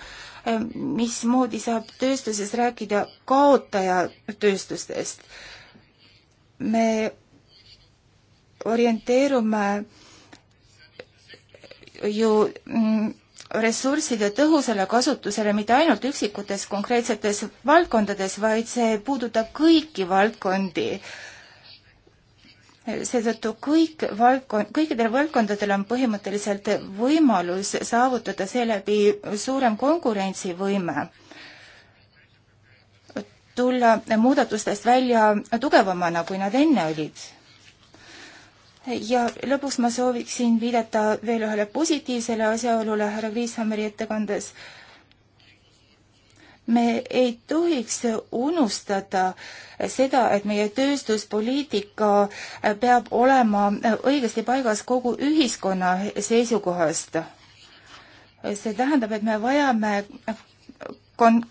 mismoodi saab tööstuses rääkida kaotaja tööstustest. me orienteerume ju mm, ressursside tõhusale kasutusele mitte ainult üksikutes konkreetsetes valdkondades, vaid see puudutab kõiki valdkondi äh, seetõttu kõik valdkond, kõikidel valdkondadel on põhimõtteliselt võimalus saavutada seeläbi suurem konkurentsivõime, tulla muudatustest välja tugevamana, kui nad enne olid. ja lõpuks ma sooviksin viidata veel ühele positiivsele asjaolule härra Kriishammeri ettekandes, me ei tohiks unustada seda, et meie tööstuspoliitika peab olema õigesti paigas kogu ühiskonna seisukohast. see tähendab, et me vajame kon-,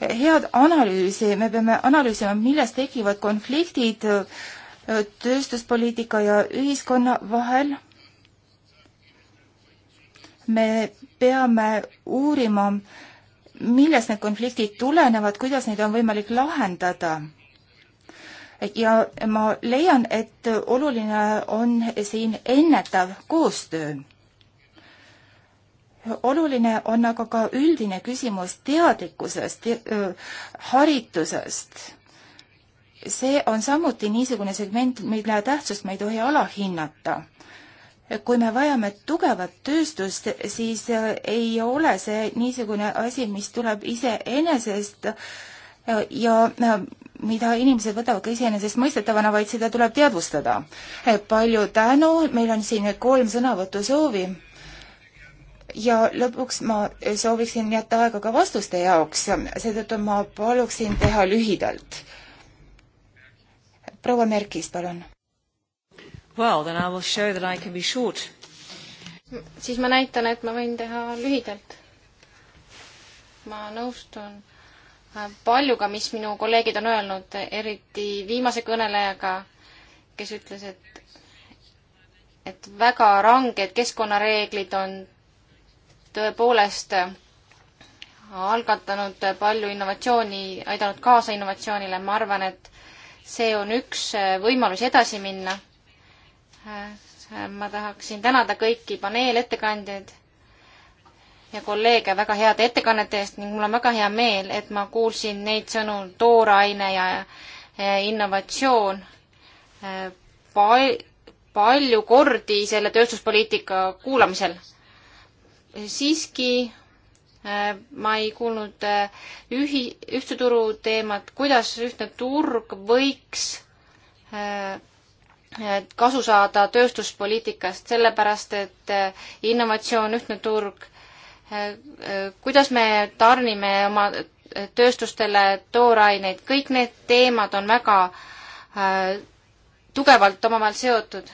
head analüüsi, me peame analüüsima, millest tekivad konfliktid tööstuspoliitika ja ühiskonna vahel. me peame uurima, millest need konfliktid tulenevad, kuidas neid on võimalik lahendada. ja ma leian, et oluline on siin ennetav koostöö. oluline on aga ka üldine küsimus teadlikkusest, haritusest. see on samuti niisugune segment, mille tähtsust me ei tohi alahinnata kui me vajame tugevat tööstust, siis äh, ei ole see niisugune asi, mis tuleb iseenesest äh, ja äh, mida inimesed võtavad ka iseenesestmõistetavana, vaid seda tuleb teadvustada. palju tänu, meil on siin nüüd kolm sõnavõtusoovi. ja lõpuks ma sooviksin jätta aega ka vastuste jaoks, seetõttu ma paluksin teha lühidalt. proua Merkis, palun Well, then I will show that I can be short. siis ma näitan, et ma võin teha lühidalt. ma nõustun äh, paljuga, mis minu kolleegid on öelnud, eriti viimase kõnelejaga, kes ütles, et, et väga ranged keskkonnareeglid on tõepoolest algatanud palju innovatsiooni, aidanud kaasa innovatsioonile, ma arvan, et see on üks äh, võimalus edasi minna ma tahaksin tänada kõiki paneelettekandjaid ja kolleege väga heade ettekannete eest ning mul on väga hea meel, et ma kuulsin neid sõnu tooraine ja innovatsioon e, pal-, palju kordi selle tööstuspoliitika kuulamisel. siiski e, ma ei kuulnud e, ühi-, ühtse turu teemat, kuidas ühtne turg võiks kasu saada tööstuspoliitikast, sellepärast et eh, innovatsioon, ühtne turg, eh, eh, kuidas me tarnime oma tööstustele tooraineid, kõik need teemad on väga tugevalt omavahel seotud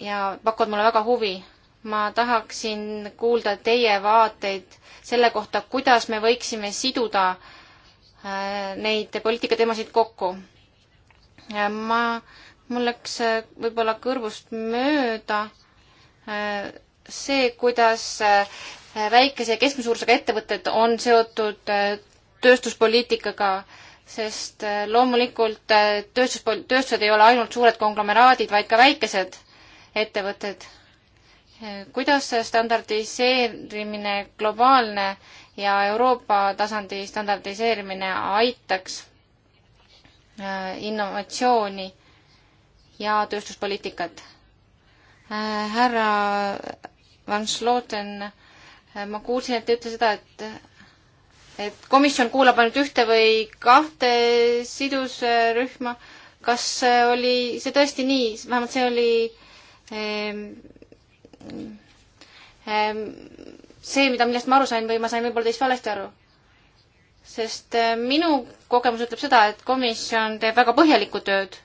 ja pakuvad mulle väga huvi. ma tahaksin kuulda teie vaateid selle kohta, kuidas me võiksime siduda neid poliitikateemasid kokku. ma mul läks äh, võib-olla kõrvust mööda äh, see, kuidas äh, väikese ja keskmise suurusega ettevõtted on seotud tööstuspoliitikaga, sest loomulikult tööstus, tööstused ei ole ainult suured konglomeraadid, vaid ka väikesed ettevõtted. kuidas standardiseerimine, globaalne ja Euroopa tasandi standardiseerimine aitaks innovatsiooni ja tööstuspoliitikat. härra Van Sloten, ma kuulsin, et te ütlesite seda, et et komisjon kuulab ainult ühte või kahte sidusrühma. kas oli see tõesti nii, vähemalt see oli ehm, ehm, see, mida, millest ma aru sain või ma sain võib-olla teist valesti aru? sest eh, minu kogemus ütleb seda, et komisjon teeb väga põhjalikku tööd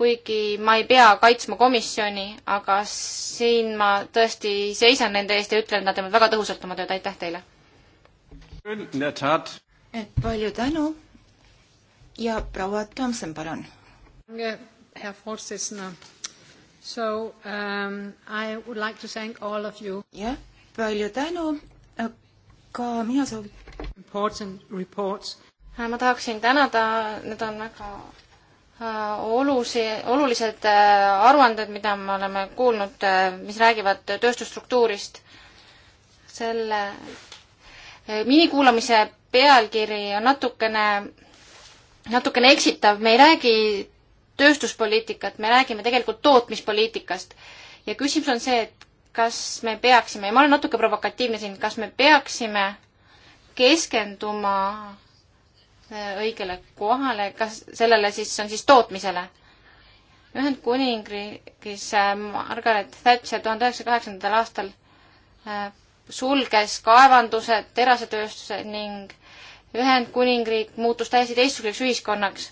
kuigi ma ei pea kaitsma komisjoni, aga siin ma tõesti seisan nende eest ja ütlen, nad teevad väga tõhusalt oma tööd, aitäh teile! et palju tänu ja proua Tomson, palun! So um, I would like to thank all of you. jah, palju tänu, ka mina soovin. Important reports. ma tahaksin tänada, need on väga Äh, olusi, olulised äh, aruanded, mida me oleme kuulnud, äh, mis räägivad tööstusstruktuurist. selle minikuulamise pealkiri on natukene, natukene eksitav, me ei räägi tööstuspoliitikat, me räägime tegelikult tootmispoliitikast. ja küsimus on see, et kas me peaksime, ja ma olen natuke provokatiivne siin, kas me peaksime keskenduma õigele kohale, kas sellele siis on siis tootmisele? Ühendkuningriigis äh, Margaret Thatcher tuhande üheksasaja kaheksakümnendal aastal äh, sulges kaevandused, terasetööstuse ning Ühendkuningriik muutus täiesti teistsuguseks ühiskonnaks.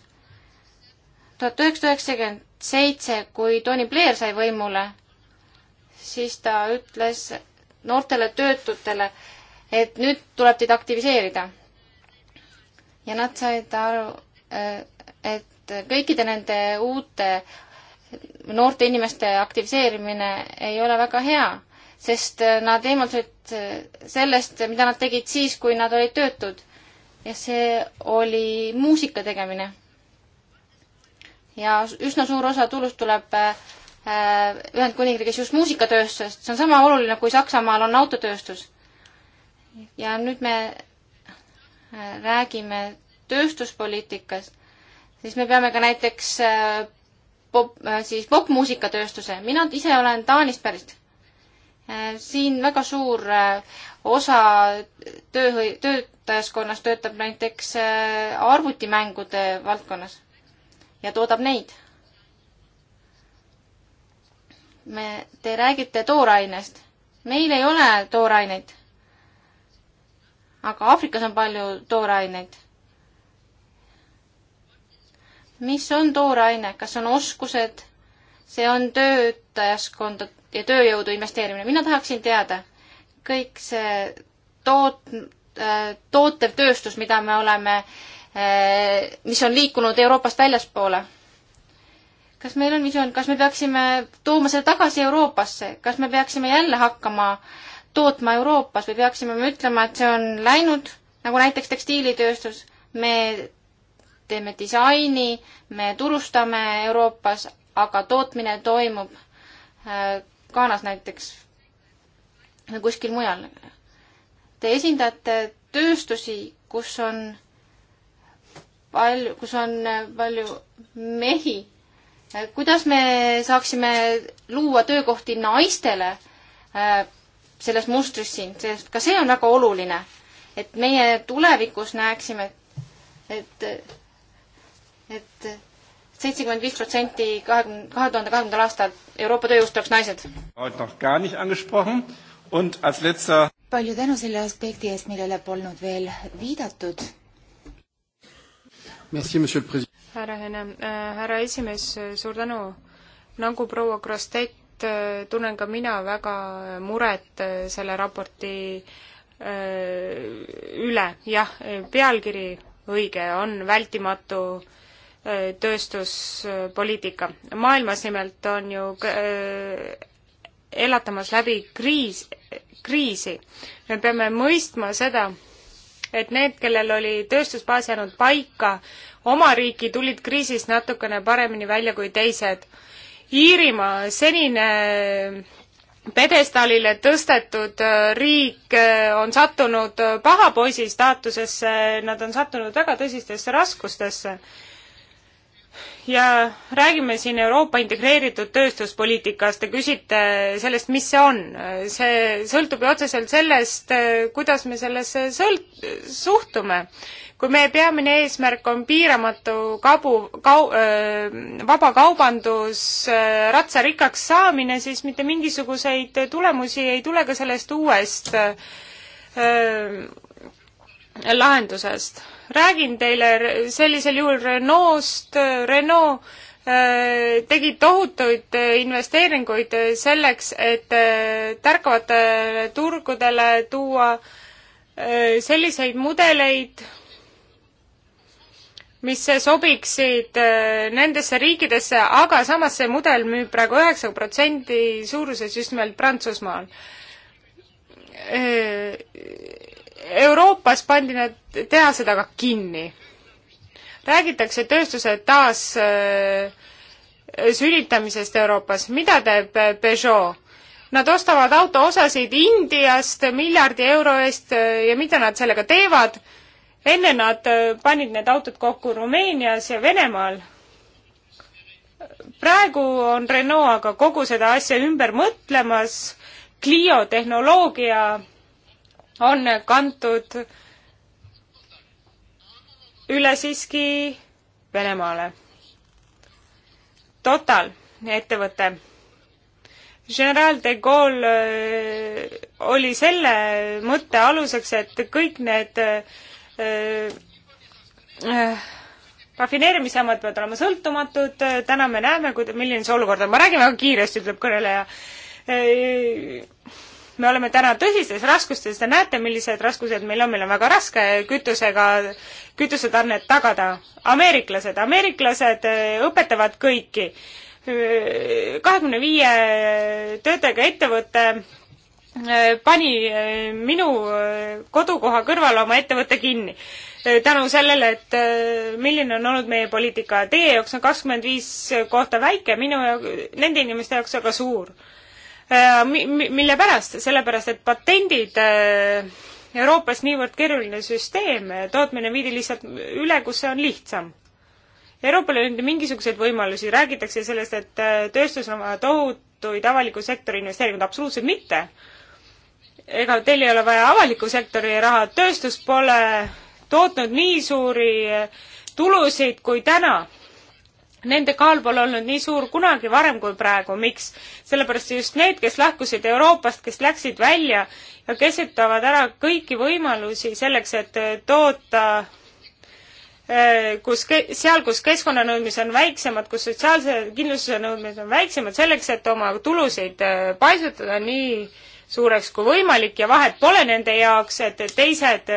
tuhat üheksasada üheksakümmend seitse, kui Tony Blair sai võimule, siis ta ütles noortele töötutele, et nüüd tuleb teid aktiviseerida ja nad said aru, eh, et kõikide nende uute noorte inimeste aktiviseerimine ei ole väga hea, sest nad eemaldusid eh, sellest, mida nad tegid siis, kui nad olid töötud. ja see oli muusika tegemine. ja üsna suur osa tulust tuleb eh, Ühendkuningriigis just muusikatööstusest, see on sama oluline, kui Saksamaal on autotööstus. ja nüüd me räägime tööstuspoliitikas, siis me peame ka näiteks äh, pop, äh, siis popmuusikatööstuse, mina ise olen Taanist pärit. Äh, siin väga suur osa töö, töötajaskonnast töötab näiteks arvutimängude valdkonnas ja toodab neid. me, te räägite toorainest. meil ei ole tooraineid aga Aafrikas on palju tooraineid. mis on tooraine, kas on oskused, see on töötajaskonda ja tööjõudu investeerimine, mina tahaksin teada, kõik see toot-, äh, tootev tööstus, mida me oleme, äh, mis on liikunud Euroopast väljaspoole. kas meil on visioon, kas me peaksime tooma selle tagasi Euroopasse, kas me peaksime jälle hakkama äh, tootma Euroopas või peaksime me ütlema, et see on läinud, nagu näiteks tekstiilitööstus, me teeme disaini, me turustame Euroopas, aga tootmine toimub äh, Ghanas näiteks või kuskil mujal. Te esindate tööstusi, kus on palju, kus on äh, palju mehi. Äh, kuidas me saaksime luua töökohti naistele selles mustris siin, sest ka see on väga oluline, et meie tulevikus näeksime, et, et seitsekümmend viis protsenti kahekümne, kahe tuhande kahekümnendal aastal Euroopa tööjõust oleks naised. palju tänu selle aspekti eest, millele polnud veel viidatud. härra Hene äh,, härra esimees, suur tänu. nagu proua Krostet et äh, tunnen ka mina väga muret äh, selle raporti äh, üle. jah, pealkiri õige on vältimatu tööstuspoliitika. maailmas nimelt on ju elatamas läbi kriis, kriisi. me peame mõistma seda, et need, kellel oli tööstusbaas jäänud paika, oma riiki tulid kriisist natukene paremini välja kui teised. Iirimaa senine pjedestaalile tõstetud äh, riik äh, on sattunud äh, paha poisi staatusesse, nad on sattunud väga tõsistesse raskustesse. ja räägime siin Euroopa integreeritud tööstuspoliitikast, te küsite sellest, mis see on. see sõltub ju otseselt sellest, kuidas me sellesse sõlt-, suhtume kui meie peamine eesmärk on piiramatu kabu, kau-, vabakaubandus, ratsarikkaks saamine, siis mitte mingisuguseid tulemusi ei tule ka sellest uuest öö, lahendusest. räägin teile sellisel juhul Renault'st, Renault tegi tohutuid investeeringuid selleks, et tärkavatele turgudele tuua selliseid mudeleid, mis sobiksid äh, nendesse riikidesse, aga samas see mudel müüb praegu üheksa protsendi suuruses just nimelt Prantsusmaal. Äh, Euroopas pandi need tehased aga kinni. räägitakse tööstuse taas äh, sülitamisest Euroopas, mida teeb Peugeot? Nad ostavad autoosasid Indiast miljardi euro eest ja mida nad sellega teevad? enne nad äh, panid need autod kokku Rumeenias ja Venemaal. praegu on Renault aga kogu seda asja ümber mõtlemas. Clio tehnoloogia on kantud üle siiski Venemaale. Total ettevõte. General de Gaulle äh, oli selle mõtte aluseks, et kõik need äh, Äh, äh, rafineerimisjaamad peavad olema sõltumatud, äh, täna me näeme, kuida-, milline see olukord on, ma räägin väga kiiresti, ütleb kõneleja. me oleme täna tõsistes raskustes, te näete, millised raskused meil on, meil on väga raske kütusega, kütusetarnet tagada. ameeriklased, ameeriklased õpetavad kõiki. kahekümne viie töötajaga ettevõte pani äh, minu äh, kodukoha kõrval oma ettevõtte kinni. Äh, tänu sellele, et milline on olnud meie poliitika. Teie jaoks on kakskümmend viis kohta väike, minu jaoks, nende inimeste jaoks aga suur. mille pärast? sellepärast, et patendid Euroopas niivõrd keeruline süsteem, tootmine viidi lihtsalt üle, kus see on lihtsam Euroopal ei olnud mingisuguseid võimalusi, räägitakse sellest, et tööstus on vaja tohutuid avaliku sektori investeeringuid, absoluutselt mitte ega teil ei ole vaja avaliku sektori raha, tööstus pole tootnud nii suuri tulusid kui täna. Nende kaal pole olnud nii suur kunagi varem kui praegu, miks? sellepärast just need, kes lahkusid Euroopast, kes läksid välja ja kesetavad ära kõiki võimalusi selleks, et toota eh, kus, seal, kus keskkonnanõudmised on väiksemad, kus sotsiaalse kindlustuse nõudmised on väiksemad, selleks, et oma tulusid eh, paisutada nii äh, suureks kui võimalik ja vahet pole nende jaoks, et teised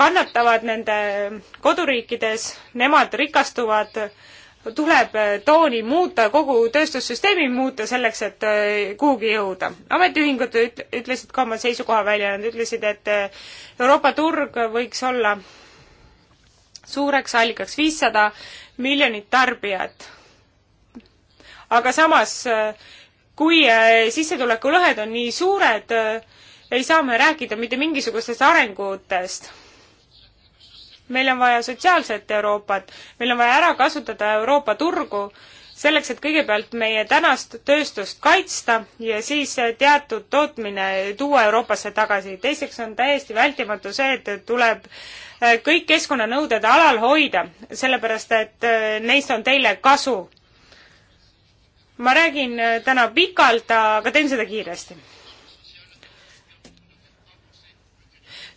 kannatavad nende koduriikides, nemad rikastuvad, tuleb tooni muuta, kogu tööstussüsteemi muuta selleks, et äh, kuhugi jõuda. ametiühingud ütlesid ka oma seisukoha välja, nad ütlesid, et äh, Euroopa turg võiks olla suureks allikaks viissada miljonit tarbijat. aga samas äh, kui äh, sissetulekulõhed on nii suured, äh, ei saa me rääkida mitte mingisugustest arengutest. meil on vaja sotsiaalset Euroopat, meil on vaja ära kasutada Euroopa turgu, selleks, et kõigepealt meie tänast tööstust kaitsta ja siis äh, teatud tootmine tuua Euroopasse tagasi. teiseks on täiesti vältimatu see, et tuleb kõik keskkonnanõuded alal hoida, sellepärast et neist on teile kasu ma räägin äh, täna pikalt, aga teen seda kiiresti.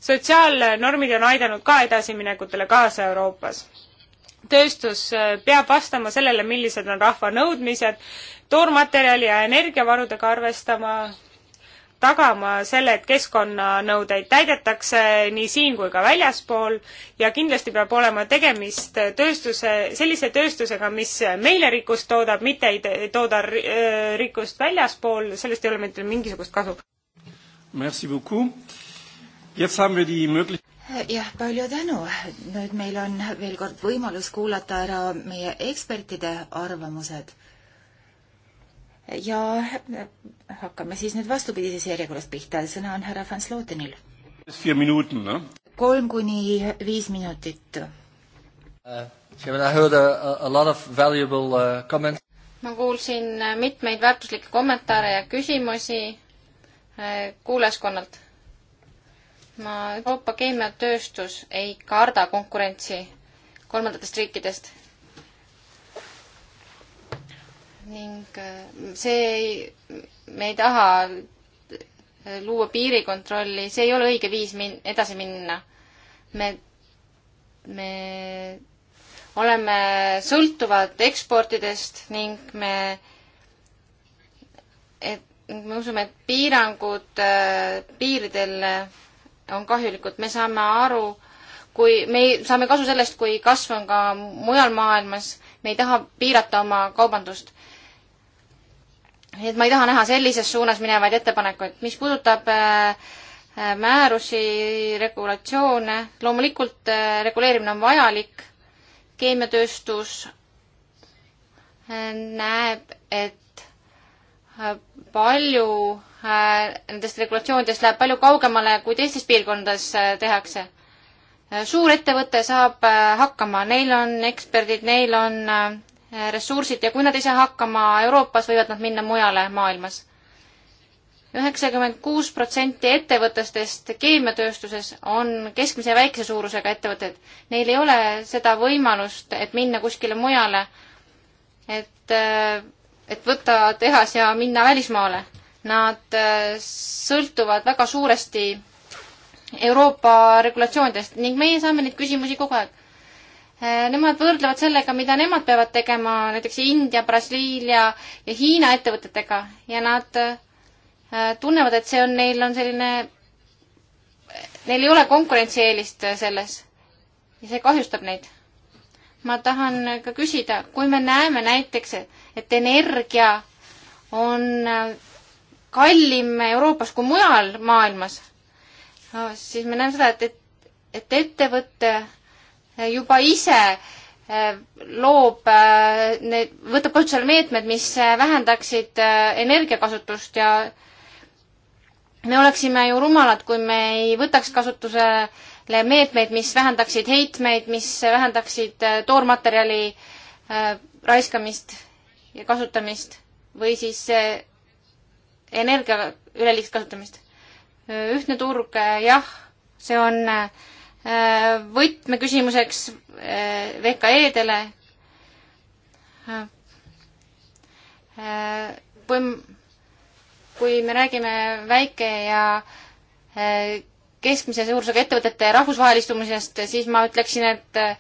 sotsiaalnormid on aidanud ka edasiminekutele kaasa Euroopas. tööstus äh, peab vastama sellele, millised on rahva nõudmised, toormaterjali ja energiavarudega arvestama tagama selle, et keskkonnanõudeid täidetakse nii siin kui ka väljaspool ja kindlasti peab olema tegemist tööstuse, sellise tööstusega, mis meile rikkust toodab, mitte ei tooda äh, rikkust väljaspool, sellest ei ole meil mingisugust kasu. jah, palju tänu. nüüd meil on veel kord võimalus kuulata ära meie ekspertide arvamused ja hakkame siis nüüd vastupidises järjekorras pihta, sõna on härra Van Slotenil. kolm kuni viis minutit uh,. Uh, ma kuulsin uh, mitmeid väärtuslikke kommentaare ja küsimusi uh, kuulajaskonnalt. ma, Euroopa keemiatööstus ei karda konkurentsi kolmandatest riikidest ning äh, see ei, me ei taha äh, luua piirikontrolli, see ei ole õige viis min-, edasi minna. me, me oleme sõltuvad eksportidest ning me, et me usume, et piirangud äh, piiridel äh, on kahjulikud, me saame aru, kui me saame kasu sellest, kui kasv on ka mujal maailmas, me ei taha piirata oma kaubandust et ma ei taha näha sellises suunas minevaid ettepanekuid. mis puudutab äh, äh, määrusi, regulatsioone, loomulikult äh, reguleerimine on vajalik, keemiatööstus näeb, et palju nendest regulatsioonidest läheb palju kaugemale, kui teistes piirkondades tehakse. suur ettevõte saab hakkama, neil on eksperdid, neil on Äh, ressursid ja kui nad ei saa hakkama Euroopas, võivad nad minna mujale maailmas. üheksakümmend kuus protsenti ettevõtetest keemiatööstuses on keskmise ja väikese suurusega ettevõtted. Neil ei ole seda võimalust, et minna kuskile mujale, et, äh, et võtta tehas ja minna välismaale. Nad äh, sõltuvad väga suuresti Euroopa regulatsioonidest ning meie saame neid küsimusi kogu aeg Eh, nemad võrdlevad sellega, mida nemad peavad tegema näiteks India, Brasiilia ja Hiina ettevõtetega ja nad eh, tunnevad, et see on, neil on selline, neil ei ole konkurentsieelist eh, selles ja see kahjustab neid. ma tahan ka küsida, kui me näeme näiteks, et energia on kallim Euroopas kui mujal maailmas no,, siis me näeme seda, et, et, et ettevõte juba ise äh, loob äh, need, võtab kasutusele meetmed, mis äh, vähendaksid energiakasutust ja me oleksime ju rumalad, kui me ei võtaks kasutusele meetmeid, mis vähendaksid heitmeid, mis vähendaksid toormaterjali raiskamist ja kasutamist või siis energia üleliigset kasutamist. ühtne turg, jah, see on äh, võtmeküsimuseks eh, VKE-dele. kui, eh, kui me räägime väike ja eh, keskmise suurusega ettevõtete rahvusvahelistumisest, siis ma ütleksin, et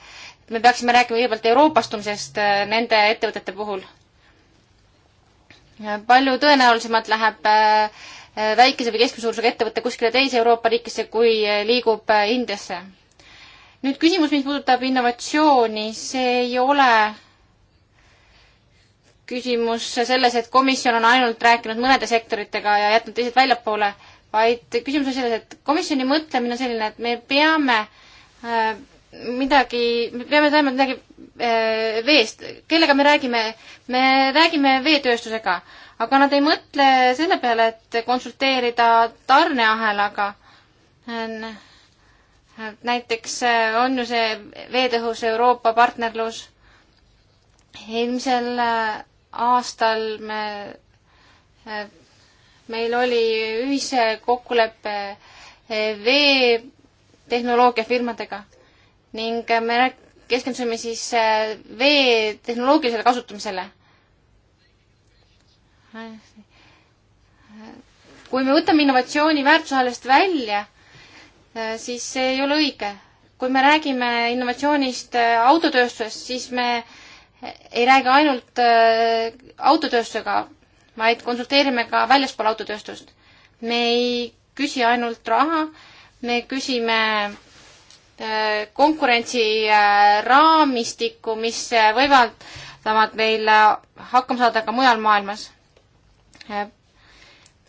me peaksime rääkima kõigepealt euroopastumisest nende ettevõtete puhul. palju tõenäolisemalt läheb äh, Äh, väikese või keskmise suurusega ettevõte kuskile teise Euroopa riikisse, kui äh, liigub äh, Indiasse. nüüd küsimus, mis puudutab innovatsiooni, see ei ole küsimus selles, et komisjon on ainult rääkinud mõnede sektoritega ja jätnud teised väljapoole, vaid küsimus on selles, et komisjoni mõtlemine on selline, et me peame midagi, me peame saama midagi veest, kellega me räägime, me räägime veetööstusega aga nad ei mõtle selle peale, et konsulteerida tarneahelaga. näiteks on ju see veetõhus Euroopa partnerlus. eelmisel aastal me, meil oli ühise kokkuleppe veetehnoloogiafirmadega ning me keskendusime siis vee tehnoloogilisele kasutamisele kui me võtame innovatsiooni väärtusahelast välja, äh, siis see ei ole õige. kui me räägime innovatsioonist äh, autotööstuses, siis me ei räägi ainult äh, autotööstusega, vaid konsulteerime ka väljaspool autotööstust. me ei küsi ainult raha, me küsime konkurentsiraamistikku, mis võimaldavad meil hakkama saada ka mujal maailmas Äh,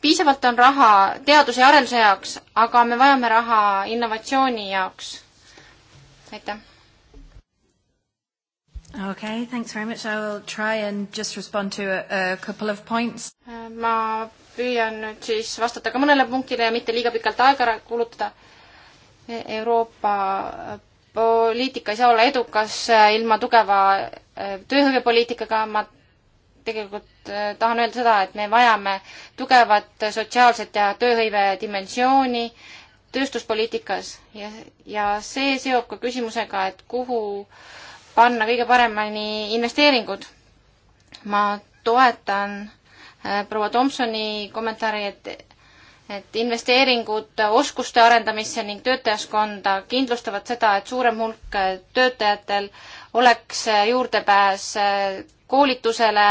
piisavalt on raha teaduse ja arenduse jaoks, aga me vajame raha innovatsiooni jaoks. aitäh. Okay, thanks very much. I will try and just respond to a, a couple of points. Äh, ma püüan nüüd siis vastata ka mõnele punktile ja mitte liiga pikalt aega ära kulutada. E, Euroopa äh, poliitika ei saa olla edukas ilma tugeva tööhõivepoliitikaga, ma tegelikult Äh, tahan öelda seda, et me vajame tugevat sotsiaalset ja tööhõive dimensiooni tööstuspoliitikas ja, ja see seob ka küsimusega, et kuhu panna kõige paremini investeeringud. ma toetan äh, proua Tomsoni kommentaari, et et investeeringud oskuste arendamisse ning töötajaskonda kindlustavad seda, et suurem hulk töötajatel oleks juurdepääs koolitusele,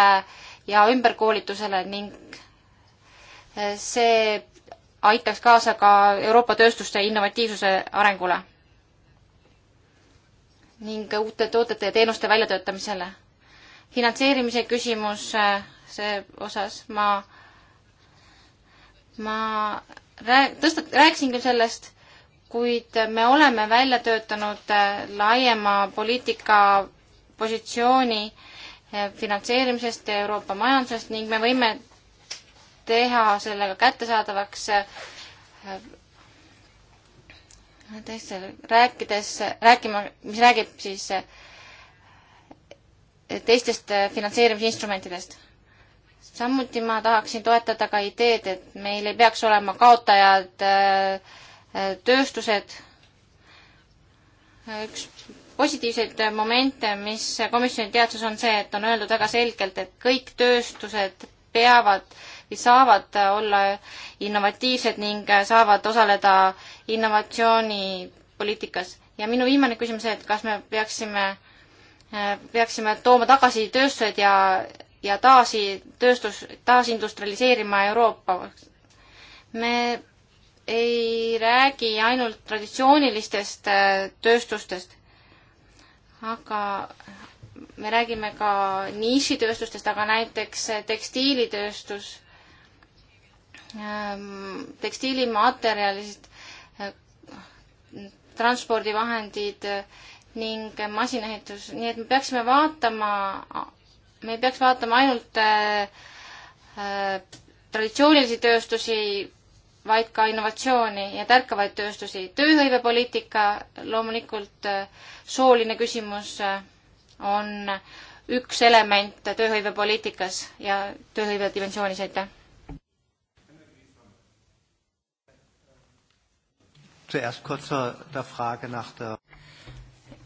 ja ümberkoolitusele ning eh, see aitaks kaasa ka Euroopa tööstuste innovatiivsuse arengule ning uute toodete ja teenuste väljatöötamisele. finantseerimise küsimus eh, see osas ma, ma rääg-, tõstat-, rääkisin küll sellest, kuid me oleme välja töötanud eh, laiema poliitika positsiooni äh, Eh, finantseerimisest ja Euroopa majandusest ning me võime teha sellega kättesaadavaks eh, teistel rääkides, rääkima, mis räägib siis eh, teistest finantseerimisinstrumentidest. samuti ma tahaksin toetada ka ideed, et meil ei peaks olema kaotajad tööstused. üks positiivseid momente, mis komisjoni teadvuses on see, et on öeldud väga selgelt, et kõik tööstused peavad või saavad olla innovatiivsed ning saavad osaleda innovatsioonipoliitikas. ja minu viimane küsimus, et kas me peaksime, äh, peaksime tooma tagasi tööstused ja, ja taasi, tööstus, taasindustrialiseerima Euroopa? me ei räägi ainult traditsioonilistest äh, tööstustest aga me räägime ka nišitööstustest, aga näiteks tekstiilitööstus, ähm, tekstiilimaterjalid, äh, transpordivahendid ning masinaehitus, nii et me peaksime vaatama, me ei peaks vaatama ainult äh, äh, traditsioonilisi tööstusi, vaid ka innovatsiooni ja tärkavaid tööstusi. tööhõivepoliitika, loomulikult äh, sooline küsimus äh, on üks element tööhõivepoliitikas ja tööhõive dimensioonis, aitäh.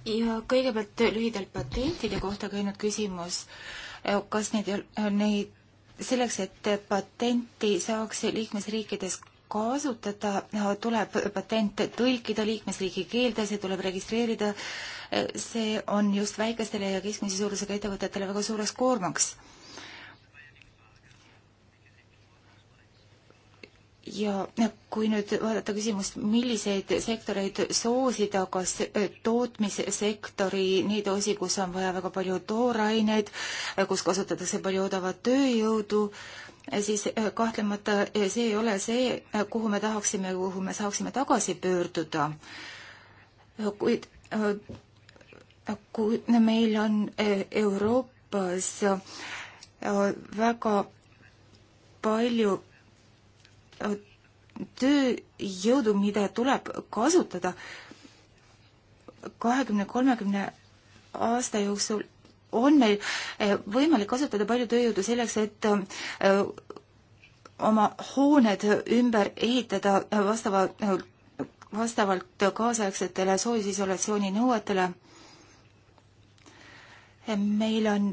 ja kõigepealt lühidalt patentide kohta käinud küsimus, äh, kas neid, neid selleks, et patenti saaks liikmesriikides kasutada, tuleb patent tõlkida liikmesriigi keelde, see tuleb registreerida. see on just väikestele ja keskmise suurusega ettevõtetele väga suureks koormaks. ja kui nüüd vaadata küsimust, milliseid sektoreid soosida, kas tootmissektori neid osi, kus on vaja väga palju tooraineid, kus kasutatakse palju odavat tööjõudu, siis eh, kahtlemata eh, see ei ole see, eh, kuhu me tahaksime, kuhu me saaksime tagasi pöörduda. kuid kui meil on Euroopas väga palju tööjõudu, mida tuleb kasutada kahekümne, kolmekümne aasta jooksul on meil eh, võimalik kasutada palju tööjõudu selleks, et eh, oma hooned ümber ehitada eh, vastava, vastavalt kaasaegsetele soojusisolatsiooni nõuetele. meil on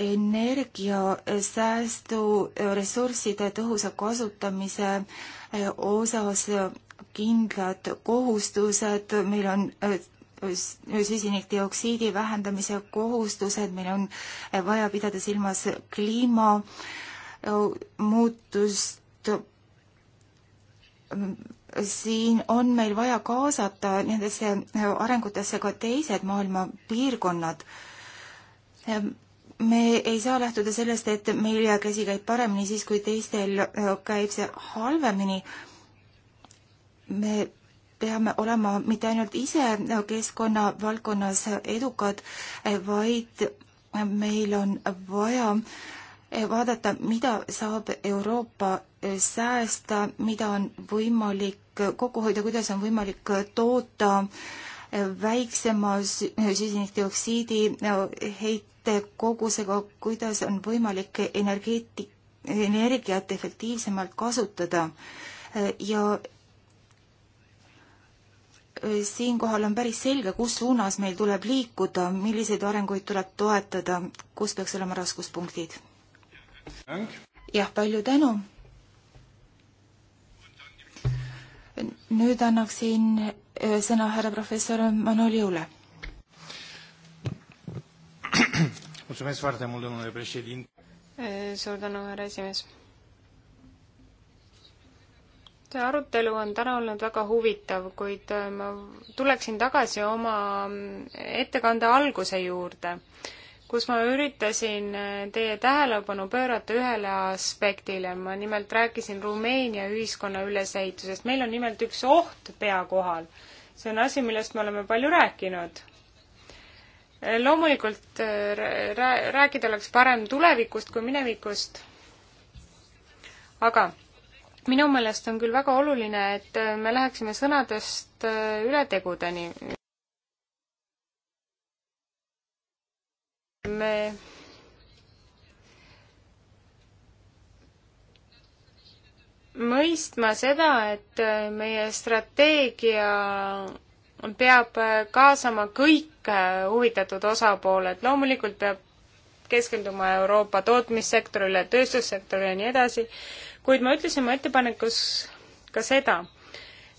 energiasäästu ressursside tõhusa kasutamise osas kindlad kohustused, meil on süsinikdioksiidi vähendamise kohustused, meil on vaja pidada silmas kliimamuutust. siin on meil vaja kaasata nendesse arengutesse ka teised maailma piirkonnad. me ei saa lähtuda sellest, et meil käsi käib paremini siis, kui teistel käib see halvemini. me peame olema mitte ainult ise keskkonna valdkonnas edukad, vaid meil on vaja vaadata, mida saab Euroopa säästa, mida on võimalik kokku hoida, kuidas on võimalik toota väiksema süsinikdioksiidi heite kogusega, kuidas on võimalik energeetik-, energiat efektiivsemalt kasutada ja siinkohal on päris selge, kus suunas meil tuleb liikuda, milliseid arenguid tuleb toetada, kus peaks olema raskuspunktid. jah, palju tänu. nüüd annaksin äh, sõna härra professor Manoliule. suur tänu, härra esimees see arutelu on täna olnud väga huvitav, kuid äh, ma tuleksin tagasi oma mm, ettekande alguse juurde, kus ma üritasin äh, teie tähelepanu pöörata ühele aspektile. ma nimelt rääkisin Rumeenia ühiskonna ülesehitusest. meil on nimelt üks oht pea kohal. see on asi, millest me oleme palju rääkinud äh, loomulikult rääkida oleks parem tulevikust kui minevikust, aga minu meelest on küll väga oluline, et me läheksime sõnadest äh, üle tegudeni. me mõistma seda, et äh, meie strateegia peab äh, kaasama kõik huvitatud osapooled, loomulikult peab keskenduma Euroopa tootmissektorile, tööstussektorile ja nii edasi, kuid ma ütlesin oma ettepanekus ka seda,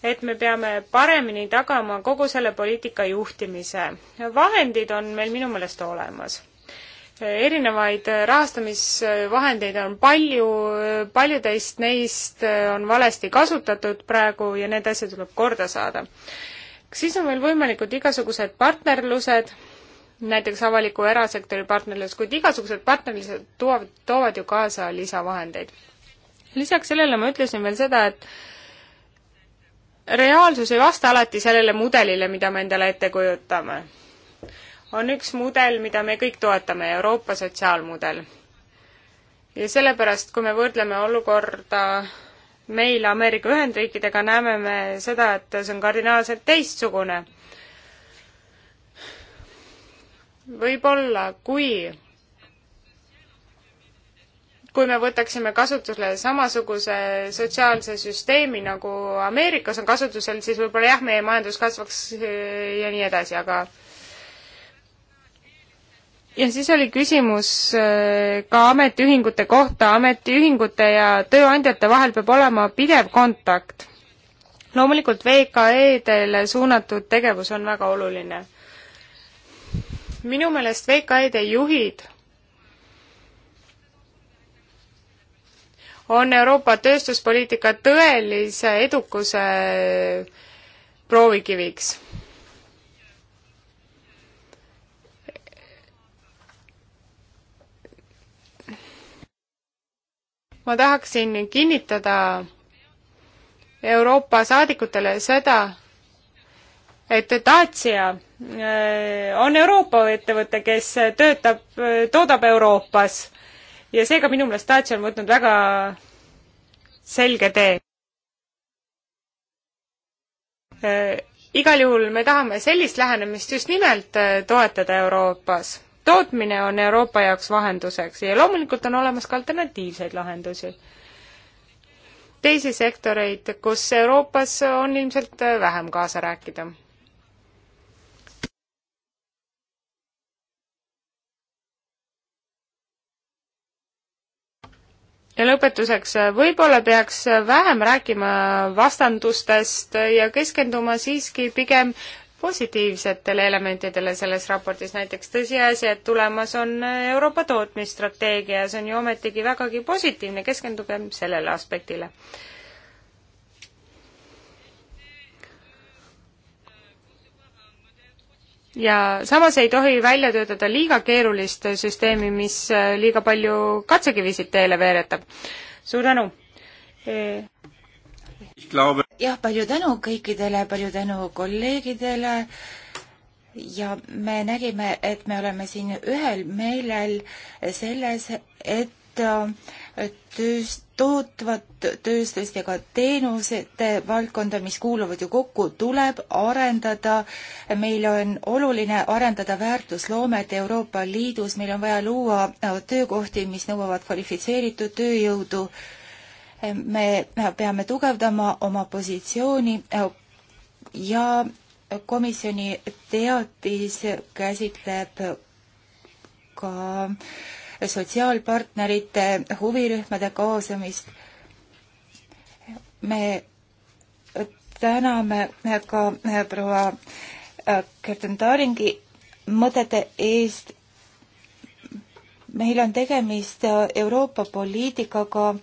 et me peame paremini tagama kogu selle poliitika juhtimise. vahendid on meil minu meelest olemas. erinevaid rahastamisvahendeid on palju, paljudeist neist on valesti kasutatud praegu ja need asjad tuleb korda saada. siis on meil võimalikud igasugused partnerlused, näiteks avaliku erasektori partnerlus, kuid igasugused partnerlused toovad, toovad ju kaasa lisavahendeid lisaks sellele ma ütlesin veel seda, et reaalsus ei vasta alati sellele mudelile, mida me endale ette kujutame. on üks mudel, mida me kõik toetame, Euroopa sotsiaalmudel. ja sellepärast, kui me võrdleme olukorda meil Ameerika Ühendriikidega, näeme me seda, et see on kardinaalselt teistsugune. võib-olla, kui kui me võtaksime kasutusele samasuguse sotsiaalse süsteemi, nagu Ameerikas on kasutusel, siis võib-olla jah, meie majandus kasvaks äh, ja nii edasi, aga ja siis oli küsimus äh, ka ametiühingute kohta, ametiühingute ja tööandjate vahel peab olema pidev kontakt. loomulikult VKE-dele suunatud tegevus on väga oluline. minu meelest VKE-de juhid on Euroopa tööstuspoliitika tõelise edukuse proovikiviks. ma tahaksin kinnitada Euroopa saadikutele seda, et Dacia äh, on Euroopa ettevõte, kes töötab, toodab Euroopas ja seega minu meelest Dacia on võtnud väga selge tee äh,. igal juhul me tahame sellist lähenemist just nimelt äh, toetada Euroopas. tootmine on Euroopa jaoks vahenduseks ja loomulikult on olemas ka alternatiivseid lahendusi. teisi sektoreid, kus Euroopas on ilmselt äh, vähem kaasa rääkida ja lõpetuseks, võib-olla peaks vähem rääkima vastandustest ja keskenduma siiski pigem positiivsetele elementidele selles raportis, näiteks tõsiasi, et tulemas on Euroopa tootmisstrateegia, see on ju ometigi vägagi positiivne, keskendugem sellele aspektile. ja samas ei tohi välja töötada liiga keerulist süsteemi, mis äh, liiga palju katsekivisid teele veeretab. suur tänu! E- jah, palju tänu kõikidele, palju tänu kolleegidele ja me nägime, et me oleme siin ühel meelel selles, et äh, tööst, tootvat tööstust ja ka teenusete valdkonda, mis kuuluvad ju kokku, tuleb arendada. meil on oluline arendada väärtusloomet Euroopa Liidus, meil on vaja luua töökohti, mis nõuavad kvalifitseeritud tööjõudu. me peame tugevdama oma positsiooni ja komisjoni teatis käsitleb ka äh, sotsiaalpartnerite, huvirühmade kaasamist. me täname ka proua Kerten Taringi mõtete eest. meil on tegemist Euroopa poliitikaga,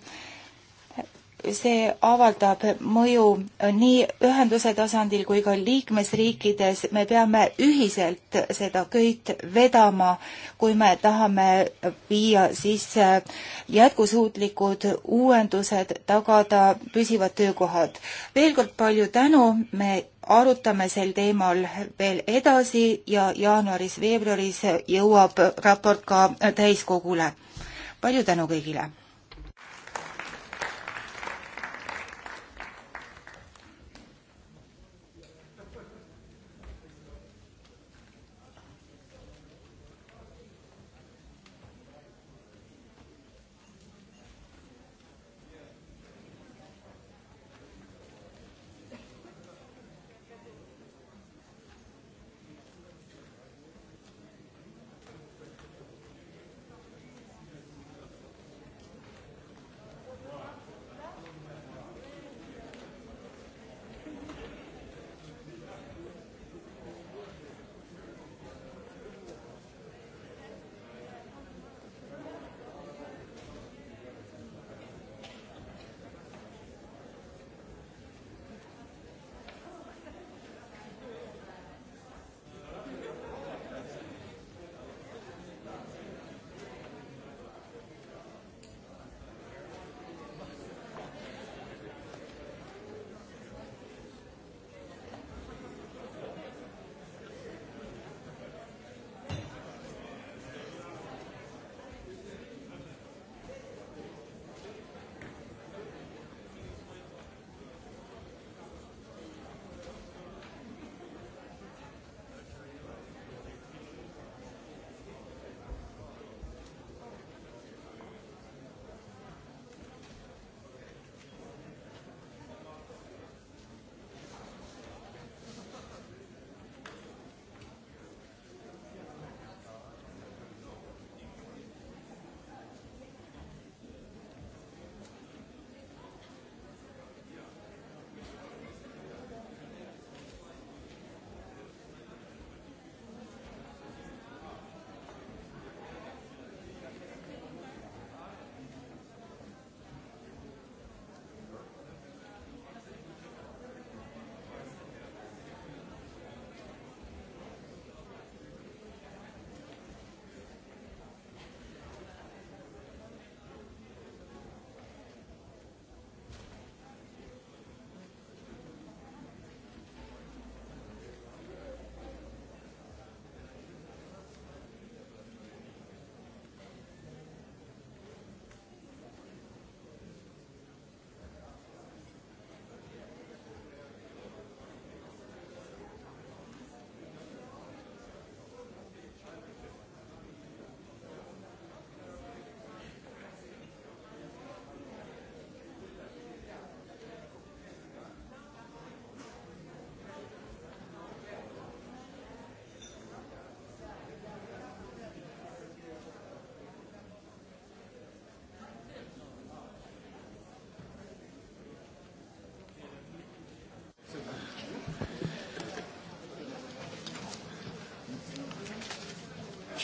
see avaldab mõju nii ühenduse tasandil kui ka liikmesriikides. me peame ühiselt seda köit vedama, kui me tahame viia sisse jätkusuutlikud uuendused, tagada püsivad töökohad. veel kord palju tänu, me arutame sel teemal veel edasi ja jaanuaris-veebruaris jõuab raport ka täiskogule. palju tänu kõigile!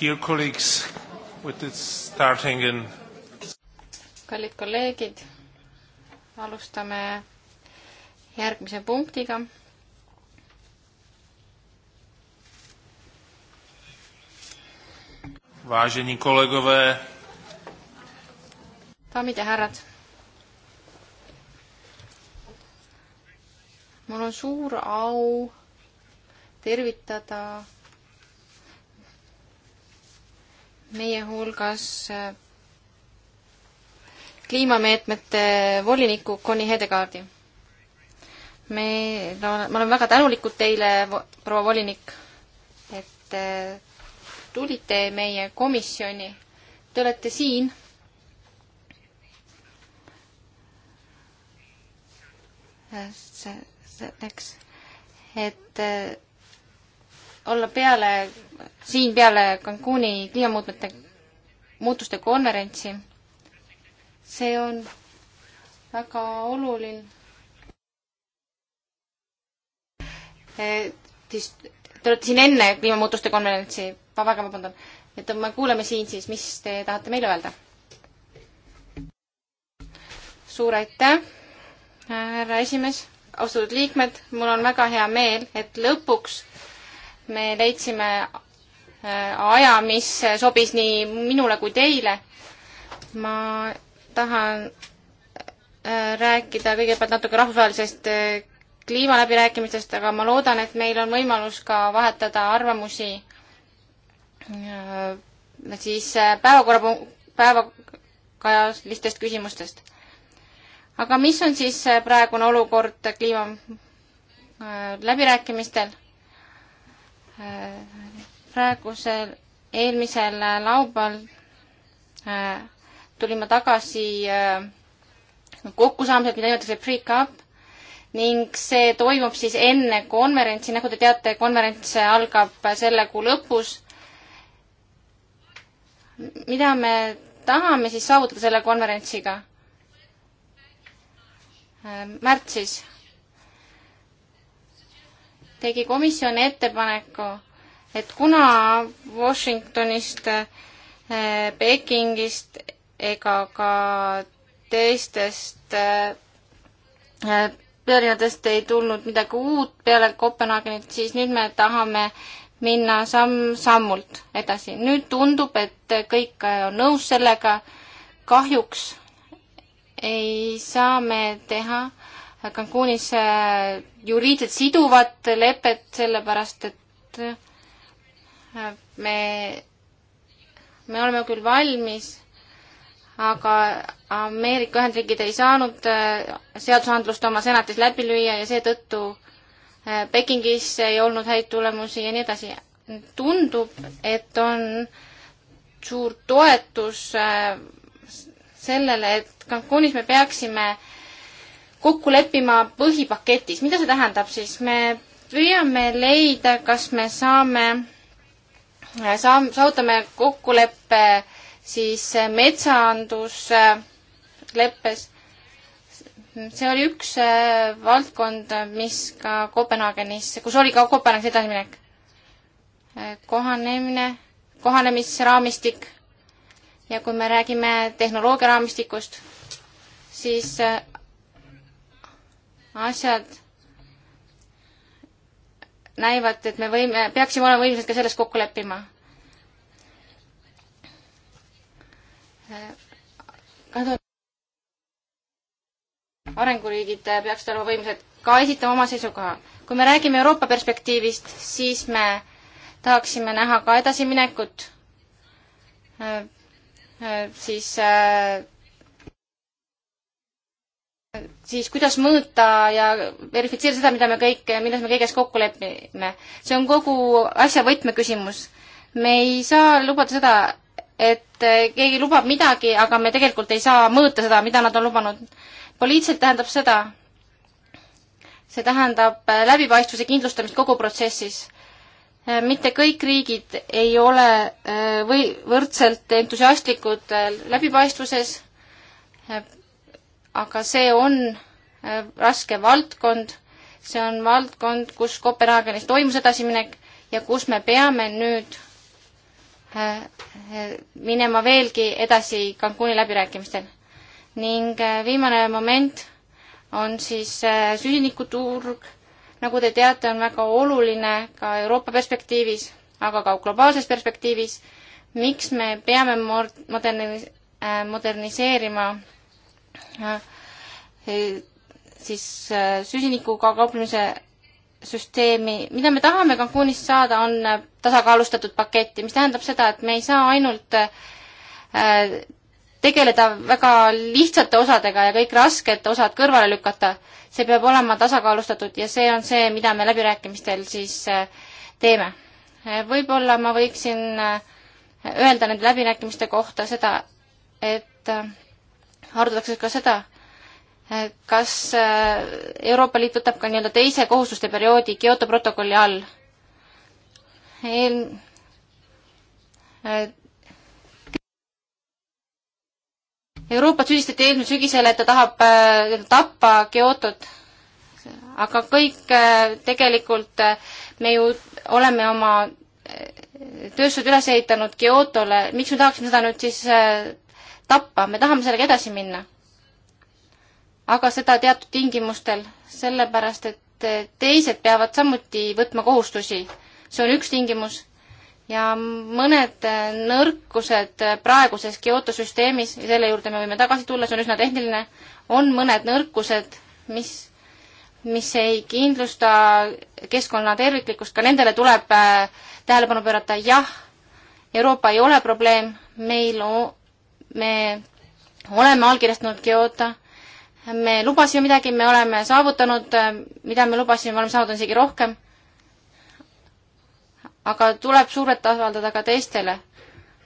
Dear colleagues, with it starting in kallid kolleegid, alustame järgmise punktiga. Vážení kolegové. daamid ja härrad. mul on suur au tervitada meie hulgas äh, kliimameetmete voliniku Conny Hedegaardi. meil on, me oleme väga tänulikud teile, proua volinik, et äh, tulite meie komisjoni. Te olete siin. Äh, see, selleks, et olla peale, siin peale Cancuni kliimamuutmete, muutuste konverentsi. see on väga oluline. E, siis te olete siin enne kliimamuutuste konverentsi, ma väga vabandan, et me kuuleme siin siis, mis te tahate meile öelda? suur aitäh, härra esimees, austatud liikmed, mul on väga hea meel, et lõpuks äh, me leidsime äh, aja, mis sobis nii minule kui teile. ma tahan äh, rääkida kõigepealt natuke rahvusvahelisest äh, kliimaläbirääkimistest, aga ma loodan, et meil on võimalus ka vahetada arvamusi siis päevakorra, päevakajalistest küsimustest. aga mis on siis praegune olukord kliima läbirääkimistel? Äh, praegusel, eelmisel äh, laupäeval äh, tulin ma tagasi kokkusaamiselt, mida nimetatakse pre-cup ning see toimub siis enne konverentsi, nagu te teate, konverents algab selle kuu lõpus. mida me tahame siis saavutada selle konverentsiga? märtsis tegi komisjon ettepaneku, et kuna Washingtonist, äh, Pekingist ega ka teistest äh, äh, pealinnadest ei tulnud midagi uut peale Kopenhaagenit, siis nüüd me tahame minna samm-sammult edasi. nüüd tundub, et kõik on nõus sellega. kahjuks ei saa me teha Cancunis äh, juriidiliselt siduvat lepet, sellepärast et äh, me, me oleme küll valmis, aga Ameerika Ühendriigid ei saanud äh, seadusandlust oma senatis läbi lüüa ja seetõttu Pekingis ei olnud häid tulemusi ja nii edasi. tundub, et on suur toetus sellele, et Cancunis me peaksime äh, kokku leppima põhipaketis. mida see tähendab siis? me püüame leida, kas me saame, saam-, saavutame kokkuleppe siis metsandusleppes. see oli üks äh, valdkond, mis ka Kopenhaagenis, kus oli ka Kopenhaagenis edasiminek. Äh, kohanemine, kohanemisraamistik ja kui me räägime tehnoloogia raamistikust, siis äh, asjad näivad, et me võime, peaksime olema võimelised ka selles kokku leppima. arenguriigid peaksid olema võimelised ka esitama oma seisukoha. kui me räägime Euroopa perspektiivist, siis me tahaksime näha ka edasiminekut äh, äh, siis äh, siis kuidas mõõta ja verifitseerida seda, mida me kõik, milles me kõiges kokku lepime. see on kogu asja võtmeküsimus. me ei saa lubada seda, et keegi lubab midagi, aga me tegelikult ei saa mõõta seda, mida nad on lubanud. poliitiliselt tähendab seda, see tähendab läbipaistvuse kindlustamist kogu protsessis. mitte kõik riigid ei ole äh, või võrdselt entusiastlikud äh, läbipaistvuses aga see on äh, raske valdkond, see on valdkond, kus Kopenhaagenis toimus edasiminek ja kus me peame nüüd äh, äh, minema veelgi edasi Cancuni läbirääkimistel. ning viimane moment on siis süsinikuturg, nagu te teate, on väga oluline ka Euroopa perspektiivis, aga ka globaalses perspektiivis. miks me peame moderni-, moderniseerima Äh, äh, siis äh, süsinikuga kauplemise süsteemi, mida me tahame Cancunist saada, on tasakaalustatud paketti, mis tähendab seda, et me ei saa ainult tegeleda väga lihtsate osadega ja kõik rasked osad kõrvale lükata. see peab olema tasakaalustatud ja see on see, mida me läbirääkimistel siis teeme. võib-olla ma võiksin öelda nende läbirääkimiste kohta seda, et arutatakse ka seda, kas äh, Euroopa Liit võtab ka nii-öelda teise kohustuste perioodi Kyoto protokolli all? eel-, äh, Euroopat süüdistati eelmisel sügisel, et ta tahab äh, tappa Kyotot. aga kõik äh, tegelikult äh, me ju oleme oma äh, tööstused üles ehitanud Kyotole, miks me tahaksime seda nüüd siis tappa, me tahame sellega edasi minna. aga seda teatud tingimustel, sellepärast et teised peavad samuti võtma kohustusi. see on üks tingimus ja mõned nõrkused praeguses Kyoto süsteemis, ja selle juurde me võime tagasi tulla, see on üsna tehniline, on mõned nõrkused, mis, mis ei kindlusta keskkonna terviklikkust, ka nendele tuleb äh, tähelepanu pöörata, jah, Euroopa ei ole probleem, meil me oleme allkirjastanud Kyoto, me lubasime midagi, me oleme saavutanud, äh, mida me lubasime, me oleme saavutanud isegi rohkem. aga tuleb survet avaldada ka teistele.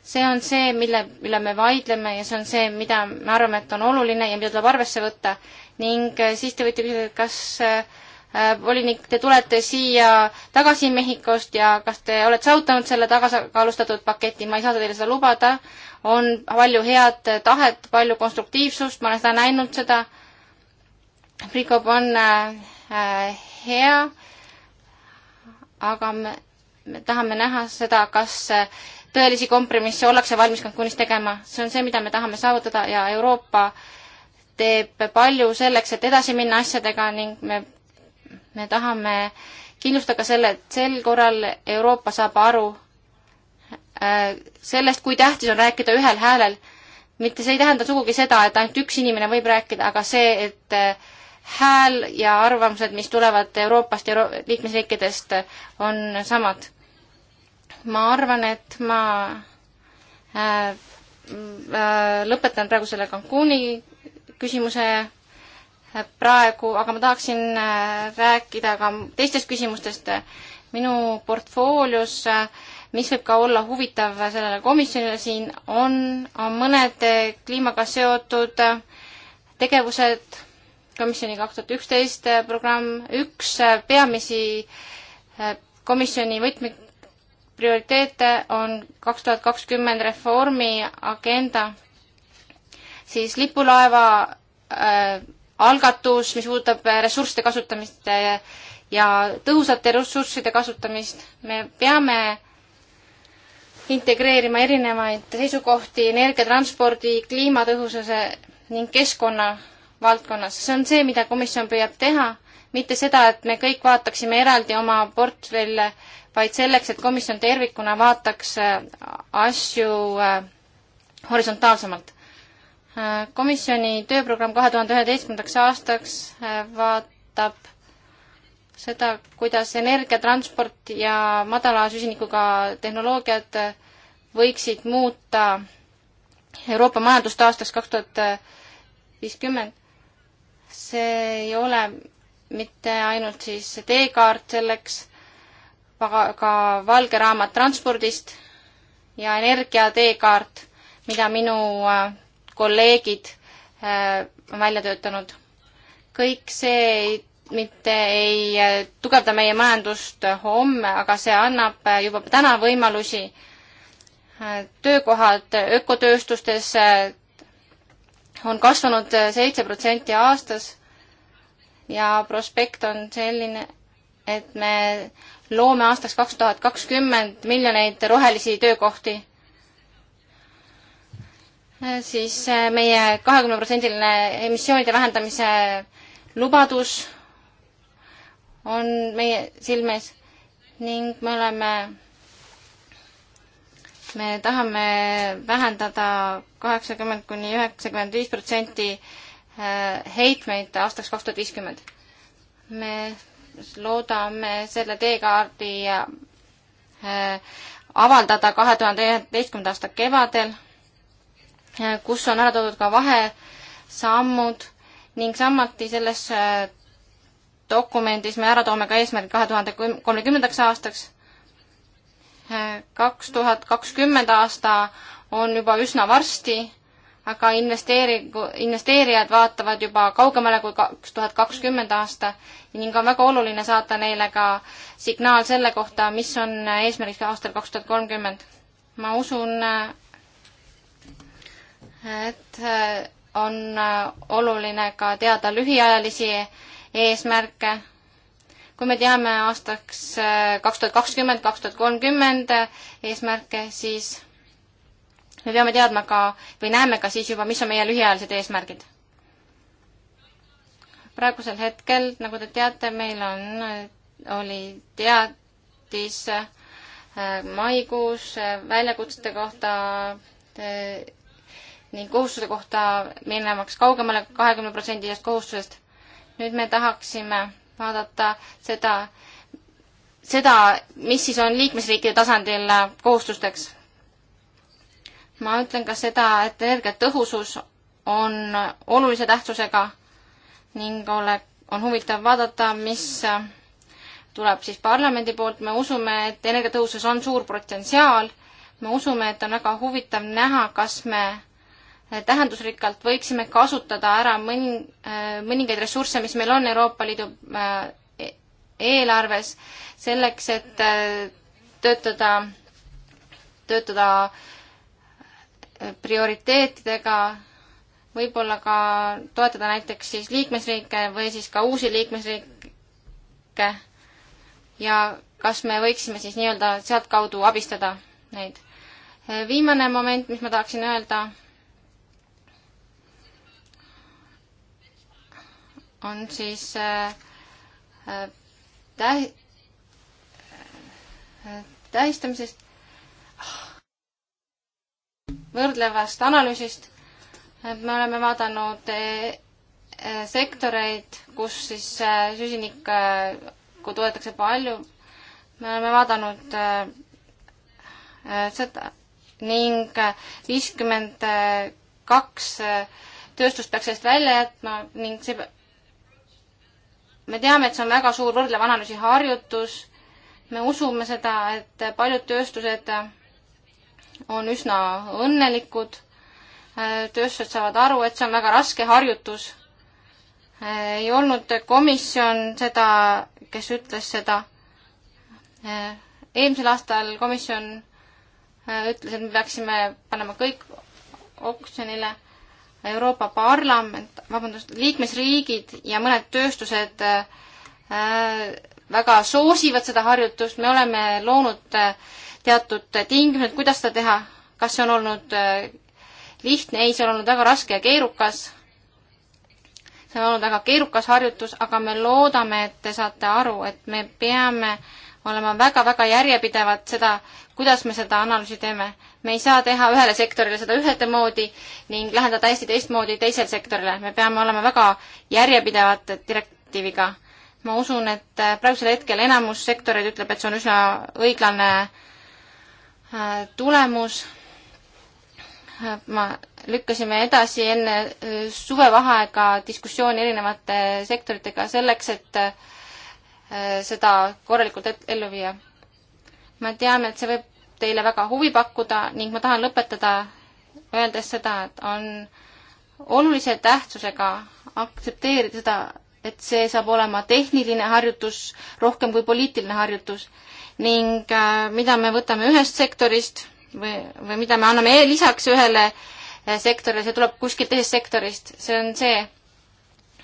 see on see, mille üle me vaidleme ja see on see, mida me arvame, et on oluline ja mida tuleb arvesse võtta. ning äh, siis te võite küsida, et kas äh, Äh, volinik, te tulete siia tagasi Mehhikost ja kas te olete saavutanud selle tagasikaalustatud paketi, ma ei saa teile seda lubada, on palju head tahet, palju konstruktiivsust, ma olen seda näinud, seda Prikop on äh, äh, hea, aga me, me tahame näha seda, kas äh, tõelisi kompromisse ollakse valmis Cancunis tegema, see on see, mida me tahame saavutada ja Euroopa teeb palju selleks, et edasi minna asjadega ning me me tahame kindlustada selle, et sel korral Euroopa saab aru äh, sellest, kui tähtis on rääkida ühel häälel. mitte see ei tähenda sugugi seda, et ainult üks inimene võib rääkida, aga see, et äh, hääl ja arvamused, mis tulevad Euroopast ja Euro liikmesriikidest, on samad. ma arvan, et ma äh, äh, lõpetan praegu selle Cancuni küsimuse praegu, aga ma tahaksin äh, rääkida ka teistest küsimustest minu portfoolios, äh, mis võib ka olla huvitav sellele komisjonile siin, on, on mõned äh, kliimaga seotud tegevused, komisjoni kaks tuhat üksteist programm, üks peamisi komisjoni võtmeprioriteete on kaks tuhat kakskümmend reformi agenda, siis lipulaeva algatus, mis puudutab äh, ressursside kasutamist äh, ja tõhusate ressursside kasutamist. me peame integreerima erinevaid seisukohti energiatranspordi, kliimatõhususe ning keskkonna valdkonnas. see on see, mida komisjon püüab teha, mitte seda, et me kõik vaataksime eraldi oma portfelle, vaid selleks, et komisjon tervikuna vaataks äh, asju horisontaalsemalt komisjoni tööprogramm kahe tuhande üheteistkümnendaks aastaks äh, vaatab seda, kuidas energia, transport ja madala süsinikuga tehnoloogiad äh, võiksid muuta Euroopa majandust aastaks kaks tuhat viiskümmend. see ei ole mitte ainult siis teekaart selleks, aga ka valge raamat transpordist ja energia teekaart, mida minu äh, kolleegid äh, on välja töötanud. kõik see ei, mitte ei äh, tugevda meie majandust homme, aga see annab äh, juba täna võimalusi. töökohad ökotööstustes on kasvanud seitse protsenti aastas ja prospekt on selline, et me loome aastaks kaks tuhat kakskümmend miljoneid rohelisi töökohti Äh, siis äh, meie kahekümneprotsendiline emissioonide vähendamise lubadus on meie silmes ning me oleme, me tahame vähendada kaheksakümmend kuni üheksakümmend viis protsenti äh, heitmeid aastaks kaks tuhat viiskümmend. me loodame selle teekaardi avaldada kahe tuhande üheteistkümnenda aasta kevadel kus on ära toodud ka vahesammud ning samuti selles äh, dokumendis me ära toome ka eesmärgid kahe tuhande kolmekümnendaks aastaks. Äh, kaks tuhat kakskümmend aasta on juba üsna varsti, aga investeeringu, investeerijad vaatavad juba kaugemale kui kaks tuhat kakskümmend aasta ning on väga oluline saata neile ka signaal selle kohta, mis on eesmärgiks aastal kaks tuhat kolmkümmend. ma usun, äh, et äh, on äh, oluline ka teada lühiajalisi eesmärke. kui me teame aastaks äh, kaks tuhat kakskümmend, kaks tuhat kolmkümmend eesmärke, siis me peame teadma ka või näeme ka siis juba, mis on meie lühiajalised eesmärgid. praegusel hetkel, nagu te teate, meil on, oli teatis maikuus väljakutsete kohta ning kohustuse kohta minemaks kaugemale kahekümne protsendisest kohustusest. nüüd me tahaksime vaadata seda, seda, mis siis on liikmesriikide tasandil kohustusteks. ma ütlen ka seda, et energiatõhusus on olulise tähtsusega ning ole, on huvitav vaadata, mis tuleb siis parlamendi poolt, me usume, et energiatõhusus on suur potentsiaal, me usume, et on väga huvitav näha, kas me tähendusrikkalt võiksime kasutada ära mõning-, mõningaid ressursse, mis meil on Euroopa Liidu äh, e-, eelarves, selleks, et äh, töötada, töötada äh, prioriteetidega, võib-olla ka toetada näiteks siis liikmesriike või siis ka uusi liikmesriike ja kas me võiksime siis nii-öelda sealtkaudu abistada neid. viimane moment, mis ma tahaksin öelda on siis äh, äh, tähi-, äh, tähistamisest, ah, võrdlevast analüüsist. me oleme vaadanud sektoreid, kus siis süsinikku toodetakse palju. me oleme vaadanud seda ning viiskümmend kaks tööstust peaks sellest välja jätma ning see me teame, et see on väga suur võrdlev analüüsi harjutus, me usume seda, et paljud tööstused on üsna õnnelikud, tööstused saavad aru, et see on väga raske harjutus. ei olnud komisjon seda, kes ütles seda. eelmisel aastal komisjon ütles, et me peaksime panema kõik oksjonile Euroopa Parlament, vabandust, liikmesriigid ja mõned tööstused äh, väga soosivad seda harjutust, me oleme loonud äh, teatud tingimused, kuidas seda teha, kas see on olnud äh, lihtne, ei, see on olnud väga raske ja keerukas. see on olnud väga keerukas harjutus, aga me loodame, et te saate aru, et me peame olema väga-väga järjepidevad seda, kuidas me seda analüüsi teeme me ei saa teha ühele sektorile seda ühtemoodi ning lähendada hästi teistmoodi teisele sektorile. me peame olema väga järjepidevad direktiiviga. ma usun, et äh, praegusel hetkel enamus sektoreid ütleb, et see on üsna õiglane äh, tulemus. Äh, ma lükkasime edasi enne suvevaheaega diskussiooni erinevate sektoritega selleks, et seda korralikult ellu viia. ma tean, et see võib teile väga huvi pakkuda ning ma tahan lõpetada öeldes seda, et on olulise tähtsusega aktsepteerida seda, et see saab olema tehniline harjutus rohkem kui poliitiline harjutus ning äh, mida me võtame ühest sektorist või, või mida me anname e-, lisaks ühele äh, sektorile, see tuleb kuskilt teisest sektorist, see on see,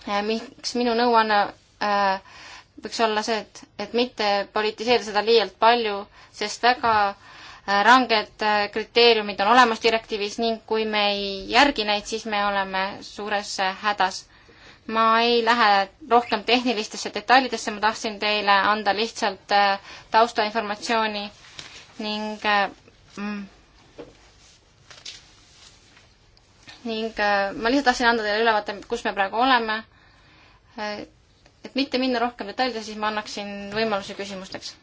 äh, miks minu nõuanne äh, võiks olla see, et, et mitte politiseerida seda liialt palju, sest väga äh, Äh, ranged äh, kriteeriumid on olemas direktiivis ning kui me ei järgi neid, siis me oleme suures äh, hädas. ma ei lähe rohkem tehnilistesse detailidesse, ma tahtsin teile anda lihtsalt taustainformatsiooni ning mm, ning ma lihtsalt tahtsin anda teile ülevaate, kus me praegu oleme. et mitte minna rohkem detailidesse, siis ma annaksin võimaluse küsimusteks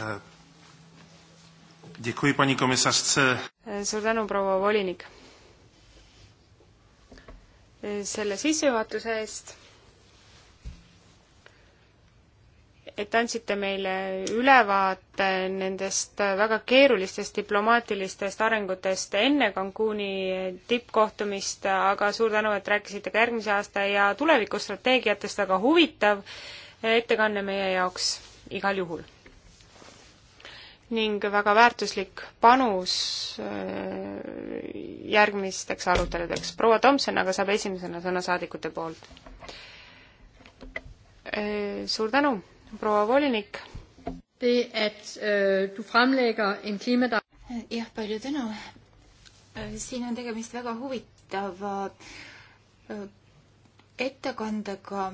Eh, děkuji paní komisařce. Eh, suur tänu, proua volinik, eh, selle sissejuhatuse eest, et andsite meile ülevaate nendest väga keerulistest diplomaatilistest arengutest enne Cancuni tippkohtumist, aga suur tänu, et rääkisite ka järgmise aasta ja tulevikustrateegiatest, väga huvitav ettekanne meie jaoks igal juhul ning väga väärtuslik panus äh, järgmisteks aruteludeks. proua Tomson aga saab esimesena sõna saadikute poolt. Äh, suur tänu, proua volinik! Øh, jah, palju tänu! Äh, siin on tegemist väga huvitava ettekandega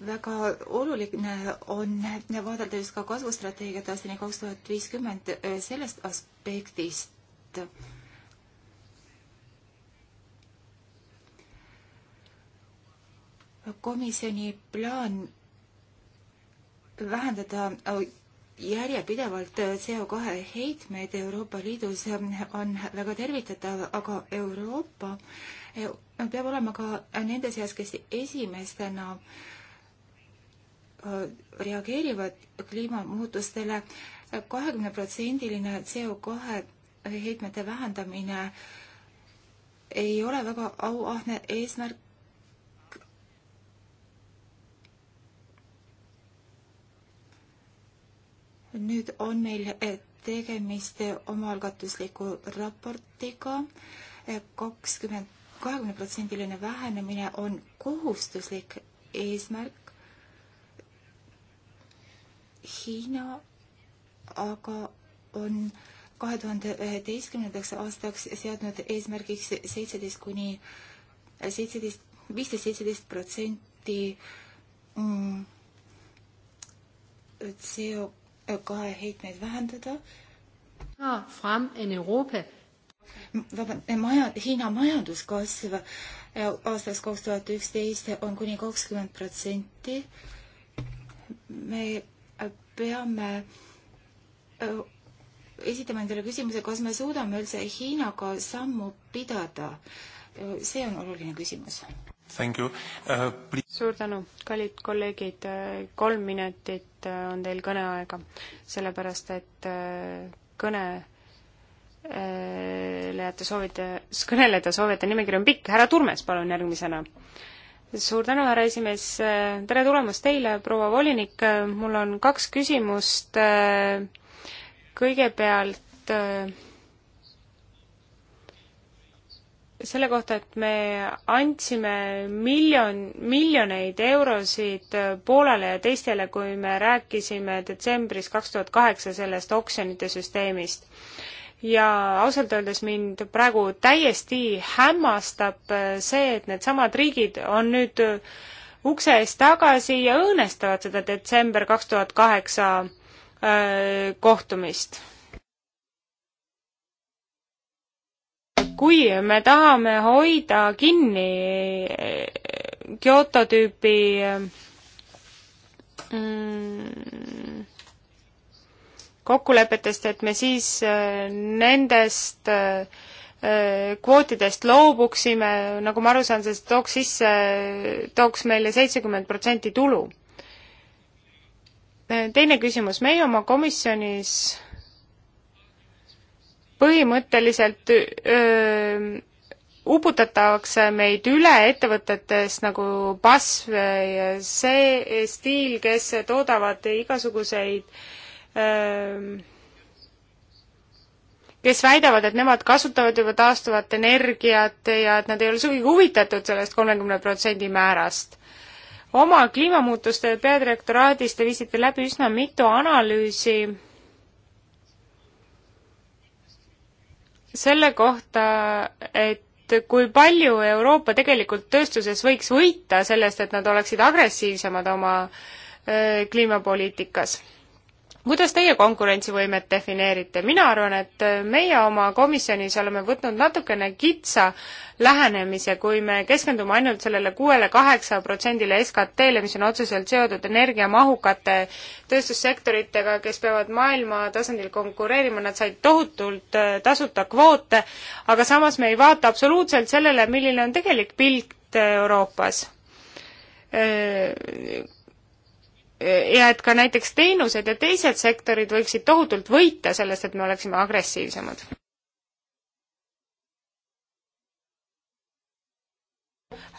väga oluline on vaadelda just ka kasvustrateegiat aastani kaks tuhat viiskümmend äh, sellest aspektist. komisjoni plaan vähendada äh, järjepidevalt äh, CO kahe heitmeid Euroopa Liidus on väga tervitatav, aga Euroopa peab olema ka nende seas, kes esimestena äh, Äh, reageerivad kliimamuutustele. kahekümneprotsendiline CO kahe heitmete vähendamine ei ole väga auahne eesmärk. nüüd on meil äh, tegemist omaalgatusliku raportiga. Äh, kakskümmend, kahekümneprotsendiline vähenemine on kohustuslik eesmärk Hiina aga on kahe tuhande üheteistkümnendaks aastaks seadnud eesmärgiks seitseteist kuni seitseteist, viisteist, seitseteist protsenti mm, CO kahe heitmeid vähendada. Ah, fram in Euroopa. vabandust, maja, Hiina majanduskasv äh, aastast kaks tuhat üksteist on kuni kakskümmend protsenti. me peame esitama endale küsimuse, kas me suudame üldse Hiinaga sammu pidada. see on oluline küsimus. Thank you uh,. suur tänu, kallid kolleegid, kolm minutit on teil kõneaega, sellepärast et kõne kõnelejate soovite, kõneleda soovijate nimekiri on pikk, härra Turmes, palun järgmisena suur tänu, härra esimees, tere tulemast teile, proua volinik, mul on kaks küsimust, kõigepealt selle kohta, et me andsime miljon, miljoneid eurosid Poolale ja teistele, kui me rääkisime detsembris kaks tuhat kaheksa sellest oksjonite süsteemist ja ausalt öeldes mind praegu täiesti hämmastab äh, see, et needsamad riigid on nüüd äh, ukse eest tagasi ja õõnestavad seda detsember kaks tuhat kaheksa äh, kohtumist kui me tahame hoida kinni Kyoto tüüpi mm, kokkulepetest, et me siis äh, nendest äh, äh, kvootidest loobuksime, nagu ma aru saan, see tooks sisse, tooks meile seitsekümmend protsenti tulu. teine küsimus, meie oma komisjonis põhimõtteliselt öö, uputatakse meid üle ettevõtetest nagu BASF ja see stiil, kes toodavad igasuguseid Ehm, kes väidavad, et nemad kasutavad juba taastuvat energiat ja et nad ei ole sugugi huvitatud sellest kolmekümne protsendi määrast. oma kliimamuutuste peadirektoraadis te viisite läbi üsna mitu analüüsi selle kohta, et kui palju Euroopa tegelikult tööstuses võiks võita sellest, et nad oleksid agressiivsemad oma kliimapoliitikas kuidas teie konkurentsivõimet defineerite? mina arvan, et meie oma komisjonis oleme võtnud natukene kitsa lähenemise, kui me keskendume ainult sellele kuuele-kaheksa protsendile SKT-le, mis on otseselt seotud energiamahukate tööstussektoritega, kes peavad maailma tasandil konkureerima, nad said tohutult äh, tasuta kvoote, aga samas me ei vaata absoluutselt sellele, milline on tegelik pilt äh, Euroopas äh, ja et ka näiteks teenused ja teised sektorid võiksid tohutult võita sellest, et me oleksime agressiivsemad.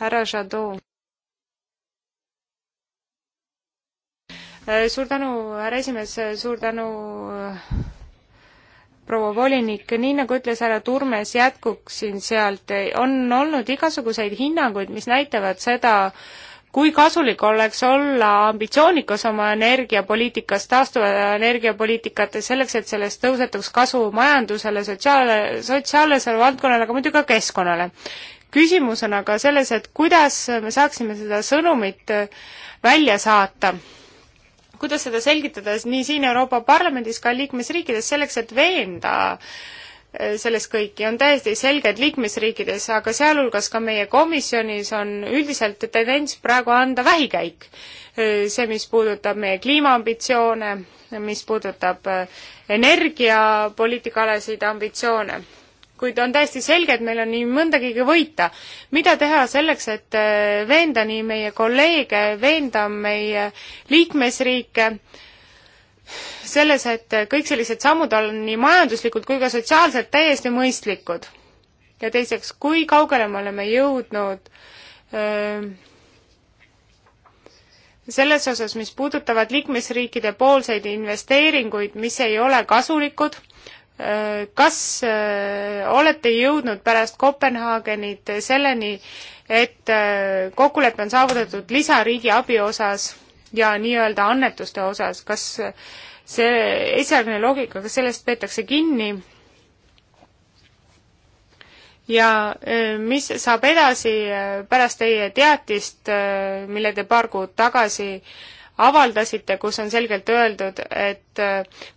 härra Jadot. Äh, suur tänu, härra esimees, äh, suur tänu äh, proua volinik, nii nagu ütles härra Turmes, jätkuksin sealt, on olnud igasuguseid hinnanguid, mis näitavad seda, kui kasulik oleks olla ambitsioonikas oma energiapoliitikas, taastuva energiapoliitikates, selleks et sellest tõusetuks kasu majandusele, sotsiaal, sotsiaalsele valdkonnale, aga muidugi ka keskkonnale. küsimus on aga selles, et kuidas me saaksime seda sõnumit välja saata kuidas seda selgitada nii siin Euroopa Parlamendis kui liikmesriikides selleks, et veenda äh, Äh, selles kõiki, on täiesti selged liikmesriikides, aga sealhulgas ka meie komisjonis on üldiselt tendents praegu anda vähikäik. Äh, see, mis puudutab meie kliimaambitsioone, mis puudutab äh, energiapoliitikaalaseid ambitsioone. kuid on täiesti selge, et meil on nii mõndagigi võita. mida teha selleks, et veenda nii meie kolleege, veenda meie liikmesriike, selles, et kõik sellised sammud on nii majanduslikult kui ka sotsiaalselt täiesti mõistlikud. ja teiseks, kui kaugele me oleme jõudnud öö, ähm, selles osas, mis puudutavad liikmesriikide poolseid investeeringuid, mis ei ole kasulikud, äh, kas äh, olete jõudnud pärast Kopenhaagenit selleni, et äh, kokkulepe on saavutatud lisariigi abi osas ja nii-öelda annetuste osas, kas see esialgne loogika, kas sellest peetakse kinni ja äh, mis saab edasi äh, pärast teie teatist, äh, mille te paar kuud tagasi avaldasite, kus on selgelt öeldud, et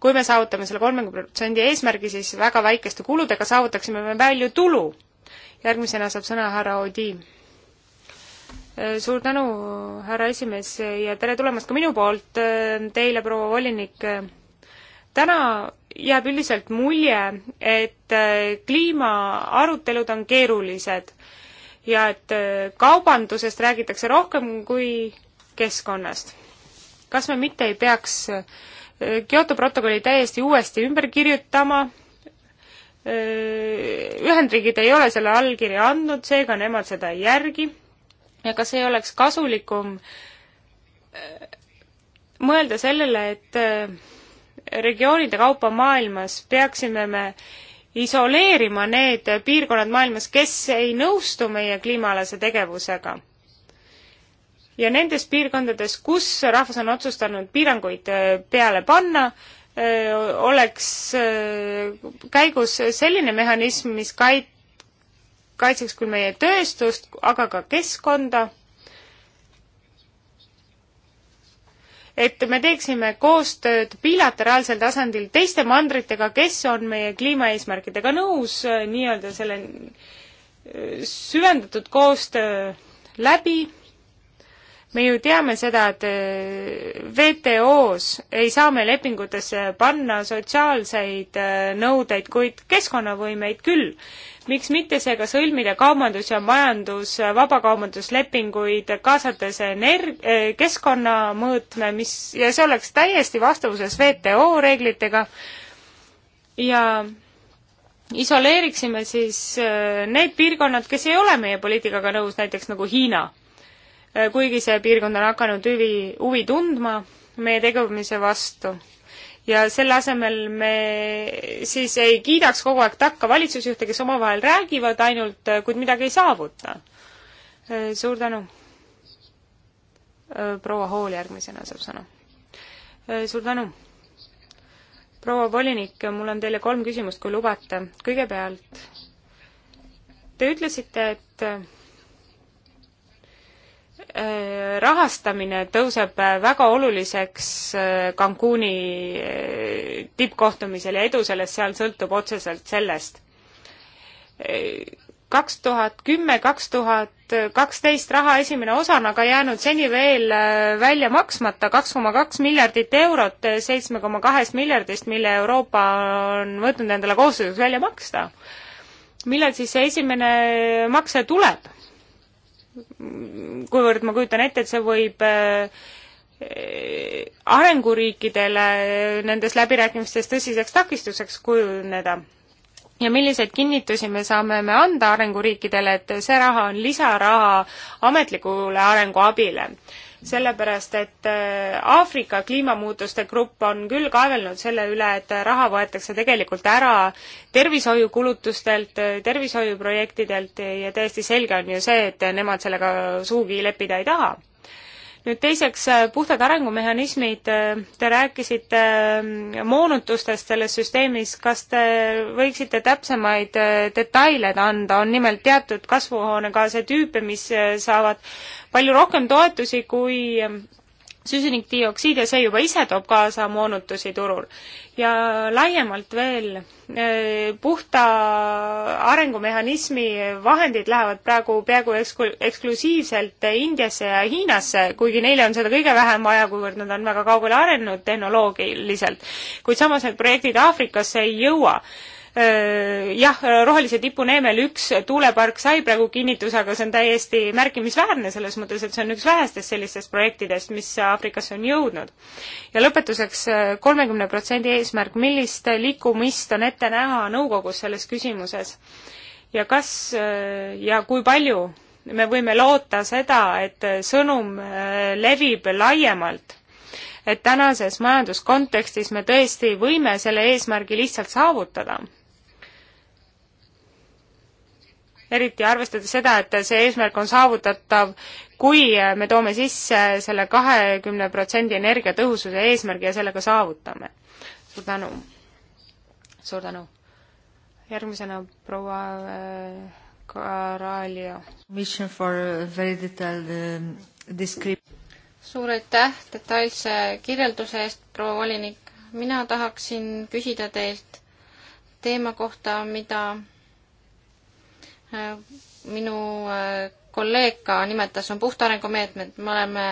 kui me saavutame selle kolmekümne protsendi eesmärgi, siis väga väikeste kuludega saavutaksime me palju tulu. järgmisena saab sõna härra Odi. Äh, suur tänu, härra esimees ja tere tulemast ka minu poolt äh, teile, proua volinik. täna jääb üldiselt mulje, et äh, kliimaarutelud on keerulised ja et kaubandusest räägitakse rohkem kui keskkonnast. kas me mitte ei peaks Kyoto protokolli täiesti uuesti ümber kirjutama, Ühendriigid ei ole selle allkirja andnud, seega nemad seda ei järgi ja kas ei oleks kasulikum äh, mõelda sellele, et äh, regioonide kaupa maailmas peaksime me isoleerima need piirkonnad maailmas, kes ei nõustu meie kliimaalase tegevusega. ja nendes piirkondades, kus rahvas on otsustanud piiranguid äh, peale panna, oleks käigus selline mehhanism, mis kait-, kaitseks küll meie tööstust, aga ka keskkonda. et me teeksime koostööd bilateraalsel tasandil teiste mandritega, kes on meie kliimaeesmärkidega nõus, eh, nii-öelda selle eh, süvendatud koostöö läbi me ju teame seda, et WTO-s äh, ei saa me lepingutesse panna sotsiaalseid äh, nõudeid, kuid keskkonnavõimeid küll. miks mitte seega sõlmida kaubandus- ja majandus, vabakaubanduslepinguid, kaasates energ-, äh, keskkonnamõõtme, mis, ja see oleks täiesti vastavuses WTO reeglitega ja isoleeriksime siis need piirkonnad, kes ei ole meie poliitikaga nõus, näiteks nagu Hiina Äh, kuigi see piirkond on hakanud huvi, huvi tundma meie tegemise vastu. ja selle asemel me siis ei kiidaks kogu aeg takka valitsusjuhte, kes omavahel räägivad ainult, äh, kuid midagi ei saavuta. Äh, suur tänu. proua Hool järgmisena saab sõna. suur tänu. proua volinik, mul on teile kolm küsimust, kui lubate. kõigepealt, te ütlesite, et Äh, rahastamine tõuseb väga oluliseks äh, Cancuni äh, tippkohtumisel ja edu sellest seal sõltub otseselt sellest. kaks tuhat kümme, kaks tuhat kaksteist raha esimene osa on aga jäänud seni veel välja maksmata, kaks koma kaks miljardit eurot seitsme koma kahest miljardist, mille Euroopa on võtnud endale kohustuseks välja maksta. millal siis see esimene makse tuleb? kuivõrd ma kujutan ette, et see võib äh, arenguriikidele nendes läbirääkimistes tõsiseks takistuseks kujuneda. ja milliseid kinnitusi me saame me anda arenguriikidele, et see raha on lisaraha ametlikule arenguabile sellepärast et äh, Aafrika kliimamuutuste grupp on küll kaevelnud selle üle, et raha võetakse tegelikult ära tervishoiukulutustelt, tervishoiuprojektidelt ja täiesti selge on ju see, et nemad sellega sugugi leppida ei taha nüüd teiseks, äh, puhtad arengumehhanismid, äh, te rääkisite moonutustest selles süsteemis, kas te võiksite täpsemaid detaile anda, on nimelt teatud kasvuhoonegaase tüüpe, mis saavad palju rohkem toetusi kui ähm, süsinikdioksiid ja see juba ise toob kaasa moonutusi turul. ja laiemalt veel, äh, puhta arengumehhanismi vahendid lähevad praegu peaaegu eksklu-, eksklusiivselt Indiasse ja Hiinasse, kuigi neile on seda kõige vähem vaja, kuivõrd nad on väga kaugele arenenud tehnoloogiliselt. kuid samas need projektid Aafrikasse ei jõua Äh, jah, rohelise tipu neemel üks tuulepark sai praegu kinnituse, aga see on täiesti märkimisväärne selles mõttes, et see on üks vähestest sellistest projektidest, mis Aafrikasse on jõudnud. ja lõpetuseks äh, kolmekümne protsendi eesmärk, millist liikumist on ette näha nõukogus selles küsimuses? ja kas äh, ja kui palju me võime loota seda, et sõnum levib laiemalt? et tänases majanduskontekstis me tõesti võime selle eesmärgi lihtsalt saavutada eriti arvestades seda, et see eesmärk on saavutatav, kui me toome sisse selle kahekümne protsendi energiatõhususe eesmärgi ja sellega saavutame. suur tänu. suur tänu. järgmisena proua Caralio. Äh, Mission for very detailed um, description. suur aitäh detailse kirjelduse eest, proua volinik. mina tahaksin küsida teilt teema kohta, mida minu äh, kolleeg ka nimetas, on puhta arengu meetmed, me oleme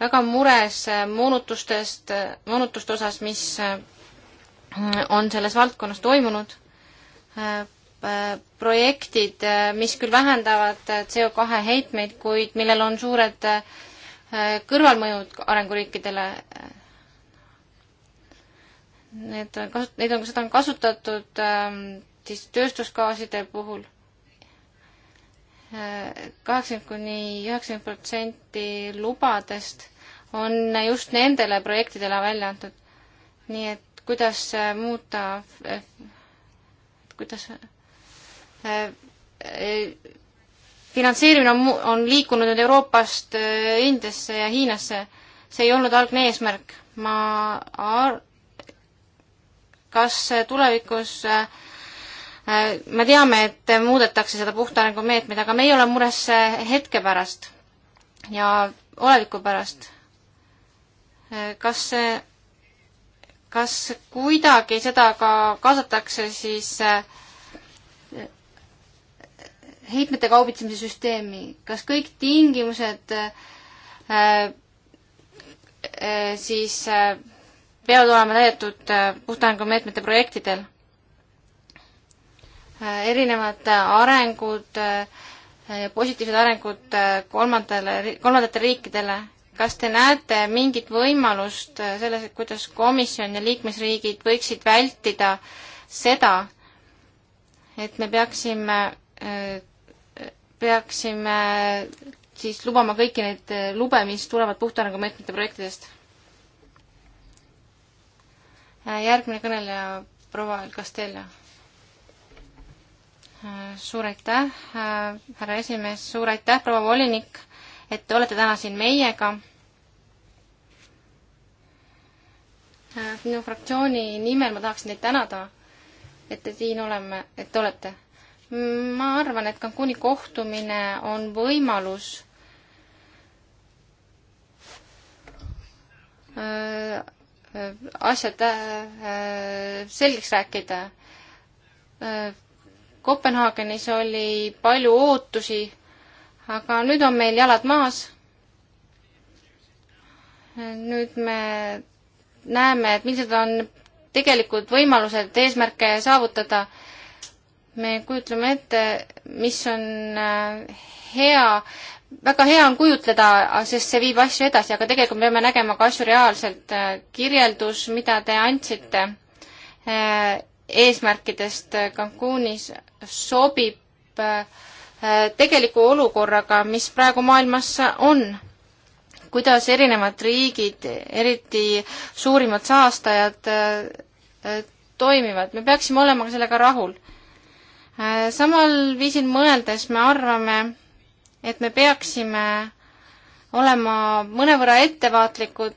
väga mures äh, moonutustest, äh, moonutuste osas, mis on selles valdkonnas toimunud. projektid, mis küll vähendavad CO2 heitmeid, kuid millel on suured kõrvalmõjud arenguriikidele. Need, neid on, seda on kasutatud ähm, siis tööstusgaaside puhul kaheksakümmend kuni üheksakümmend protsenti lubadest on just nendele projektidele välja antud. nii et kuidas äh, muuta, äh, kuidas äh, finantseerimine on, on liikunud nüüd Euroopast Indiasse ja Hiinasse, see ei olnud algne eesmärk. ma ar-, kas tulevikus äh, Äh, me teame, et muudetakse seda puhta arengu meetmeid, aga me ei ole mures hetke pärast ja oleviku pärast. Äh, kas, kas kuidagi seda ka kaasatakse siis äh, heitmete kaubitsemise süsteemi, kas kõik tingimused äh, siis äh, peavad olema täidetud äh, puhtaangumeetmete projektidel? Äh, erinevad äh, arengud äh, ja positiivsed arengud kolmandale, kolmandatele riikidele. kas te näete mingit võimalust selles, kuidas komisjon ja liikmesriigid võiksid vältida seda, et me peaksime, peaksime siis lubama kõiki neid lube, mis tulevad puhtarengumeetmete projektidest. järgmine kõneleja, proua Castello suur aitäh, härra esimees, suur aitäh, proua volinik, et te olete täna siin meiega. minu fraktsiooni nimel ma tahaksin teid tänada, et te siin oleme, et olete. ma arvan, et Cancuni kohtumine on võimalus äh, äh, asjad äh, selgeks rääkida Kopenhaagenis oli palju ootusi, aga nüüd on meil jalad maas. nüüd me näeme, et millised on tegelikud võimalused eesmärke saavutada. me kujutleme ette, mis on äh, hea, väga hea on kujutleda, äh, sest see viib asju edasi, aga tegelikult me peame nägema ka asju reaalselt. Äh, kirjeldus, mida te andsite eesmärkidest Cancunis sobib äh, tegeliku olukorraga, mis praegu maailmas on. kuidas erinevad riigid, eriti suurimad saastajad, äh, äh, toimivad, me peaksime olema sellega rahul. samal viisil mõeldes me arvame, et me peaksime olema mõnevõrra ettevaatlikud,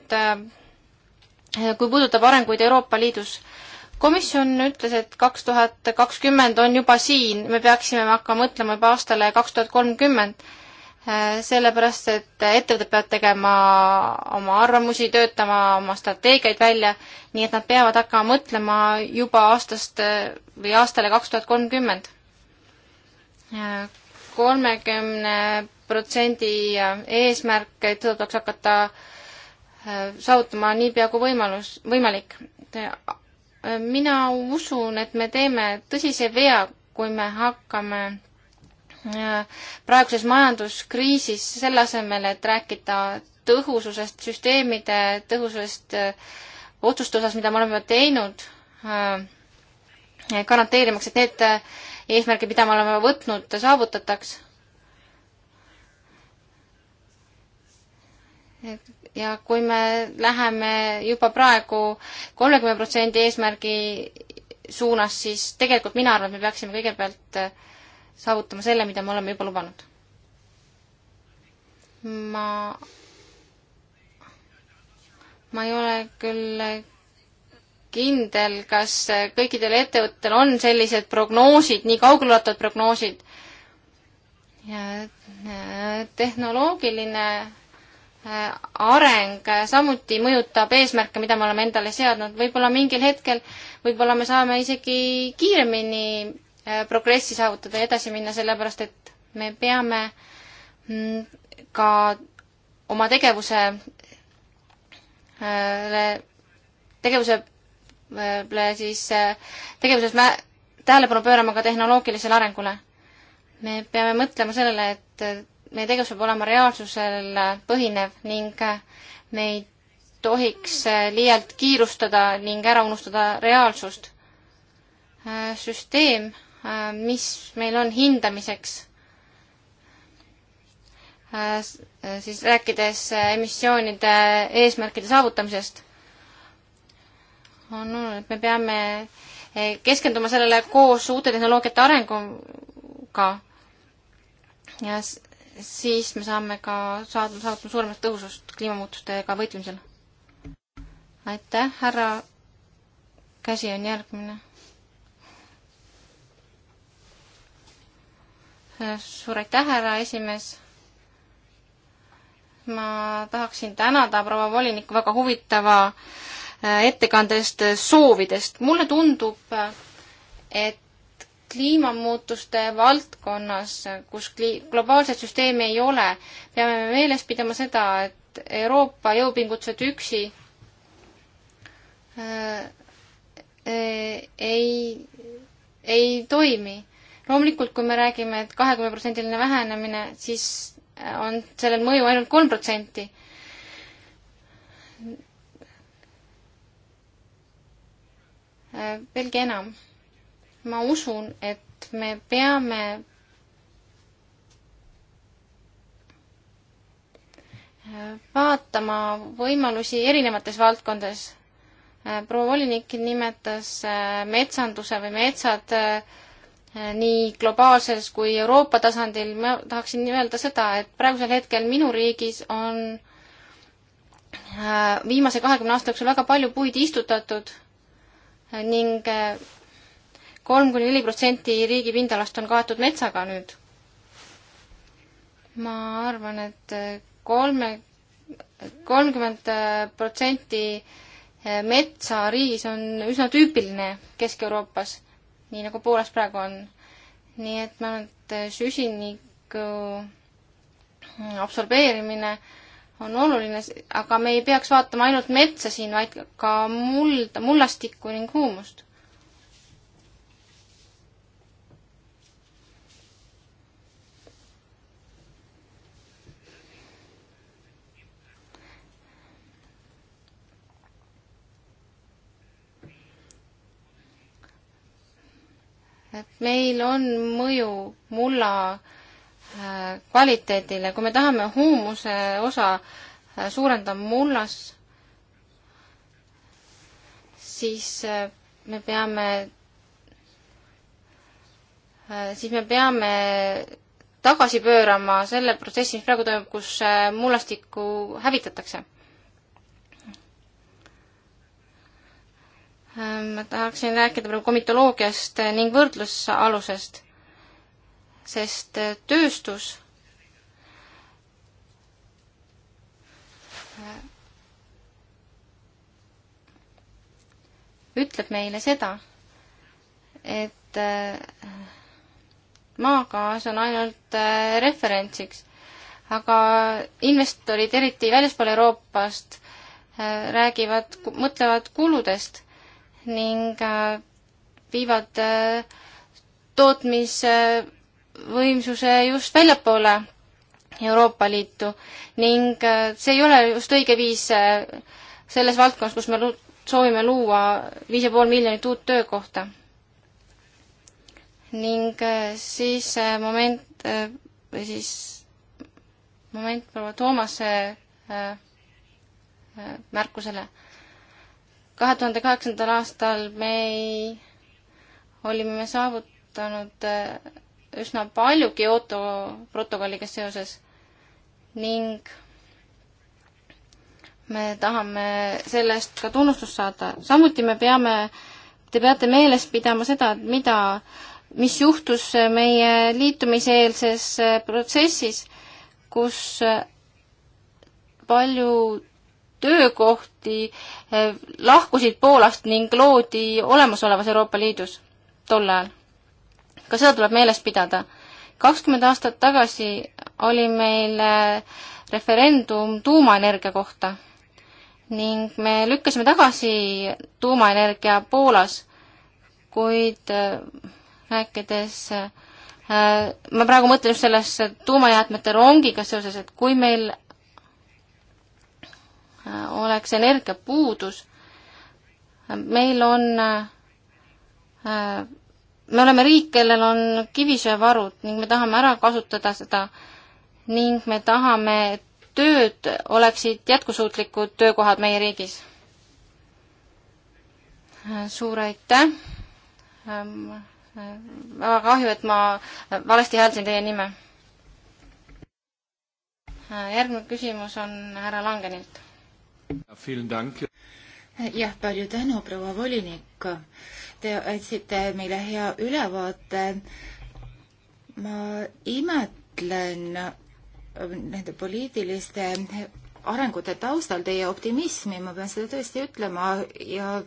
kui puudutab arenguid Euroopa Liidus komisjon ütles, et kaks tuhat kakskümmend on juba siin, me peaksime hakkama mõtlema juba aastale kaks tuhat kolmkümmend, eh, sellepärast et ettevõtted peavad tegema oma arvamusi, töötama oma strateegiaid välja, nii et nad peavad hakkama mõtlema juba aastast eh, või aastale kaks tuhat kolmkümmend. Eh, kolmekümne protsendi eesmärk, et seda tuleks hakata saavutama niipea kui võimalus, võimalik mina usun, et me teeme tõsise vea, kui me hakkame äh, praeguses majanduskriisis selle asemel, et rääkida tõhususest, süsteemide tõhususest, äh, otsuste osas, mida me oleme teinud, äh, garanteerimaks, et need eesmärgid, mida me oleme võtnud, saavutataks. et ja kui me läheme juba praegu kolmekümne protsendi eesmärgi suunas, siis tegelikult mina arvan, et me peaksime kõigepealt äh, saavutama selle, mida me oleme juba lubanud. ma, ma ei ole küll kindel, kas kõikidel ettevõttel on sellised prognoosid, nii kaugeleulatuvad prognoosid. Äh, tehnoloogiline Äh, areng äh, samuti mõjutab eesmärke, mida me oleme endale seadnud, võib-olla mingil hetkel, võib-olla me saame isegi kiiremini äh, progressi saavutada ja edasi minna, sellepärast et me peame mm, ka oma tegevuse, tegevusele siis, tegevuses mä-, tähelepanu pöörama ka tehnoloogilisele arengule. me peame mõtlema sellele, et meie tegevus peab olema reaalsusel põhinev ning me ei tohiks liialt kiirustada ning ära unustada reaalsust. süsteem, mis meil on hindamiseks, siis rääkides emissioonide eesmärkide saavutamisest, on oluline, et me peame keskenduma sellele koos uute tehnoloogiate arenguga ja yes siis me saame ka saada, saada suuremat tõhusust kliimamuutustega võitlemisel. aitäh, härra. käsi on järgmine. suur aitäh, härra esimees. ma tahaksin tänada proua volinikku väga huvitava äh, ettekande eest äh, soovidest. mulle tundub, äh, et kliimamuutuste valdkonnas, kus kli-, globaalset süsteemi ei ole, peame me meeles pidama seda, et Euroopa jõupingutused üksi äh, äh, ei, ei toimi. loomulikult, kui me räägime, et kahekümneprotsendiline vähenemine, siis on sellel mõju ainult kolm protsenti äh,. veelgi enam ma usun, et me peame vaatama võimalusi erinevates valdkondades. proua volinik nimetas äh, metsanduse või metsad äh, nii globaalses kui Euroopa tasandil, ma tahaksin öelda seda, et praegusel hetkel minu riigis on äh, viimase kahekümne aasta jooksul väga palju puid istutatud ning kolm kuni neli protsenti riigi pindalast on kaetud metsaga nüüd. ma arvan, et kolme, kolmkümmend protsenti metsa riigis on üsna tüüpiline Kesk-Euroopas, nii nagu Poolas praegu on. nii et ma arvan, et süsiniku absorbeerimine on oluline, aga me ei peaks vaatama ainult metsa siin, vaid ka mulda, mullastikku ning huumust meil on mõju mulla äh, kvaliteedile, kui me tahame huumuse osa äh, suurendada mullas, siis äh, me peame, siis me peame tagasi pöörama selle protsessi, mis praegu toimub, kus mullastikku hävitatakse Ähm, ma tahaksin rääkida praegu komitoloogiast äh, ning võrdlusalusest, sest äh, tööstus äh, ütleb meile seda, et maagaas on ainult referentsiks, aga investorid, eriti väljaspool Euroopast, räägivad, mõtlevad kuludest ning äh, viivad äh, tootmisvõimsuse just väljapoole Euroopa Liitu ning äh, see ei ole just õige viis selles valdkonnas, kus me soovime luua viis ja pool miljonit uut töökohta. ning siis moment, siis moment proua Toomase märkusele kahe tuhande kaheksandal aastal me ei, olime me saavutanud äh, üsna palju Kyoto protokolliga seoses ning me tahame selle eest ka tunnustust saada. samuti me peame, te peate meeles pidama seda, et mida, mis juhtus meie liitumiseelses äh, protsessis, kus äh, palju töökohti, eh, lahkusid Poolast ning loodi olemasolevas Euroopa Liidus tol ajal. ka seda tuleb meeles pidada. kakskümmend aastat tagasi oli meil eh, referendum tuumaenergia kohta ning me lükkasime tagasi tuumaenergia Poolas, kuid eh, rääkides ma praegu mõtlen just selles tuumajäätmete rongiga seoses, et kui meil oleks energiapuudus. meil on, äh, me oleme riik, kellel on kivisöevarud ning me tahame ära kasutada seda ning me tahame, et tööd oleksid jätkusuutlikud töökohad meie riigis. suur aitäh! Ähm, äh, väga kahju, et ma valesti hääldasin teie nime. Äh, järgmine küsimus on härra Langenilt jah, palju tänu, proua volinik. Te andsite meile hea ülevaate. ma imetlen nende poliitiliste arengute taustal teie optimismi, ma pean seda tõesti ütlema ja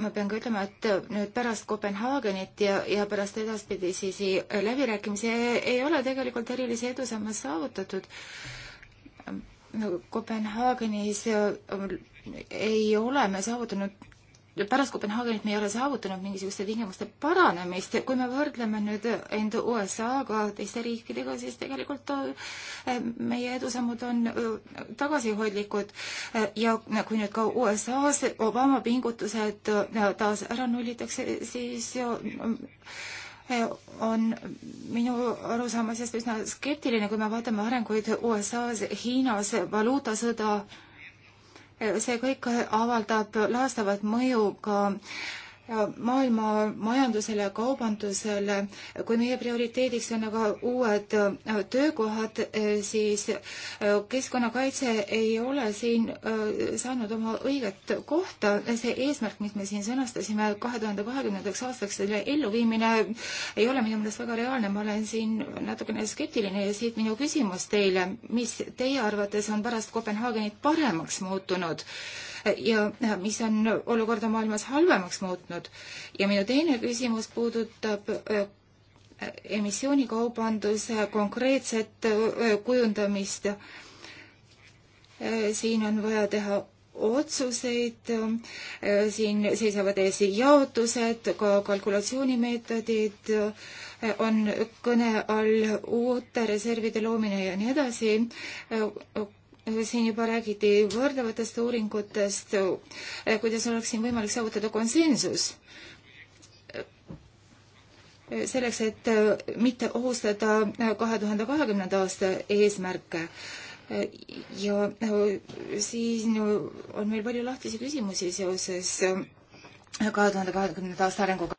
ma pean ka ütlema, et nüüd pärast Kopenhaagenit ja, ja pärast edaspidisi läbirääkimisi ei ole tegelikult erilisi edusamme saavutatud Nagu Kopenhaagenis äh, ei ole me saavutanud, pärast Kopenhaagenit me ei ole saavutanud mingisuguste tingimuste paranemist, kui me võrdleme nüüd end USA-ga, teiste riikidega, siis tegelikult äh, meie edusammud on äh, tagasihoidlikud ja kui nüüd ka USA-s Obama pingutused taas ära nullitakse, siis on minu arusaamisest üsna skeptiline, kui me vaatame arenguid USA-s, Hiinas, valuutasõda, see kõik avaldab laastavat mõju ka äh, maailma majandusele ja kaubandusele. kui meie prioriteediks on aga uued äh, töökohad, äh, siis äh, keskkonnakaitse ei ole siin saanud oma õiget kohta. see eesmärk, mis me siin sõnastasime kahe tuhande kahekümnendaks aastaks, selle elluviimine ei ole minu meelest väga reaalne. ma olen siin natukene skeptiline ja siit minu küsimus teile, mis teie arvates on pärast Kopenhaagenit paremaks muutunud? ja mis on olukorda maailmas halvemaks muutnud. ja minu teine küsimus puudutab äh, emissioonikaubanduse äh, konkreetset äh, kujundamist. siin on vaja teha otsuseid, siin seisavad ees jaotused, ka kalkulatsioonimeetodid, on kõne all uute reservide loomine ja nii edasi siin juba räägiti võrdlevatest uuringutest, eh, kuidas oleks siin võimalik saavutada konsensus eh, selleks, et eh, mitte ohustada kahe tuhande kahekümnenda aasta eesmärke. ja siin on meil palju lahtisi küsimusi seoses kahe tuhande kahekümnenda aasta arenguga.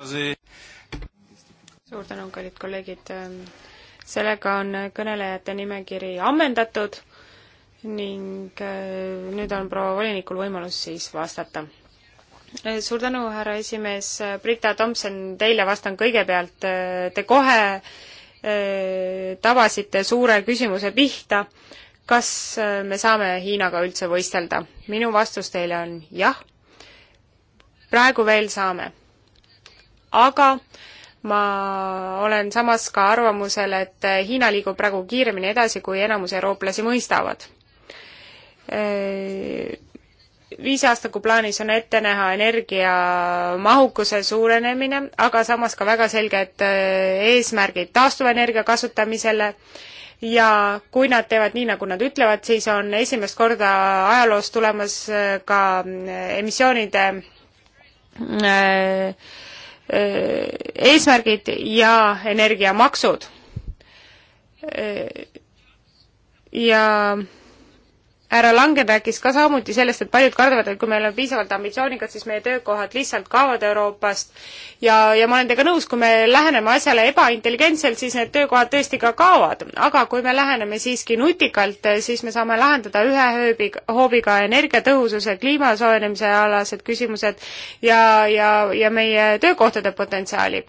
suur tänu, kallid kolleegid. sellega on kõnelejate nimekiri ammendatud ning äh, nüüd on proua volinikul võimalus siis vastata. Äh, suur tänu, härra esimees, Brita Tomson, teile vastan kõigepealt, äh, te kohe tabasite suure küsimuse pihta, kas me saame Hiinaga üldse võistelda? minu vastus teile on jah, praegu veel saame. aga ma olen samas ka arvamusel, et Hiina liigub praegu kiiremini edasi, kui enamus eurooplasi mõistavad Äh, viisaastaku plaanis on ette näha energiamahukuse suurenemine, aga samas ka väga selged äh, eesmärgid taastuvenergia kasutamisele ja kui nad teevad nii, nagu nad ütlevad, siis on esimest korda ajaloos tulemas äh, ka emissioonide eesmärgid ja energiamaksud. ja härra Langen rääkis ka samuti sellest, et paljud kardavad, et kui me oleme piisavalt ambitsioonikad, siis meie töökohad lihtsalt kaovad Euroopast ja, ja ma olen teiega nõus, kui me läheneme asjale ebaintelligentselt, siis need töökohad tõesti ka kaovad, aga kui me läheneme siiski nutikalt, siis me saame lahendada ühe ööbiga, hoobiga energiatõhususe, kliima soojenemise alased küsimused ja, ja, ja meie töökohtade potentsiaali.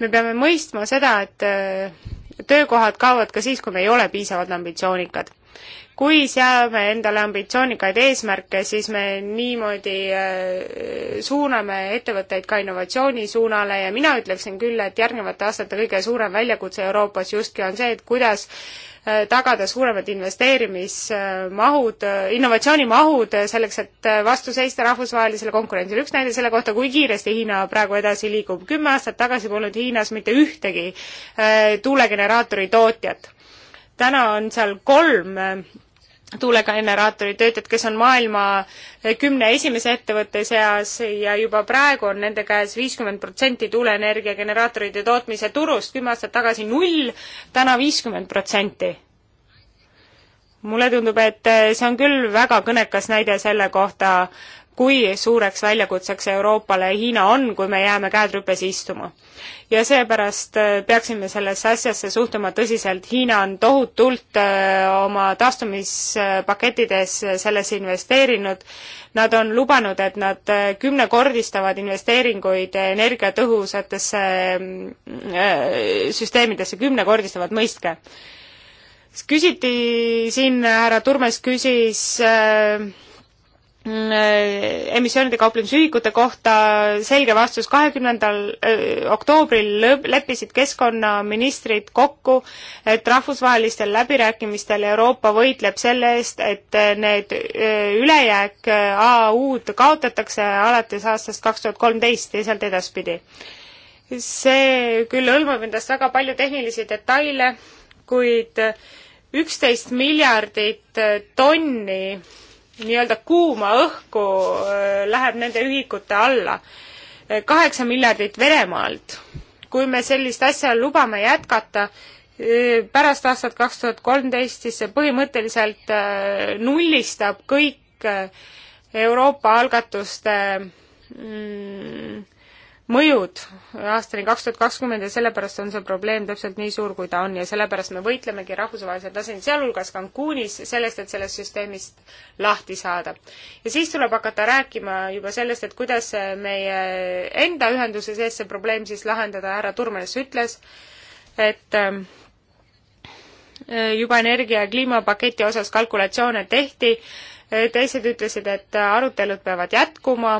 me peame mõistma seda, et töökohad kaovad ka siis, kui me ei ole piisavalt ambitsioonikad kui seame endale ambitsioonikaid eesmärke, siis me niimoodi äh, suuname ettevõtteid ka innovatsiooni suunale ja mina ütleksin küll, et järgnevate aastate kõige suurem väljakutse Euroopas justkui on see, et kuidas äh, tagada suuremad investeerimismahud, äh, innovatsioonimahud selleks, et vastu seista rahvusvahelisele konkurentsile. üks näide selle kohta, kui kiiresti Hiina praegu edasi liigub. kümme aastat tagasi polnud Hiinas mitte ühtegi tuulegeneraatori tootjat. täna on seal kolm tuulegeneraatori töötajad, kes on maailma eh, kümne esimese ettevõtte seas ja juba praegu on nende käes viiskümmend protsenti tuuleenergia generaatorite tootmise turust, kümme aastat tagasi null, täna viiskümmend protsenti. mulle tundub, et eh, see on küll väga kõnekas näide selle kohta, kui suureks väljakutseks Euroopale Hiina on, kui me jääme käed rüpes istuma. ja seepärast äh, peaksime sellesse asjasse suhtuma tõsiselt, Hiina on tohutult äh, oma taastumispakettides äh, sellesse investeerinud, nad on lubanud, et nad kümnekordistavad investeeringuid energiatõhusatesse mm, süsteemidesse, kümnekordistavad, mõistke. küsiti siin, härra Turmes küsis äh, Mm, äh, emissioonide kauplemisühikute kohta selge vastus kahekümnendal äh, oktoobril leppisid keskkonnaministrid kokku, et rahvusvahelistel läbirääkimistel Euroopa võitleb selle eest, et äh, need ülejääk AU-d kaotatakse alates aastast kaks tuhat kolmteist ja sealt edaspidi. see küll hõlmab endast väga palju tehnilisi detaile, kuid üksteist miljardit tonni nii-öelda kuuma õhku läheb nende ühikute alla. kaheksa miljardit Venemaalt. kui me sellist asja lubame jätkata, pärast aastat kaks tuhat kolmteist, siis see põhimõtteliselt nullistab kõik Euroopa algatuste mm, mõjud aastani kaks tuhat kakskümmend ja sellepärast on see probleem täpselt nii suur, kui ta on ja sellepärast me võitlemegi rahvusvahelisel tasandil, sealhulgas Cancunis, sellest, et sellest süsteemist lahti saada. ja siis tuleb hakata rääkima juba sellest, et kuidas meie enda ühenduse sees see probleem siis lahendada, härra Turmeles ütles, et ähm, juba energia- ja kliimapaketi osas kalkulatsioone tehti, teised ütlesid, et arutelud peavad jätkuma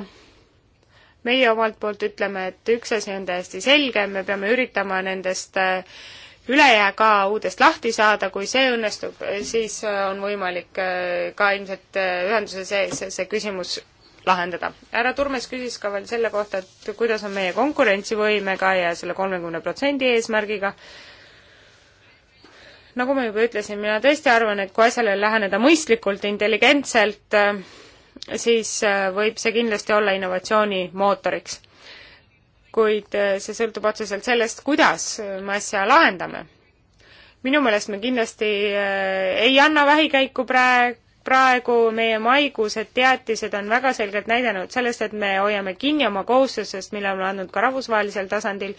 meie omalt poolt ütleme, et üks asi on täiesti selge, me peame üritama nendest äh, ülejääga uudest lahti saada, kui see õnnestub, äh, siis äh, on võimalik ka ilmselt ühenduse sees see, see küsimus lahendada. härra Turmes küsis ka veel selle kohta, et kuidas on meie konkurentsivõimega ja selle kolmekümne protsendi eesmärgiga nagu ma juba ütlesin, mina tõesti arvan, et kui asjale läheneda mõistlikult, intelligentselt, siis äh, võib see kindlasti olla innovatsiooni mootoriks. kuid äh, see sõltub otseselt sellest, kuidas me asja lahendame. minu meelest me kindlasti äh, ei anna vähikäiku praegu praegu meie maikuused teatised on väga selgelt näidanud sellest, et me hoiame kinni oma kohustusest, mille oleme andnud ka rahvusvahelisel tasandil.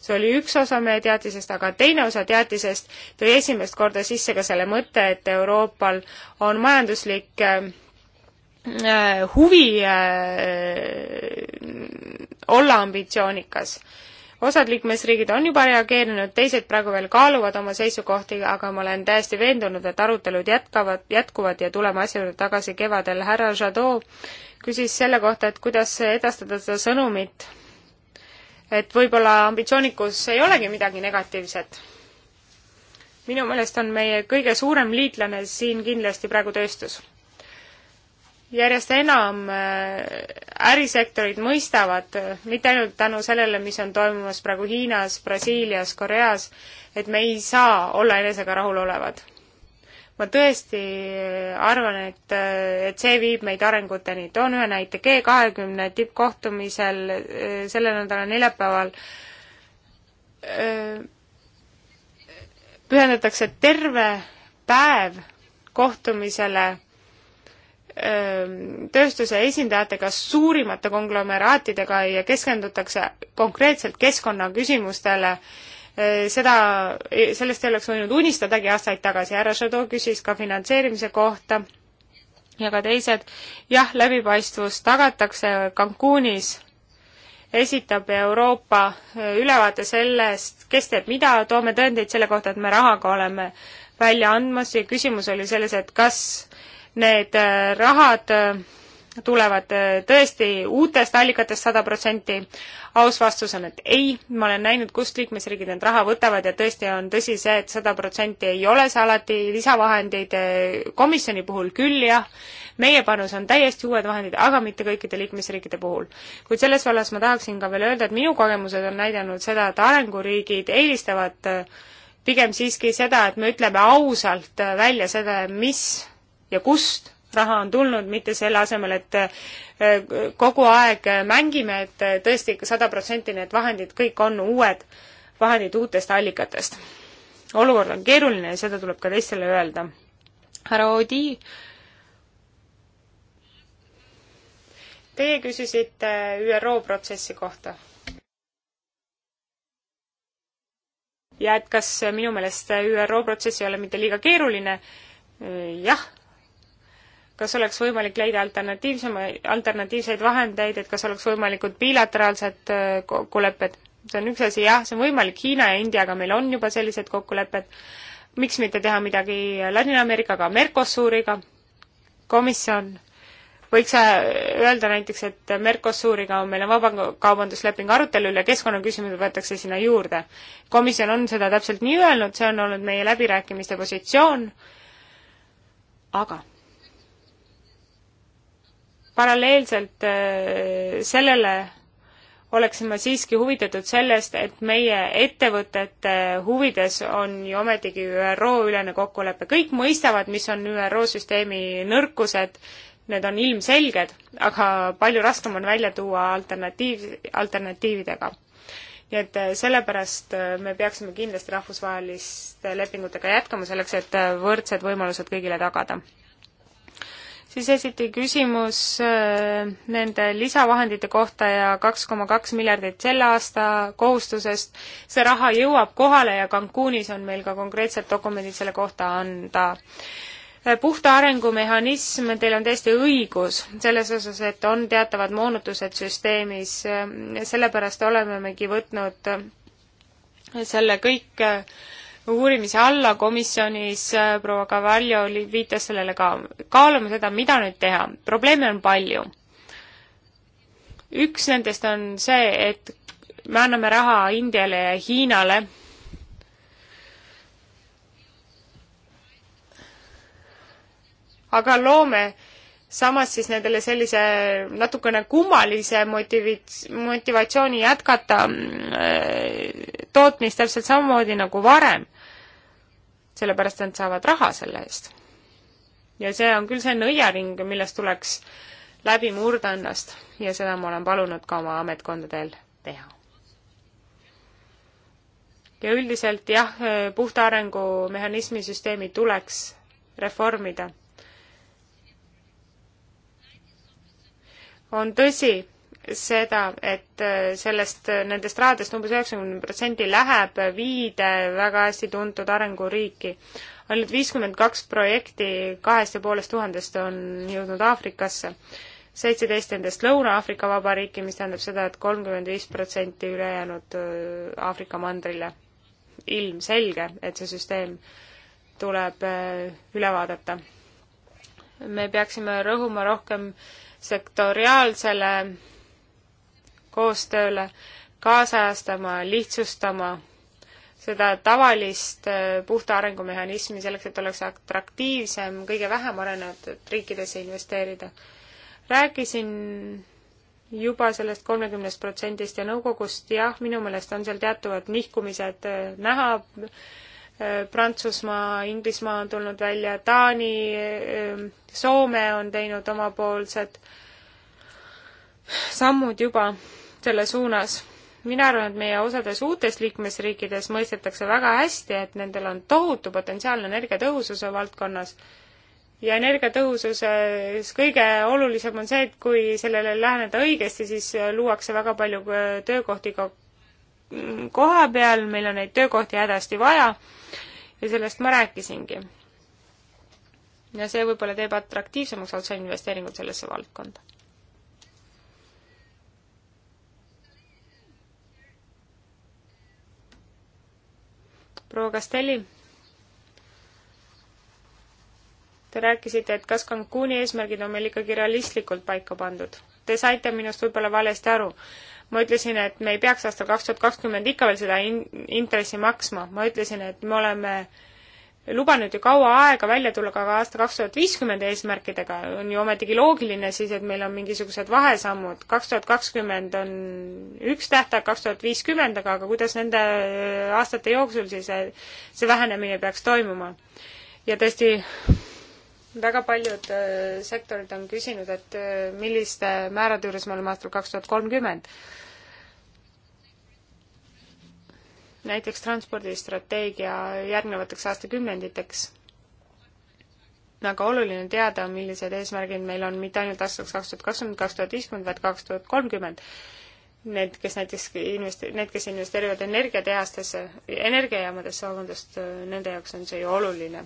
see oli üks osa meie teatisest, aga teine osa teatisest tõi esimest korda sisse ka selle mõtte, et Euroopal on majanduslik Äh, huvi äh, olla ambitsioonikas. osad liikmesriigid on juba reageerinud, teised praegu veel kaaluvad oma seisukohti, aga ma olen täiesti veendunud, et arutelud jätkavad, jätkuvad ja tuleme asja juurde tagasi kevadel. härra Jadot küsis selle kohta, et kuidas edastada seda sõnumit, et võib-olla ambitsioonikus ei olegi midagi negatiivset minu meelest on meie kõige suurem liitlane siin kindlasti praegu tööstus järjest enam äh, ärisektorid mõistavad, äh, mitte ainult tänu sellele, mis on toimumas praegu Hiinas, Brasiilias, Koreas, et me ei saa olla enesega rahulolevad. ma tõesti äh, arvan, et, et see viib meid arenguteni. toon ühe näite. G kahekümne tippkohtumisel selle nädala neljapäeval pühendatakse terve päev kohtumisele Ähm, tööstuse esindajatega, suurimate konglomeraatidega ja keskendutakse konkreetselt keskkonnaküsimustele, äh, seda, sellest ei oleks võinud unistadagi aastaid tagasi, härra Šadov küsis ka finantseerimise kohta ja ka teised, jah, läbipaistvus tagatakse Cancunis, esitab Euroopa äh, ülevaate sellest, kes teeb mida, toome tõendeid selle kohta, et me rahaga oleme välja andmas ja küsimus oli selles, et kas need äh, rahad äh, tulevad äh, tõesti uutest allikatest sada protsenti. aus vastus on, et ei, ma olen näinud, kust liikmesriigid need raha võtavad ja tõesti on tõsi see et, et sada protsenti ei ole see alati lisavahendeid, komisjoni puhul küll jah, meie panus on täiesti uued vahendid, aga mitte kõikide liikmesriikide puhul. kuid selles vallas ma tahaksin ka veel öelda, et minu kogemused on näidanud seda, et arenguriigid eelistavad pigem siiski seda, et me ütleme ausalt välja seda, mis ja kust raha on tulnud, mitte selle asemel, et äh, kogu aeg mängime, et äh, tõesti sada protsenti need vahendid kõik on uued vahendid uutest allikatest. olukord on keeruline ja seda tuleb ka teistele öelda. härra Odi, teie küsisite äh, ÜRO protsessi kohta. ja et kas minu meelest ÜRO protsess ei ole mitte liiga keeruline, jah kas oleks võimalik leida alternatiivsemaid, alternatiivseid vahendeid, et kas oleks võimalikud bilateraalsed äh, kokkulepped? see on üks asi, jah, see on võimalik Hiina ja Indiaga, meil on juba sellised kokkulepped, miks mitte teha midagi Ladina-Ameerikaga, Mercosuriga, komisjon võiks äh, öelda näiteks, et Mercosuriga on meil vabakaubandusleping arutelul ja keskkonnaküsimused võetakse sinna juurde. komisjon on seda täpselt nii öelnud, see on olnud meie läbirääkimiste positsioon, aga paralleelselt äh, sellele oleksin ma siiski huvitatud sellest, et meie ettevõtete huvides on ju ometigi ÜRO-ülene kokkulepe. kõik mõistavad, mis on ÜRO süsteemi nõrkused, need on ilmselged, aga palju raskem on välja tuua alternatiiv, alternatiividega. nii et äh, sellepärast äh, me peaksime kindlasti rahvusvaheliste lepingutega jätkama, selleks et võrdsed võimalused kõigile tagada siis esiti küsimus äh, nende lisavahendite kohta ja kaks koma kaks miljardit selle aasta kohustusest. see raha jõuab kohale ja Cancunis on meil ka konkreetsed dokumendid selle kohta anda. Äh, puhta arengumehhanism, teil on täiesti õigus selles osas, et on teatavad moonutused süsteemis, äh, sellepärast olemegi võtnud selle kõik uurimise alla komisjonis, äh, proua Cavallo oli, viitas sellele ka. kaalume seda, mida nüüd teha. probleeme on palju. üks nendest on see, et me anname raha Indiale ja Hiinale. aga loome samas siis nendele sellise natukene kummalise motivi-, motivatsiooni jätkata äh, tootmist täpselt samamoodi nagu varem sellepärast et nad saavad raha selle eest. ja see on küll see nõiaring, millest tuleks läbi murda ennast ja seda ma olen palunud ka oma ametkondadel teha. ja üldiselt jah, puhta arengumehhanismi süsteemi tuleks reformida. on tõsi, seda, et äh, sellest, äh, nendest rahadest umbes üheksakümne protsendi läheb viide väga hästi tuntud arenguriiki. ainult viiskümmend kaks projekti kahest ja poolest tuhandest on jõudnud Aafrikasse, seitseteist nendest Lõuna-Aafrika Vabariiki, mis tähendab seda et, et kolmkümmend viis protsenti ülejäänud äh, Aafrika mandrile. ilmselge, et see süsteem tuleb üle vaadata. me peaksime rõhuma rohkem sektoriaalsele koostööle, kaasajastama, lihtsustama seda tavalist äh, puhta arengumehhanismi selleks, et oleks atraktiivsem kõige vähem arenenud riikidesse investeerida. rääkisin juba sellest kolmekümnest protsendist ja nõukogust, jah, minu meelest on seal teatavad nihkumised äh, näha, äh, Prantsusmaa, Inglismaa on tulnud välja, Taani, Soome on teinud omapoolsed sammud juba selle suunas. mina arvan, et meie osades uutes liikmesriikides mõistetakse väga hästi, et nendel on tohutu potentsiaal energiatõhususe valdkonnas ja energiatõhususes kõige olulisem on see, et kui sellele läheneda õigesti, siis luuakse väga palju äh, töökohti ka mm, koha peal, meil on neid töökohti hädasti vaja ja sellest ma rääkisingi. ja see võib-olla teeb atraktiivsemaks otseinvesteeringud sellesse valdkonda. proua Castelli. Te rääkisite, et kas Cancuni eesmärgid on meil ikkagi realistlikult paika pandud. Te saite minust võib-olla valesti aru. ma ütlesin, et me ei peaks aastal kaks tuhat kakskümmend ikka veel seda in-, intressi maksma. ma ütlesin, et me oleme äh, lubanud ju kaua aega välja tulla ka aasta kaks tuhat viiskümmend eesmärkidega, on ju ometigi loogiline siis, et meil on mingisugused vahesammud, kaks tuhat kakskümmend on üks tähtaeg, kaks tuhat viiskümmend, aga, aga kuidas nende äh, aastate jooksul siis see, äh, see vähenemine peaks toimuma? ja tõesti, väga paljud äh, sektorid on küsinud, et milliste määrade juures me oleme aastal kaks tuhat kolmkümmend näiteks transpordistrateegia järgnevateks aastakümnenditeks. väga oluline teada, millised eesmärgid meil on mitte ainult aastaks kaks tuhat kakskümmend, kaks tuhat viiskümmend, vaid kaks tuhat kolmkümmend. Need, kes näiteks invest-, need, kes investeerivad energiatehastesse, energiajaamadesse, vabandust, nende jaoks on see ju oluline.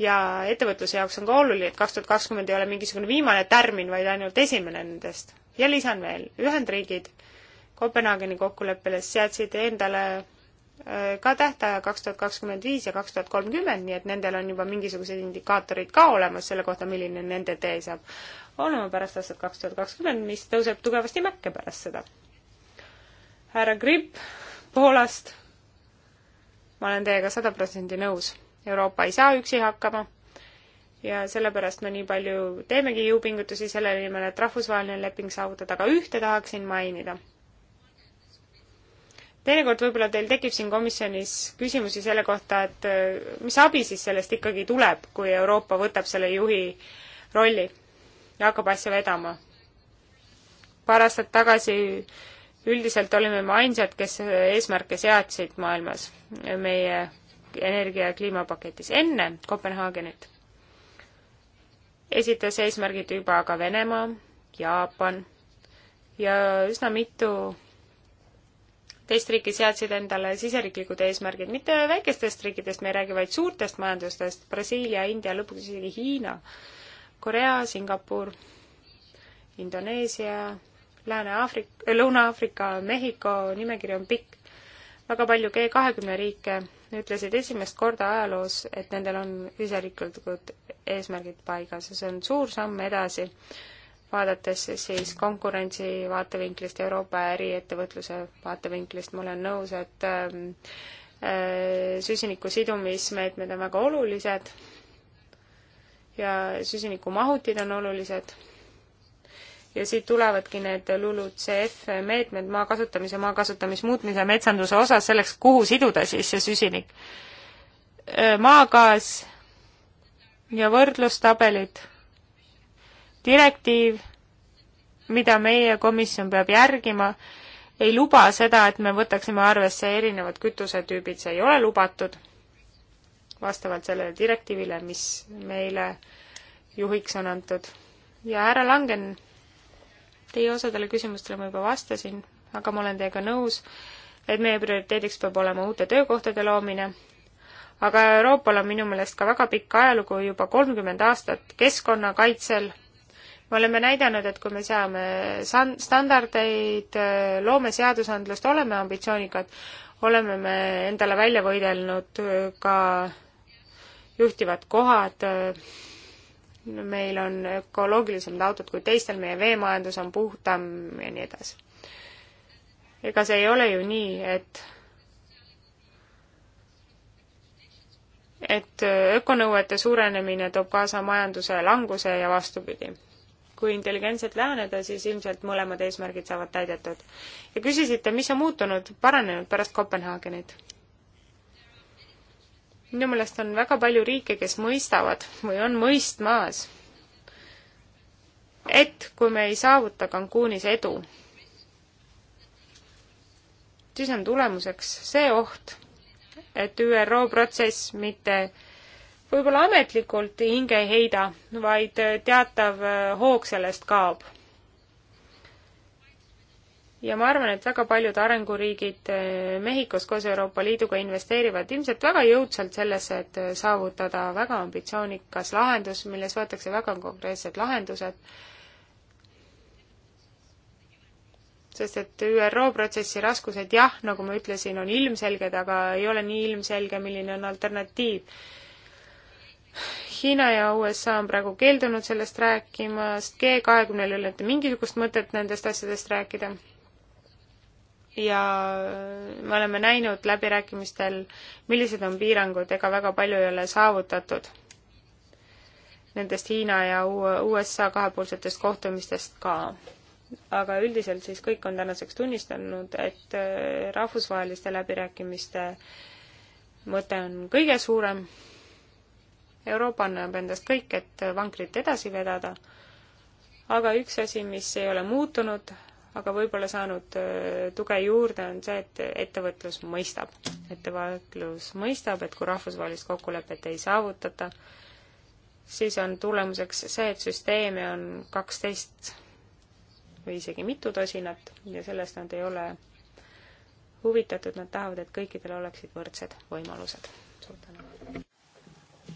ja ettevõtluse jaoks on ka oluline, et kaks tuhat kakskümmend ei ole mingisugune viimane tärmin, vaid ainult esimene nendest. ja lisan veel, Ühendriigid Kopenhaageni kokkuleppele seadsid endale ka tähtaja kaks tuhat kakskümmend viis ja kaks tuhat kolmkümmend, nii et nendel on juba mingisugused indikaatorid ka olemas selle kohta, milline nende tee saab olema pärast aastat kaks tuhat kakskümmend, mis tõuseb tugevasti mäkke pärast seda. härra Gripp Poolast, ma olen teiega sada protsenti nõus, Euroopa ei saa üksi hakkama ja sellepärast me nii palju teemegi jõupingutusi selle nimel, et rahvusvaheline leping saavutada, aga ühte tahaksin mainida teinekord võib-olla teil tekib siin komisjonis küsimusi selle kohta, et äh, mis abi siis sellest ikkagi tuleb, kui Euroopa võtab selle juhi rolli ja hakkab asja vedama. paar aastat tagasi üldiselt olime me ainsad, kes eesmärke seadsid maailmas meie energia- ja kliimapaketis enne Kopenhaagenit. esitas eesmärgid juba ka Venemaa, Jaapan ja üsna mitu teist riiki seadsid endale siseriiklikud eesmärgid, mitte väikestest riikidest me ei räägi, vaid suurtest majandustest, Brasiilia, India, lõpuks isegi Hiina, Korea, Singapur, Indoneesia, Lääne-Aafrika, äh, Lõuna-Aafrika, Mehhiko, nimekiri on pikk. väga palju G kahekümne riike ütlesid esimest korda ajaloos, et nendel on siseriiklikud eesmärgid paigas ja see on suur samm edasi vaadates siis konkurentsi vaatevinklist, Euroopa äriettevõtluse vaatevinklist, ma olen nõus, et ähm, äh, süsiniku sidumismeetmed on väga olulised ja süsinikumahutid on olulised. ja siit tulevadki need LULUCF meetmed maa kasutamise, maa kasutamise muutmise ja metsanduse osas selleks, kuhu siduda siis see süsinik. Äh, maagaas ja võrdlustabelid direktiiv, mida meie komisjon peab järgima, ei luba seda, et me võtaksime arvesse erinevad kütusetüübid, see ei ole lubatud vastavalt sellele direktiivile, mis meile juhiks on antud. ja härra Langen, teie osadele küsimustele ma juba vastasin, aga ma olen teiega nõus, et meie prioriteediks peab olema uute töökohtade loomine, aga Euroopal on minu meelest ka väga pikk ajalugu, juba kolmkümmend aastat keskkonnakaitsel me oleme näidanud, et kui me seame san-, standardeid, loome seadusandlust, oleme ambitsioonikad, oleme me endale välja võidelnud äh, ka juhtivad kohad, meil on ökoloogilisemad autod kui teistel, meie veemajandus on puhtam ja nii edasi. ega see ei ole ju nii, et et äh, ökonõuete suurenemine toob kaasa majanduse languse ja vastupidi kui intelligentselt läheneda, siis ilmselt mõlemad eesmärgid saavad täidetud. ja küsisite, mis on muutunud, paranenud pärast Kopenhaagenit? minu meelest on väga palju riike, kes mõistavad või on mõistmas, et kui me ei saavuta Cancunis edu, siis on tulemuseks see oht, et ÜRO protsess mitte võib-olla ametlikult hinge ei heida, vaid teatav äh, hoog sellest kaob. ja ma arvan, et väga paljud arenguriigid äh, Mehhikos koos Euroopa Liiduga investeerivad ilmselt väga jõudsalt sellesse, et äh, saavutada väga ambitsioonikas lahendus, milles võetakse väga konkreetsed lahendused, sest et ÜRO protsessi raskused jah, nagu ma ütlesin, on ilmselged, aga ei ole nii ilmselge, milline on alternatiiv Hiina ja USA on praegu keeldunud sellest rääkimast, G kahekümnel ei ole mitte mingisugust mõtet nendest asjadest rääkida. ja me oleme näinud läbirääkimistel, millised on piirangud, ega väga palju ei ole saavutatud nendest Hiina ja USA kahepoolsetest kohtumistest ka aga üldiselt siis kõik on tänaseks tunnistanud, et äh, rahvusvaheliste läbirääkimiste mõte on kõige suurem Euroopa annab endast kõik, et vankrit edasi vedada, aga üks asi, mis ei ole muutunud, aga võib-olla saanud äh, tuge juurde, on see, et ettevõtlus mõistab. ettevõtlus mõistab, et kui rahvusvahelist kokkulepet ei saavutata, siis on tulemuseks see, et süsteeme on kaksteist või isegi mitu tosinat ja sellest nad ei ole huvitatud, nad tahavad, et kõikidel oleksid võrdsed võimalused. suur tänu!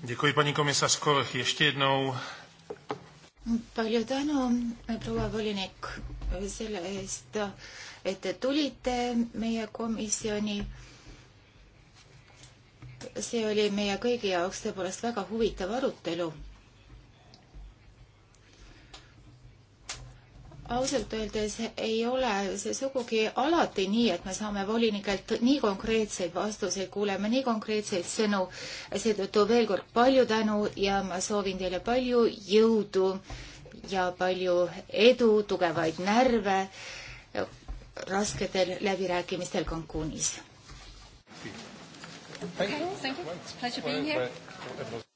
Děkuji, paní komisařko, ještě jednou. palju tänu, proua volinik, selle eest, et te tulite meie komisjoni. see oli meie kõigi jaoks tõepoolest väga huvitav arutelu ausalt öeldes ei ole see sugugi alati nii, et me saame volinikelt nii konkreetseid vastuseid, kuuleme nii konkreetseid sõnu. seetõttu veel kord palju tänu ja ma soovin teile palju jõudu ja palju edu, tugevaid närve rasketel läbirääkimistel Cancunis. Thank you. Thank you. Pleasure being here.